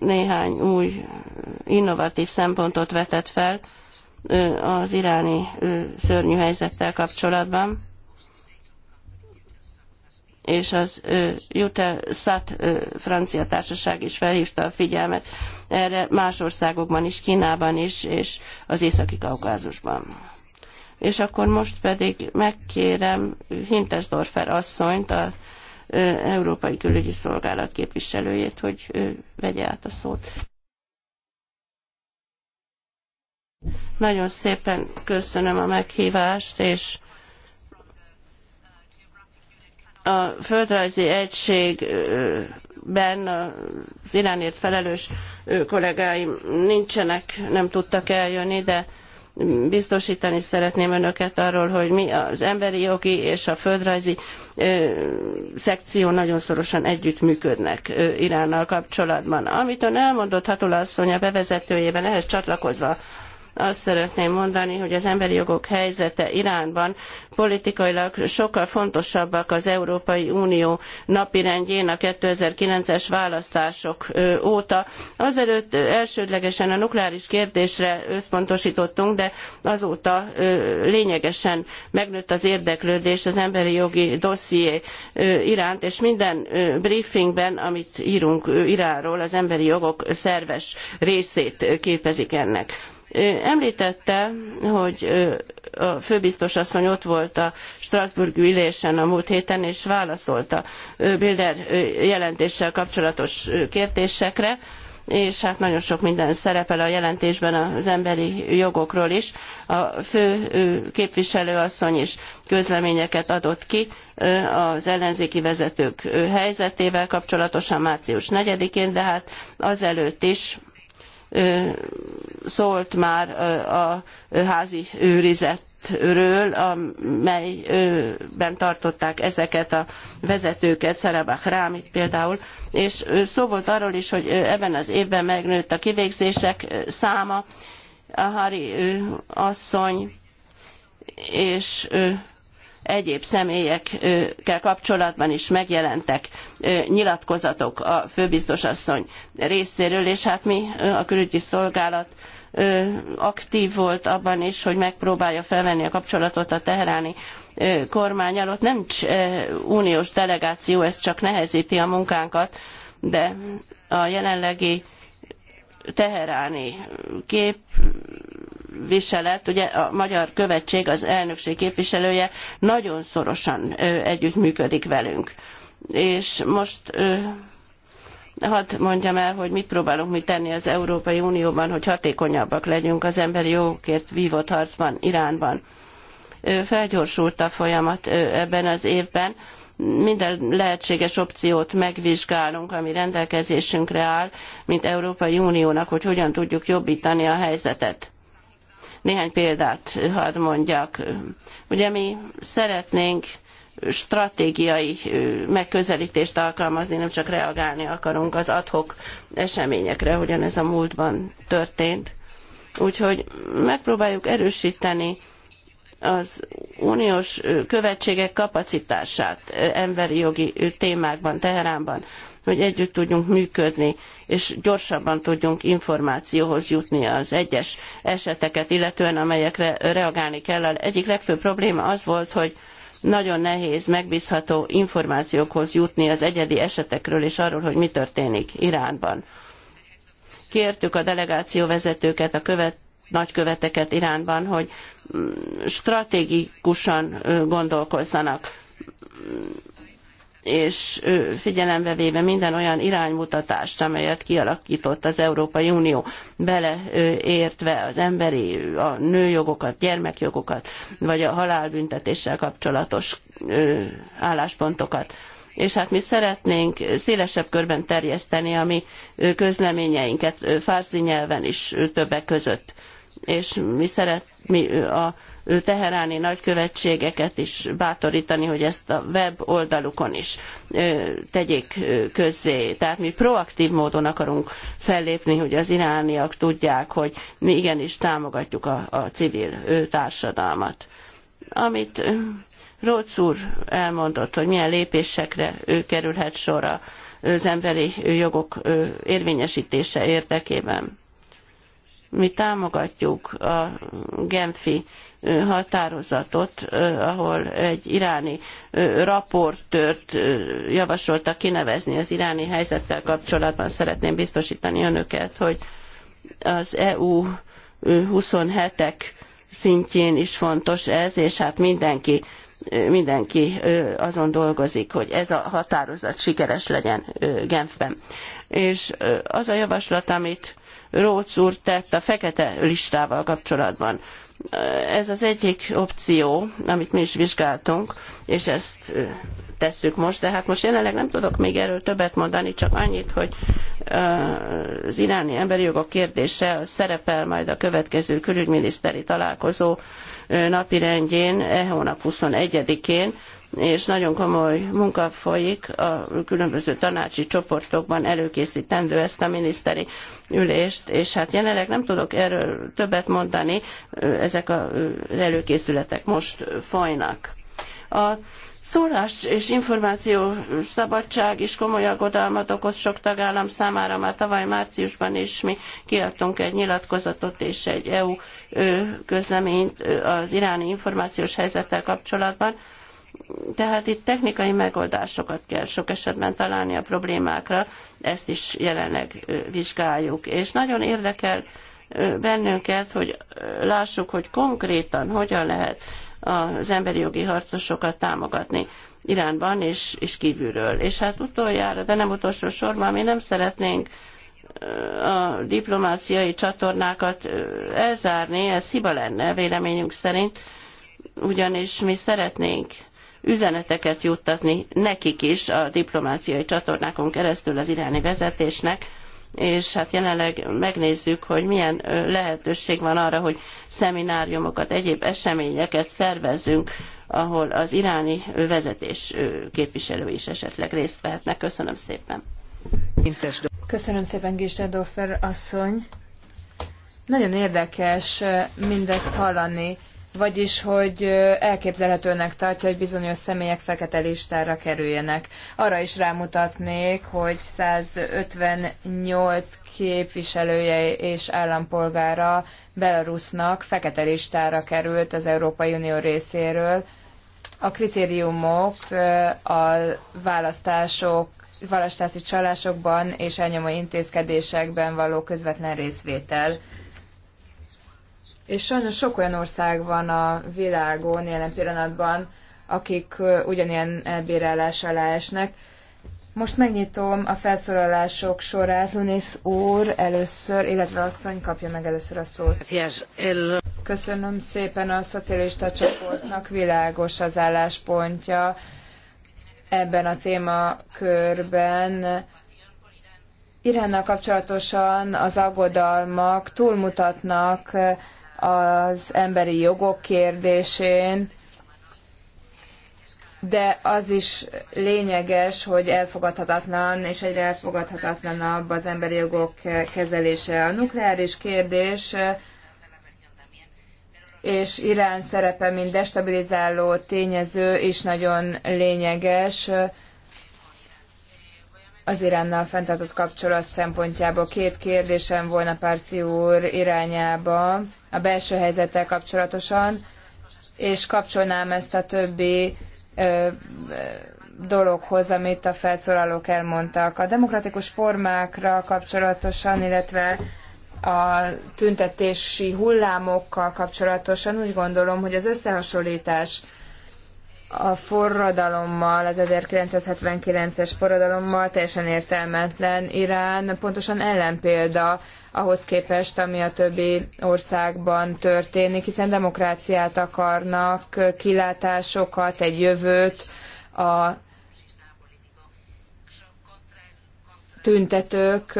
néhány új innovatív szempontot vetett fel az iráni szörnyű helyzettel kapcsolatban és az Jutel Sat francia társaság is felhívta a figyelmet erre más országokban is, Kínában is, és az északi kaukázusban. És akkor most pedig megkérem Hintesdorfer asszonyt, a Európai Külügyi Szolgálat képviselőjét, hogy vegye át a szót. Nagyon szépen köszönöm a meghívást, és a földrajzi egységben az Iránért felelős kollégáim nincsenek, nem tudtak eljönni, de biztosítani szeretném önöket arról, hogy mi az emberi jogi és a földrajzi ö, szekció nagyon szorosan együttműködnek Iránnal kapcsolatban. Amit ön elmondott Hatula asszony a bevezetőjében, ehhez csatlakozva azt szeretném mondani, hogy az emberi jogok helyzete Iránban politikailag sokkal fontosabbak az Európai Unió napirendjén a 2009-es választások óta. Azelőtt elsődlegesen a nukleáris kérdésre összpontosítottunk, de azóta lényegesen megnőtt az érdeklődés az emberi jogi dosszié iránt, és minden briefingben, amit írunk Iránról, az emberi jogok szerves részét képezik ennek Említette, hogy a főbiztos asszony ott volt a Strasbourg ülésen a múlt héten, és válaszolta Bilder jelentéssel kapcsolatos kérdésekre és hát nagyon sok minden szerepel a jelentésben az emberi jogokról is. A fő képviselőasszony is közleményeket adott ki az ellenzéki vezetők helyzetével kapcsolatosan március 4-én, de hát azelőtt is szólt már a házi őrizetről, amelyben tartották ezeket a vezetőket, Szerebach Rámit például, és szó volt arról is, hogy ebben az évben megnőtt a kivégzések száma, a Hari asszony és egyéb személyekkel kapcsolatban is megjelentek nyilatkozatok a főbiztos asszony részéről, és hát mi a külügyi szolgálat aktív volt abban is, hogy megpróbálja felvenni a kapcsolatot a teheráni kormánnyal. Ott nem uniós delegáció, ez csak nehezíti a munkánkat, de a jelenlegi teheráni kép képviselet, ugye a Magyar Követség, az elnökség képviselője nagyon szorosan együttműködik velünk. És most hadd mondjam el, hogy mit próbálunk mi tenni az Európai Unióban, hogy hatékonyabbak legyünk az emberi jogokért vívott harcban Iránban. Felgyorsult a folyamat ebben az évben. Minden lehetséges opciót megvizsgálunk, ami rendelkezésünkre áll, mint Európai Uniónak, hogy hogyan tudjuk jobbítani a helyzetet néhány példát hadd mondjak. Ugye mi szeretnénk stratégiai megközelítést alkalmazni, nem csak reagálni akarunk az adhok eseményekre, ugyanez a múltban történt. Úgyhogy megpróbáljuk erősíteni az uniós követségek kapacitását emberi jogi témákban, Teheránban hogy együtt tudjunk működni, és gyorsabban tudjunk információhoz jutni az egyes eseteket, illetően amelyekre reagálni kell. Az egyik legfőbb probléma az volt, hogy nagyon nehéz megbízható információkhoz jutni az egyedi esetekről és arról, hogy mi történik Iránban. Kértük a delegáció vezetőket, a követ, nagyköveteket Iránban, hogy mm, stratégikusan gondolkozzanak és figyelembe véve minden olyan iránymutatást, amelyet kialakított az Európai Unió, beleértve az emberi, a nőjogokat, gyermekjogokat, vagy a halálbüntetéssel kapcsolatos álláspontokat és hát mi szeretnénk szélesebb körben terjeszteni a mi közleményeinket, fárszi nyelven is többek között. És mi, szeret, mi a teheráni nagykövetségeket is bátorítani, hogy ezt a web oldalukon is tegyék közzé. Tehát mi proaktív módon akarunk fellépni, hogy az irániak tudják, hogy mi igenis támogatjuk a, a civil társadalmat. Amit Rócz úr elmondott, hogy milyen lépésekre ő kerülhet sor az emberi jogok érvényesítése érdekében. Mi támogatjuk a Genfi határozatot, ahol egy iráni raportőrt javasolta kinevezni az iráni helyzettel kapcsolatban. Szeretném biztosítani önöket, hogy az EU 27-ek szintjén is fontos ez, és hát mindenki mindenki azon dolgozik, hogy ez a határozat sikeres legyen Genfben. És az a javaslat, amit Rócz úr tett a fekete listával kapcsolatban. Ez az egyik opció, amit mi is vizsgáltunk, és ezt tesszük most, de hát most jelenleg nem tudok még erről többet mondani, csak annyit, hogy az iráni emberi jogok kérdése szerepel majd a következő külügyminiszteri találkozó napirendjén, e hónap 21-én, és nagyon komoly munka folyik a különböző tanácsi csoportokban előkészítendő ezt a miniszteri ülést, és hát jelenleg nem tudok erről többet mondani, ezek az előkészületek most folynak. A Szólás és információ szabadság is komoly aggodalmat okoz sok tagállam számára. Már tavaly márciusban is mi kiadtunk egy nyilatkozatot és egy EU közleményt az iráni információs helyzettel kapcsolatban tehát itt technikai megoldásokat kell sok esetben találni a problémákra, ezt is jelenleg vizsgáljuk. És nagyon érdekel bennünket, hogy lássuk, hogy konkrétan hogyan lehet az emberi jogi harcosokat támogatni Iránban és, és kívülről. És hát utoljára, de nem utolsó sorban, mi nem szeretnénk a diplomáciai csatornákat elzárni, ez hiba lenne véleményünk szerint, ugyanis mi szeretnénk üzeneteket juttatni nekik is a diplomáciai csatornákon keresztül az iráni vezetésnek, és hát jelenleg megnézzük, hogy milyen lehetőség van arra, hogy szemináriumokat, egyéb eseményeket szervezzünk, ahol az iráni vezetés képviselői is esetleg részt vehetnek. Köszönöm szépen. Köszönöm szépen, Gisdorfer asszony. Nagyon érdekes mindezt hallani vagyis hogy elképzelhetőnek tartja, hogy bizonyos személyek fekete listára kerüljenek. Arra is rámutatnék, hogy 158 képviselője és állampolgára Belarusnak fekete listára került az Európai Unió részéről. A kritériumok a választások választási csalásokban és elnyomó intézkedésekben való közvetlen részvétel és sajnos sok olyan ország van a világon jelen pillanatban, akik ugyanilyen elbírálás alá esnek. Most megnyitom a felszólalások sorát. Lunis úr először, illetve asszony kapja meg először a szót. Köszönöm szépen a szocialista csoportnak világos az álláspontja ebben a témakörben. Iránnal kapcsolatosan az aggodalmak túlmutatnak az emberi jogok kérdésén, de az is lényeges, hogy elfogadhatatlan és egyre elfogadhatatlanabb az emberi jogok kezelése. A nukleáris kérdés és Irán szerepe, mint destabilizáló tényező is nagyon lényeges az Iránnal fenntartott kapcsolat szempontjából. Két kérdésem volna Párszi úr irányába a belső helyzettel kapcsolatosan, és kapcsolnám ezt a többi ö, dologhoz, amit a felszólalók elmondtak. A demokratikus formákra kapcsolatosan, illetve a tüntetési hullámokkal kapcsolatosan úgy gondolom, hogy az összehasonlítás a forradalommal, az 1979-es forradalommal teljesen értelmetlen. Irán pontosan ellenpélda ahhoz képest, ami a többi országban történik, hiszen demokráciát akarnak, kilátásokat, egy jövőt a tüntetők,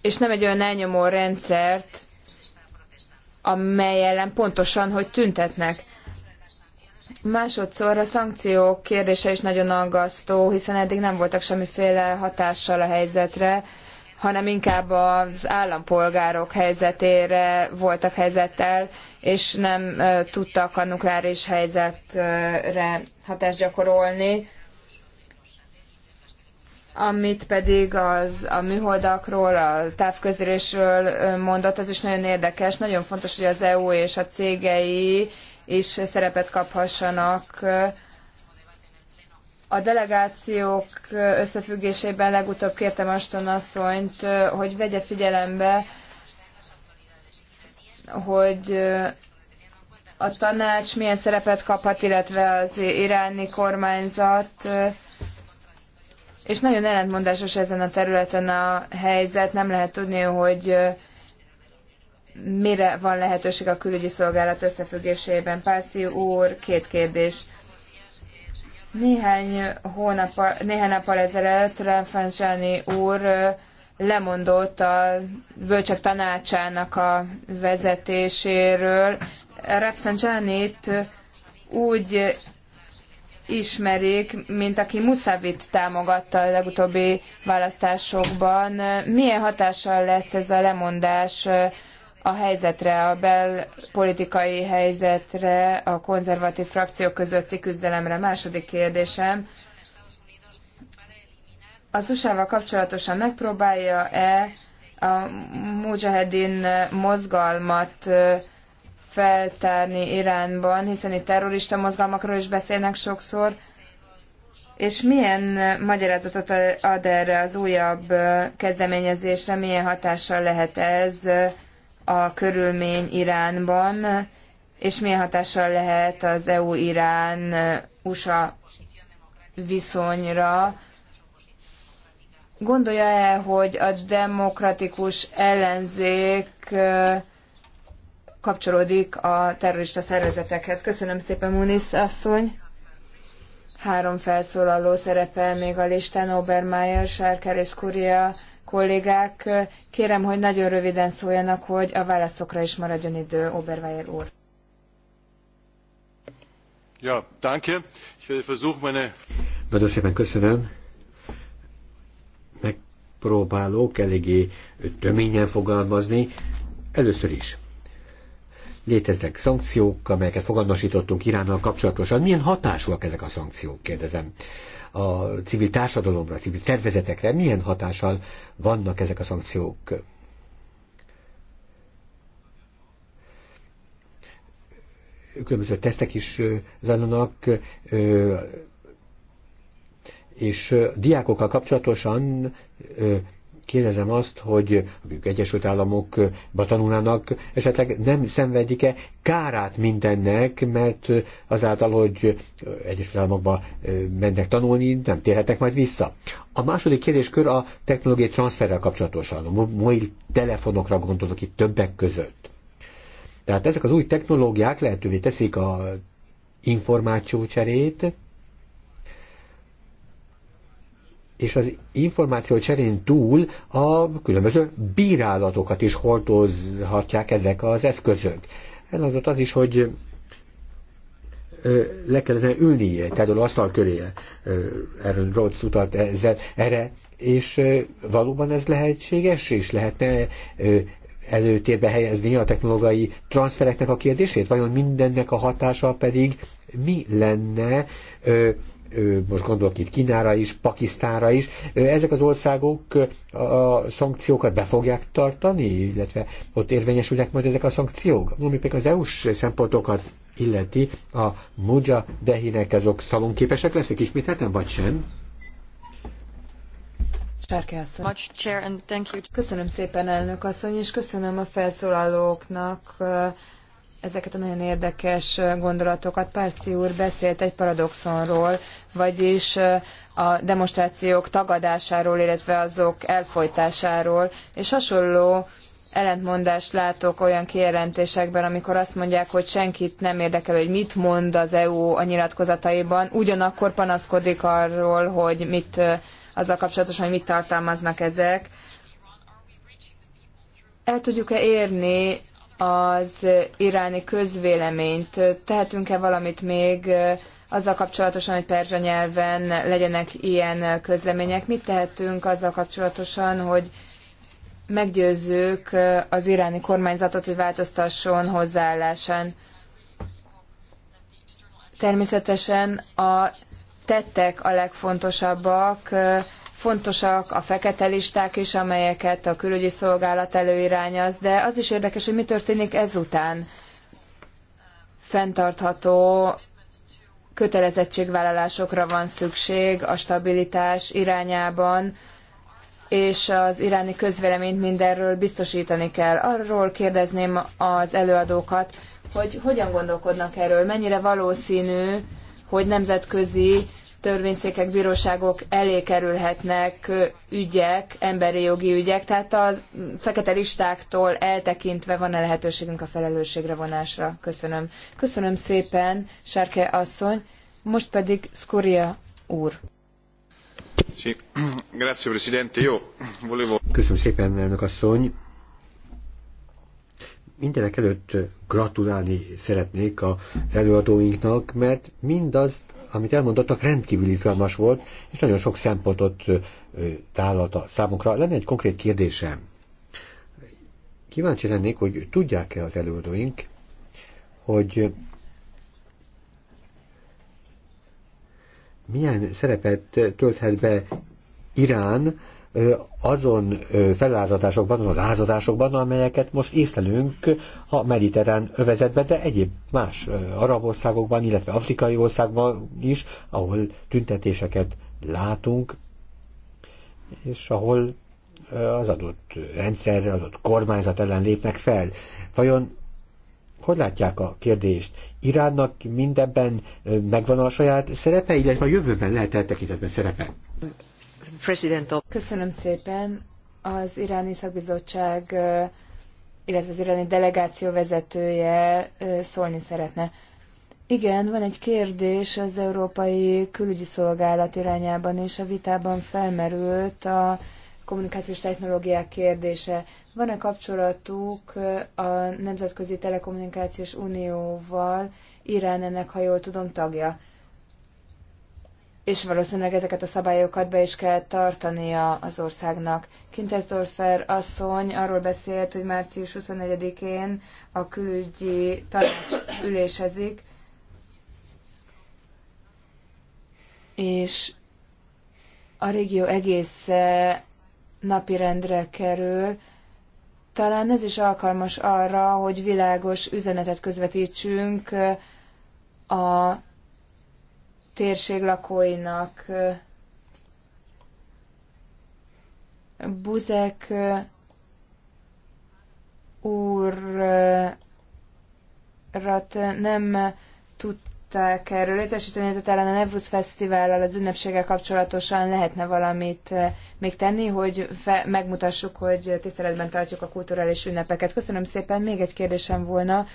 és nem egy olyan elnyomó rendszert, amely ellen pontosan, hogy tüntetnek Másodszor a szankciók kérdése is nagyon aggasztó, hiszen eddig nem voltak semmiféle hatással a helyzetre, hanem inkább az állampolgárok helyzetére voltak helyzettel, és nem tudtak a nukleáris helyzetre hatást gyakorolni amit pedig az, a műholdakról, a távközlésről mondott, az is nagyon érdekes. Nagyon fontos, hogy az EU és a cégei is szerepet kaphassanak. A delegációk összefüggésében legutóbb kértem Aston asszonyt, hogy vegye figyelembe, hogy a tanács milyen szerepet kaphat, illetve az iráni kormányzat, és nagyon ellentmondásos ezen a területen a helyzet, nem lehet tudni, hogy mire van lehetőség a külügyi szolgálat összefüggésében. Pászi úr, két kérdés. Néhány, hónap, néhány nappal ezelőtt Renfenzsáni úr lemondott a bölcsek tanácsának a vezetéséről. Rafsanjánit úgy ismerik, mint aki Muszavit támogatta a legutóbbi választásokban. Milyen hatással lesz ez a lemondás a helyzetre, a belpolitikai helyzetre, a konzervatív frakciók közötti küzdelemre. Második kérdésem, az USA-val kapcsolatosan megpróbálja-e a Mujahedin mozgalmat feltárni Iránban, hiszen itt terrorista mozgalmakról is beszélnek sokszor, és milyen magyarázatot ad erre az újabb kezdeményezésre, milyen hatással lehet ez a körülmény Iránban, és milyen hatással lehet az EU-Irán-USA viszonyra. Gondolja-e, hogy a demokratikus ellenzék kapcsolódik a terrorista szervezetekhez? Köszönöm szépen, Munisz asszony. Három felszólaló szerepel még a listán, Obermeier, Sárker és Kuria kollégák, kérem, hogy nagyon röviden szóljanak, hogy a válaszokra is maradjon idő, Oberweier úr. Ja, danke. Ich werde versuchen, meine... Nagyon szépen köszönöm. Megpróbálok eléggé töményen fogalmazni. Először is léteznek szankciók, amelyeket fogadnosítottunk Iránnal kapcsolatosan. Milyen hatásúak ezek a szankciók, kérdezem a civil társadalomra, a civil szervezetekre, milyen hatással vannak ezek a szankciók? Különböző tesztek is zajlanak, és diákokkal kapcsolatosan kérdezem azt, hogy mondjuk Egyesült Államokba tanulnának, esetleg nem szenvedik-e kárát mindennek, mert azáltal, hogy Egyesült Államokba mennek tanulni, nem térhetnek majd vissza. A második kérdéskör a technológiai transferrel kapcsolatosan. A mobil telefonokra gondolok itt többek között. Tehát ezek az új technológiák lehetővé teszik a cserét, és az információ cserén túl a különböző bírálatokat is hordozhatják ezek az eszközök. Elhangzott az is, hogy le kellene ülnie, tárgyaló asztal köré, erről Rhodes utalt ezzel, erre, és valóban ez lehetséges, és lehetne előtérbe helyezni a technológiai transfereknek a kérdését? Vajon mindennek a hatása pedig mi lenne most gondolok itt Kínára is, Pakisztánra is, ezek az országok a szankciókat be fogják tartani, illetve ott érvényesülnek majd ezek a szankciók. Ami pedig az EU-s szempontokat illeti, a Mudja Dehinek azok szalonképesek lesznek ismételten, vagy sem? Köszönöm szépen, elnök asszony, és köszönöm a felszólalóknak ezeket a nagyon érdekes gondolatokat. Párszi úr beszélt egy paradoxonról, vagyis a demonstrációk tagadásáról, illetve azok elfolytásáról, és hasonló ellentmondást látok olyan kijelentésekben, amikor azt mondják, hogy senkit nem érdekel, hogy mit mond az EU a nyilatkozataiban, ugyanakkor panaszkodik arról, hogy mit azzal kapcsolatosan, hogy mit tartalmaznak ezek. El tudjuk-e érni az iráni közvéleményt? Tehetünk-e valamit még azzal kapcsolatosan, hogy perzsa nyelven legyenek ilyen közlemények? Mit tehetünk azzal kapcsolatosan, hogy meggyőzzük az iráni kormányzatot, hogy változtasson hozzáállásán? Természetesen a tettek a legfontosabbak, Fontosak a fekete listák is, amelyeket a külügyi szolgálat előirányoz, de az is érdekes, hogy mi történik ezután. Fenntartható kötelezettségvállalásokra van szükség a stabilitás irányában, és az iráni közvéleményt mindenről biztosítani kell. Arról kérdezném az előadókat, hogy hogyan gondolkodnak erről, mennyire valószínű, hogy nemzetközi törvényszékek, bíróságok elé kerülhetnek ügyek, emberi jogi ügyek, tehát a fekete listáktól eltekintve van-e lehetőségünk a felelősségre vonásra? Köszönöm. Köszönöm szépen, Sárke asszony. Most pedig Skoria úr. Köszönöm szépen, elnök asszony. Mindenek előtt gratulálni szeretnék az előadóinknak, mert mindazt, amit elmondottak, rendkívül izgalmas volt, és nagyon sok szempontot tálalt a számunkra. Lenne egy konkrét kérdésem. Kíváncsi lennék, hogy tudják-e az előadóink, hogy milyen szerepet tölthet be Irán azon felázadásokban, azon lázadásokban, amelyeket most észlelünk a mediterrán övezetben, de egyéb más arab országokban, illetve afrikai országban is, ahol tüntetéseket látunk, és ahol az adott rendszerre, adott kormányzat ellen lépnek fel. Vajon hogy látják a kérdést? Iránnak mindebben megvan a saját szerepe, illetve a jövőben lehet tekintetben szerepe? Köszönöm szépen. Az iráni szakbizottság, illetve az iráni delegáció vezetője szólni szeretne. Igen, van egy kérdés az Európai Külügyi Szolgálat irányában, és a vitában felmerült a kommunikációs technológiák kérdése. Van-e kapcsolatuk a Nemzetközi Telekommunikációs Unióval? Irán ennek, ha jól tudom, tagja és valószínűleg ezeket a szabályokat be is kell tartania az országnak. Kintersdorfer asszony arról beszélt, hogy március 24-én a külügyi tanács ülésezik, és a régió egész eh, napirendre kerül. Talán ez is alkalmas arra, hogy világos üzenetet közvetítsünk eh, a térség lakóinak. Buzek úrrat nem tudták erről létesíteni, tehát talán a Nevruz Fesztivállal az ünnepséggel kapcsolatosan lehetne valamit még tenni, hogy fe- megmutassuk, hogy tiszteletben tartjuk a kulturális ünnepeket. Köszönöm szépen, még egy kérdésem volna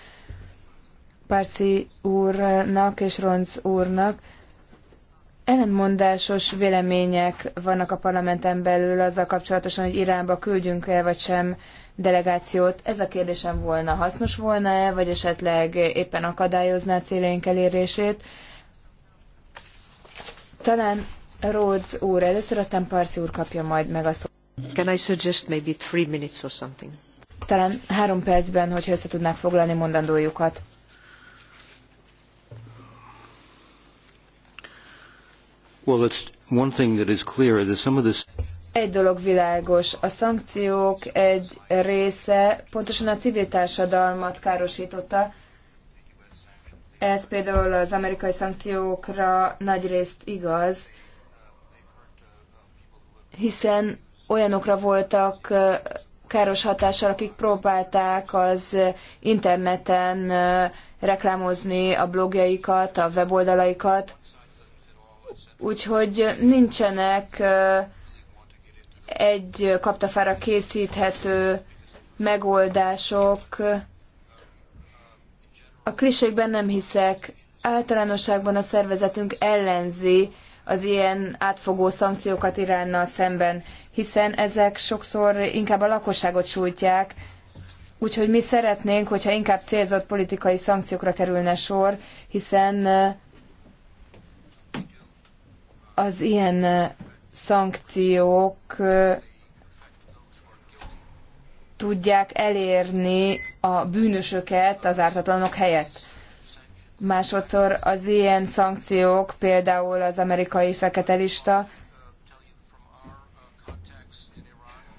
Parsi úrnak és Ronc úrnak ellentmondásos vélemények vannak a parlamenten belül azzal kapcsolatosan, hogy Iránba küldjünk-e vagy sem delegációt. Ez a kérdésem volna hasznos volna-e, vagy esetleg éppen akadályozná a céljaink elérését. Talán Rhodes úr először, aztán Parsi úr kapja majd meg a szót. Can I suggest maybe three minutes or something? Talán három percben, hogyha össze tudnák foglalni mondandójukat. Well, it's one thing that is clear that some of this... Egy dolog világos, a szankciók egy része pontosan a civil társadalmat károsította. Ez például az amerikai szankciókra nagy részt igaz, hiszen olyanokra voltak káros hatással, akik próbálták az interneten reklámozni a blogjaikat, a weboldalaikat, Úgyhogy nincsenek egy kaptafára készíthető megoldások. A klisékben nem hiszek. Általánosságban a szervezetünk ellenzi az ilyen átfogó szankciókat Iránnal szemben, hiszen ezek sokszor inkább a lakosságot sújtják, úgyhogy mi szeretnénk, hogyha inkább célzott politikai szankciókra kerülne sor, hiszen az ilyen szankciók tudják elérni a bűnösöket az ártatlanok helyett. Másodszor az ilyen szankciók, például az amerikai fekete lista,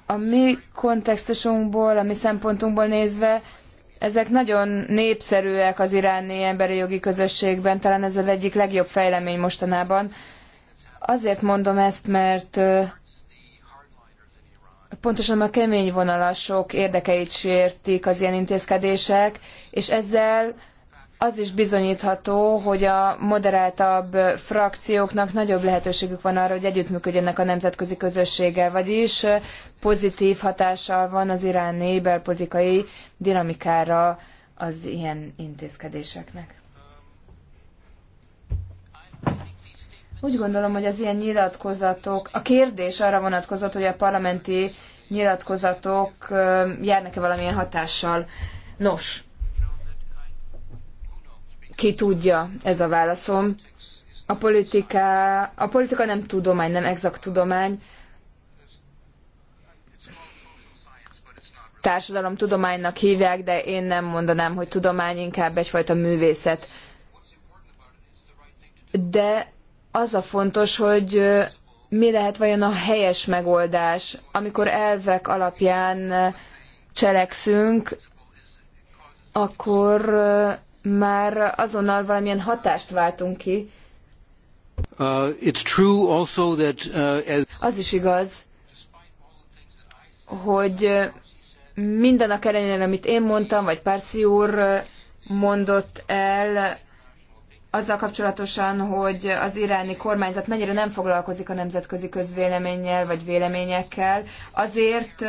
a mi kontextusunkból, a mi szempontunkból nézve, ezek nagyon népszerűek az iráni emberi jogi közösségben, talán ez az egyik legjobb fejlemény mostanában. Azért mondom ezt, mert pontosan a kemény vonalasok érdekeit sértik az ilyen intézkedések, és ezzel az is bizonyítható, hogy a moderáltabb frakcióknak nagyobb lehetőségük van arra, hogy együttműködjenek a nemzetközi közösséggel, vagyis pozitív hatással van az iráni belpolitikai dinamikára az ilyen intézkedéseknek. Úgy gondolom, hogy az ilyen nyilatkozatok, a kérdés arra vonatkozott, hogy a parlamenti nyilatkozatok járnak-e valamilyen hatással. Nos, ki tudja, ez a válaszom. A, politika, a politika nem tudomány, nem exakt tudomány. Társadalom tudománynak hívják, de én nem mondanám, hogy tudomány, inkább egyfajta művészet. De az a fontos, hogy mi lehet vajon a helyes megoldás, amikor elvek alapján cselekszünk, akkor már azonnal valamilyen hatást váltunk ki. Uh, uh, az is igaz, hogy mindennek ellenére, amit én mondtam, vagy Párci úr mondott el, azzal kapcsolatosan, hogy az iráni kormányzat mennyire nem foglalkozik a nemzetközi közvéleménnyel vagy véleményekkel, azért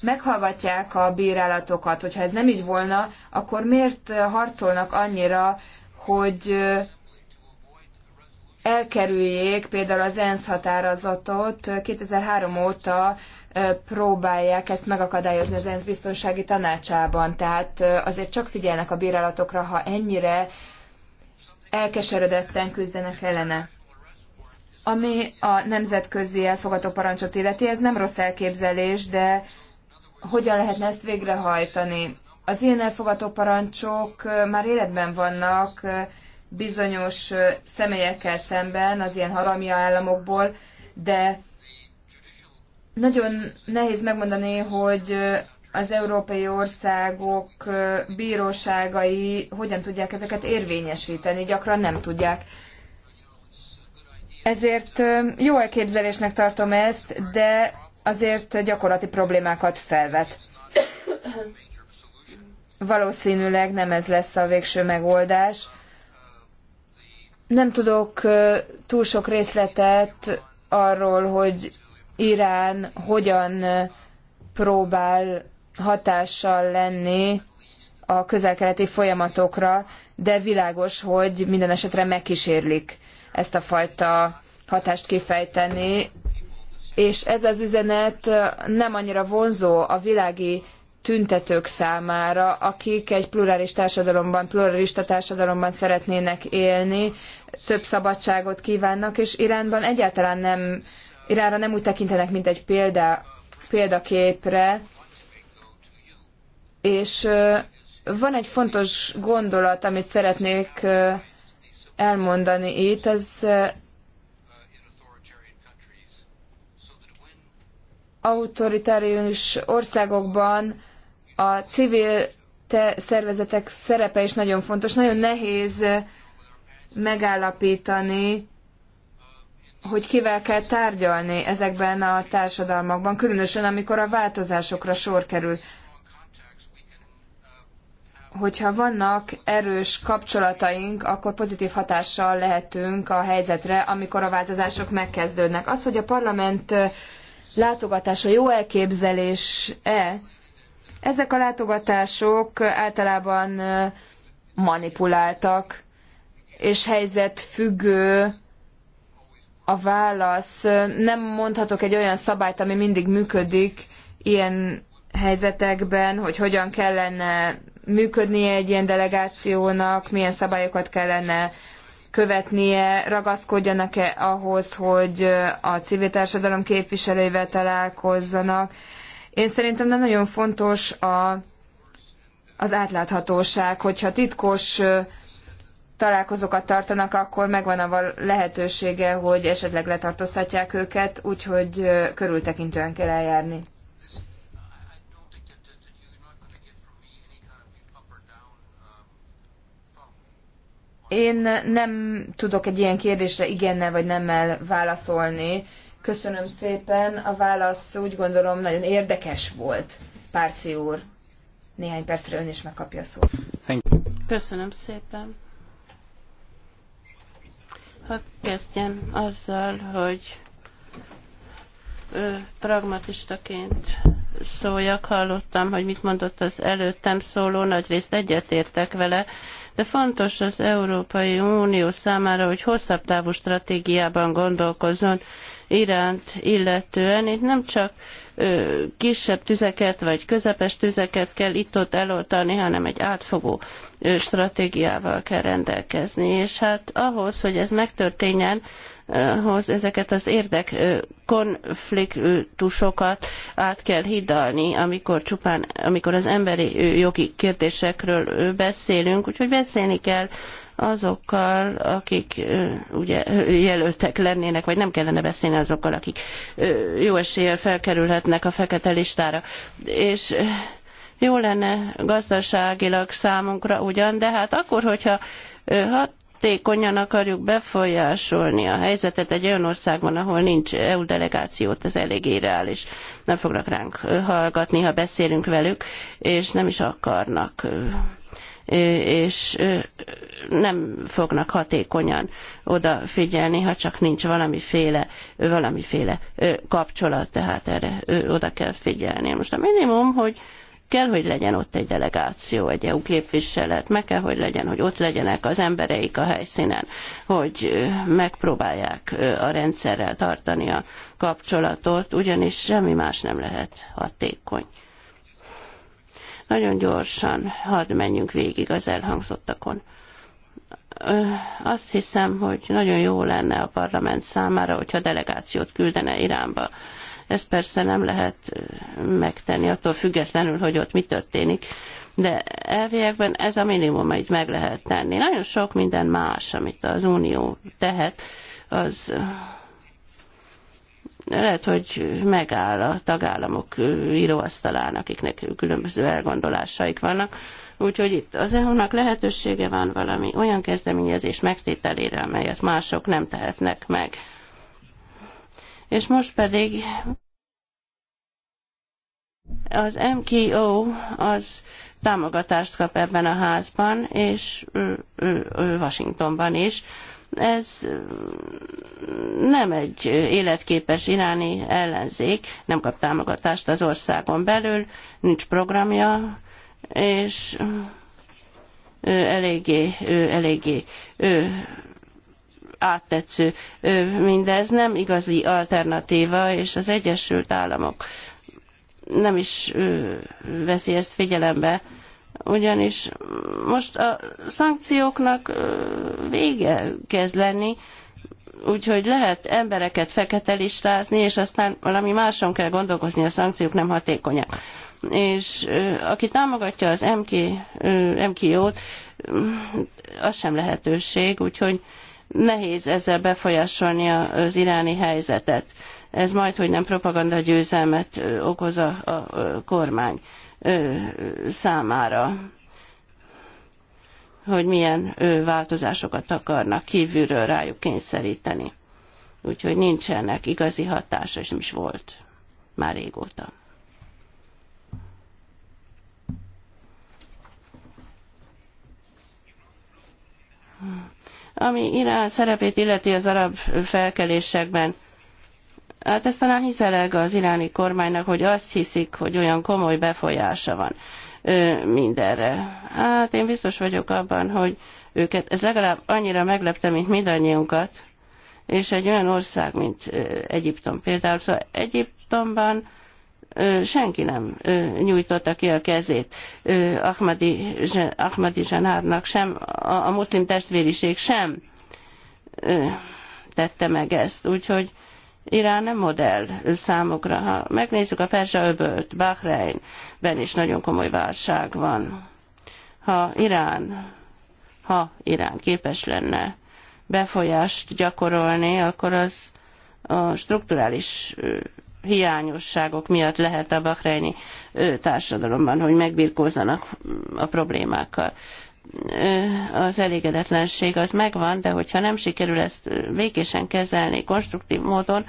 meghallgatják a bírálatokat. Hogyha ez nem így volna, akkor miért harcolnak annyira, hogy elkerüljék például az ENSZ határozatot 2003 óta próbálják ezt megakadályozni az ENSZ biztonsági tanácsában. Tehát azért csak figyelnek a bírálatokra, ha ennyire elkeseredetten küzdenek ellene. Ami a nemzetközi elfogadó parancsot illeti, ez nem rossz elképzelés, de hogyan lehetne ezt végrehajtani? Az ilyen elfogadó parancsok már életben vannak bizonyos személyekkel szemben, az ilyen harami államokból, de nagyon nehéz megmondani, hogy az európai országok bíróságai hogyan tudják ezeket érvényesíteni, gyakran nem tudják. Ezért jó elképzelésnek tartom ezt, de azért gyakorlati problémákat felvet. Valószínűleg nem ez lesz a végső megoldás. Nem tudok túl sok részletet arról, hogy Irán hogyan próbál hatással lenni a közelkeleti folyamatokra, de világos, hogy minden esetre megkísérlik ezt a fajta hatást kifejteni, és ez az üzenet nem annyira vonzó a világi tüntetők számára, akik egy pluralis társadalomban, pluralista társadalomban szeretnének élni, több szabadságot kívánnak, és Iránban egyáltalán nem, Iránra nem úgy tekintenek, mint egy példa, példaképre, és van egy fontos gondolat, amit szeretnék elmondani itt, ez autoritárius országokban a civil te szervezetek szerepe is nagyon fontos. Nagyon nehéz megállapítani, hogy kivel kell tárgyalni ezekben a társadalmakban, különösen amikor a változásokra sor kerül hogyha vannak erős kapcsolataink, akkor pozitív hatással lehetünk a helyzetre, amikor a változások megkezdődnek. Az, hogy a parlament látogatása jó elképzelés-e, ezek a látogatások általában manipuláltak, és helyzetfüggő a válasz. Nem mondhatok egy olyan szabályt, ami mindig működik ilyen helyzetekben, hogy hogyan kellene működnie egy ilyen delegációnak, milyen szabályokat kellene követnie, ragaszkodjanak-e ahhoz, hogy a civil társadalom képviselőivel találkozzanak. Én szerintem nem nagyon fontos a, az átláthatóság, hogyha titkos találkozókat tartanak, akkor megvan a lehetősége, hogy esetleg letartóztatják őket, úgyhogy körültekintően kell eljárni. Én nem tudok egy ilyen kérdésre igennel vagy nemmel válaszolni. Köszönöm szépen. A válasz úgy gondolom nagyon érdekes volt. Párci úr, néhány percre ön is megkapja a szót. Köszönöm szépen. Ha kezdjem azzal, hogy ö, pragmatistaként szóljak, hallottam, hogy mit mondott az előttem szóló, nagyrészt egyetértek vele, de fontos az Európai Unió számára, hogy hosszabb távú stratégiában gondolkozzon iránt illetően. Itt nem csak ö, kisebb tüzeket vagy közepes tüzeket kell itt-ott eloltani, hanem egy átfogó ö, stratégiával kell rendelkezni. És hát ahhoz, hogy ez megtörténjen, hoz ezeket az érdek konfliktusokat át kell hidalni, amikor csupán, amikor az emberi jogi kérdésekről beszélünk, úgyhogy beszélni kell azokkal, akik ugye jelöltek lennének, vagy nem kellene beszélni azokkal, akik jó eséllyel felkerülhetnek a fekete listára. És jó lenne gazdaságilag számunkra ugyan, de hát akkor, hogyha hat hatékonyan akarjuk befolyásolni a helyzetet egy olyan országban, ahol nincs EU delegációt, ez elég irreális. Nem fognak ránk hallgatni, ha beszélünk velük, és nem is akarnak és nem fognak hatékonyan odafigyelni, ha csak nincs valamiféle, valamiféle kapcsolat, tehát erre oda kell figyelni. Most a minimum, hogy kell, hogy legyen ott egy delegáció, egy EU képviselet, meg kell, hogy legyen, hogy ott legyenek az embereik a helyszínen, hogy megpróbálják a rendszerrel tartani a kapcsolatot, ugyanis semmi más nem lehet hatékony. Nagyon gyorsan hadd menjünk végig az elhangzottakon azt hiszem, hogy nagyon jó lenne a parlament számára, hogyha delegációt küldene Iránba. Ezt persze nem lehet megtenni attól függetlenül, hogy ott mi történik. De elviekben ez a minimum, amit meg lehet tenni. Nagyon sok minden más, amit az Unió tehet, az lehet, hogy megáll a tagállamok íróasztalán, akiknek különböző elgondolásaik vannak. Úgyhogy itt az EU-nak lehetősége van valami olyan kezdeményezés megtételére, amelyet mások nem tehetnek meg. És most pedig az MKO az támogatást kap ebben a házban, és ő, ő, ő Washingtonban is. Ez mm, nem egy életképes iráni ellenzék, nem kap támogatást az országon belül, nincs programja, és mm, eléggé, eléggé áttetsző. Mindez nem igazi alternatíva, és az Egyesült Államok nem is veszi ezt figyelembe, ugyanis most a szankcióknak vége kezd lenni, úgyhogy lehet embereket fekete listázni, és aztán valami máson kell gondolkozni, a szankciók nem hatékonyak. És aki támogatja az MK, MKO-t, az sem lehetőség, úgyhogy nehéz ezzel befolyásolni az iráni helyzetet. Ez majd, hogy nem propaganda győzelmet okoz a, a kormány számára hogy milyen változásokat akarnak kívülről rájuk kényszeríteni. Úgyhogy nincsenek igazi hatása, és nem is volt már régóta. Hmm. Ami Irán szerepét illeti az arab felkelésekben, hát ez talán hiszeleg az iráni kormánynak, hogy azt hiszik, hogy olyan komoly befolyása van mindenre. Hát én biztos vagyok abban, hogy őket, ez legalább annyira meglepte, mint mindannyiunkat, és egy olyan ország, mint Egyiptom például. Szóval Egyiptomban senki nem nyújtotta ki a kezét Ahmadi, Zsanárnak, sem a, a muszlim testvériség sem tette meg ezt. Úgyhogy Irán nem modell számukra. Ha megnézzük a Perzsa öbölt, Bahreinben is nagyon komoly válság van. Ha Irán, ha Irán képes lenne befolyást gyakorolni, akkor az a strukturális hiányosságok miatt lehet a bahreini társadalomban, hogy megbirkózzanak a problémákkal az elégedetlenség az megvan, de hogyha nem sikerül ezt végésen kezelni konstruktív módon,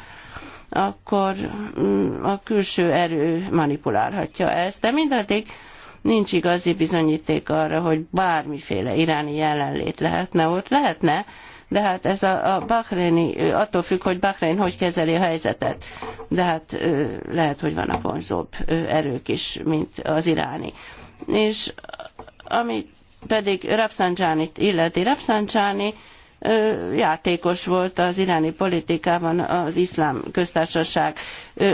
akkor mm, a külső erő manipulálhatja ezt, de mindaddig nincs igazi bizonyíték arra, hogy bármiféle iráni jelenlét lehetne ott. Lehetne, de hát ez a, a Bahreini, attól függ, hogy Bahrein hogy kezeli a helyzetet, de hát lehet, hogy vannak vonzóbb erők is, mint az iráni. És ami pedig Rafsanjánit illeti, Rafsanjáni játékos volt az iráni politikában az iszlám köztársaság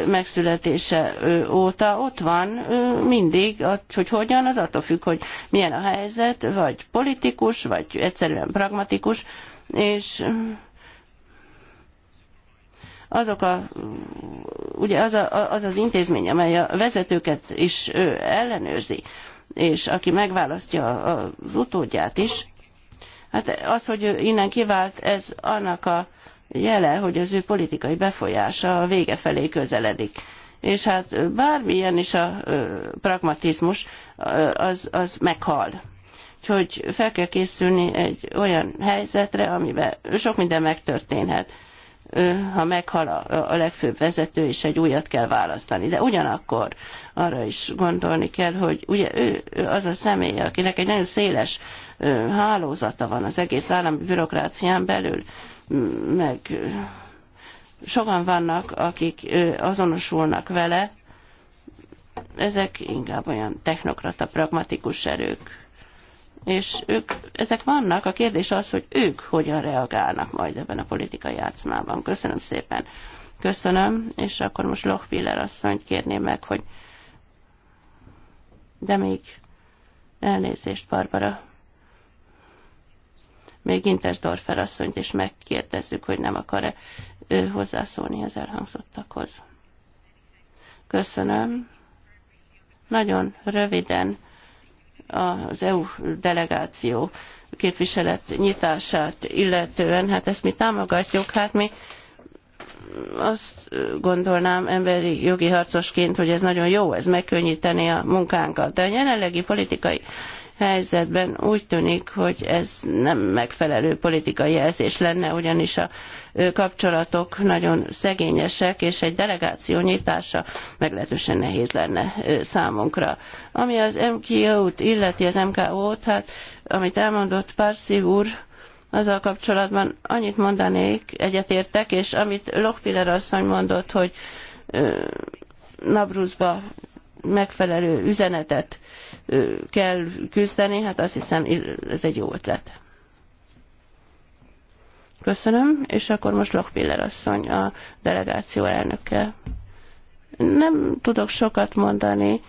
megszületése óta. Ott van mindig, hogy hogyan, az attól függ, hogy milyen a helyzet, vagy politikus, vagy egyszerűen pragmatikus, és azok a, ugye az, a, az az intézmény, amely a vezetőket is ellenőrzi, és aki megválasztja az utódját is, hát az, hogy ő innen kivált, ez annak a jele, hogy az ő politikai befolyása a vége felé közeledik. És hát bármilyen is a pragmatizmus, az, az meghal Úgyhogy fel kell készülni egy olyan helyzetre, amiben sok minden megtörténhet. Ha meghal a legfőbb vezető, és egy újat kell választani. De ugyanakkor arra is gondolni kell, hogy ugye ő az a személy, akinek egy nagyon széles hálózata van az egész állami bürokrácián belül, meg sokan vannak, akik azonosulnak vele, ezek inkább olyan technokrata, pragmatikus erők és ők, ezek vannak, a kérdés az, hogy ők hogyan reagálnak majd ebben a politikai játszmában. Köszönöm szépen. Köszönöm, és akkor most Piller asszonyt kérném meg, hogy de még elnézést, Barbara. Még Intersdorfer asszonyt is megkérdezzük, hogy nem akar-e ő hozzászólni az elhangzottakhoz. Köszönöm. Nagyon röviden az EU delegáció képviselet nyitását illetően, hát ezt mi támogatjuk, hát mi azt gondolnám emberi jogi harcosként, hogy ez nagyon jó, ez megkönnyíteni a munkánkat. De a jelenlegi politikai helyzetben úgy tűnik, hogy ez nem megfelelő politikai jelzés lenne, ugyanis a kapcsolatok nagyon szegényesek, és egy delegáció nyitása meglehetősen nehéz lenne számunkra. Ami az MKO-t illeti, az MKO-t, hát amit elmondott Parsi úr, azzal kapcsolatban annyit mondanék, egyetértek, és amit Lochpiller asszony mondott, hogy Nabruszba megfelelő üzenetet kell küzdeni, hát azt hiszem ez egy jó ötlet. Köszönöm, és akkor most Lochpiller asszony a delegáció elnöke. Nem tudok sokat mondani,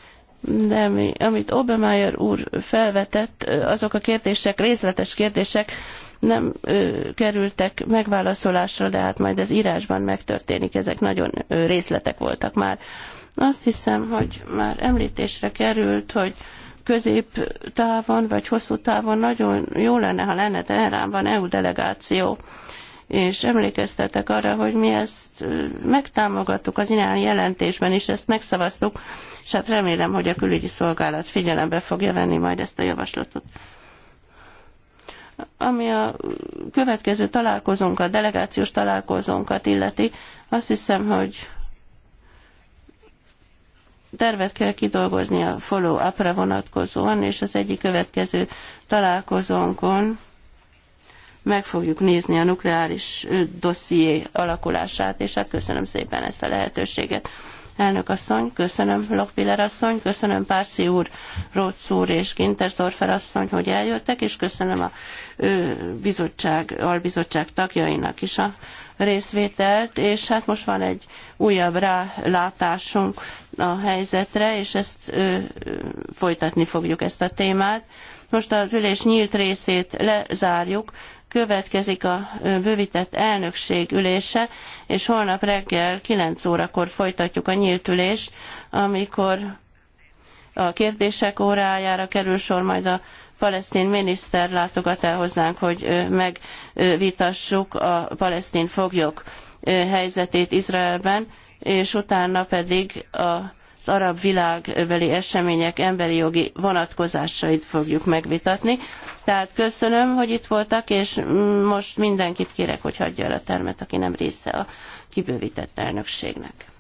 de mi, amit Obermeier úr felvetett, azok a kérdések, részletes kérdések nem ö, kerültek megválaszolásra, de hát majd ez írásban megtörténik, ezek nagyon ö, részletek voltak már. Ö, azt hiszem, hogy már említésre került, hogy középtávon vagy hosszú távon nagyon jó lenne, ha lenne Teheránban EU delegáció. És emlékeztetek arra, hogy mi ezt megtámogattuk az iráni jelentésben is, ezt megszavaztuk, és hát remélem, hogy a külügyi szolgálat figyelembe fogja venni majd ezt a javaslatot. Ami a következő találkozónkat, delegációs találkozónkat illeti, azt hiszem, hogy tervet kell kidolgozni a follow-upra vonatkozóan, és az egyik következő találkozónkon meg fogjuk nézni a nukleáris dosszié alakulását, és hát köszönöm szépen ezt a lehetőséget. Elnök asszony, köszönöm Lokpiller asszony, köszönöm Párci úr, Rócz úr és Gintersdorfer asszony, hogy eljöttek, és köszönöm a bizottság, albizottság tagjainak is a részvételt, és hát most van egy újabb rálátásunk a helyzetre, és ezt ö, folytatni fogjuk ezt a témát. Most az ülés nyílt részét lezárjuk, következik a bővített elnökség ülése, és holnap reggel 9 órakor folytatjuk a nyílt ülést, amikor a kérdések órájára kerül sor majd a palesztin miniszter látogat el hozzánk, hogy megvitassuk a palesztin foglyok helyzetét Izraelben, és utána pedig az arab világbeli események emberi jogi vonatkozásait fogjuk megvitatni. Tehát köszönöm, hogy itt voltak, és most mindenkit kérek, hogy hagyja el a termet, aki nem része a kibővített elnökségnek.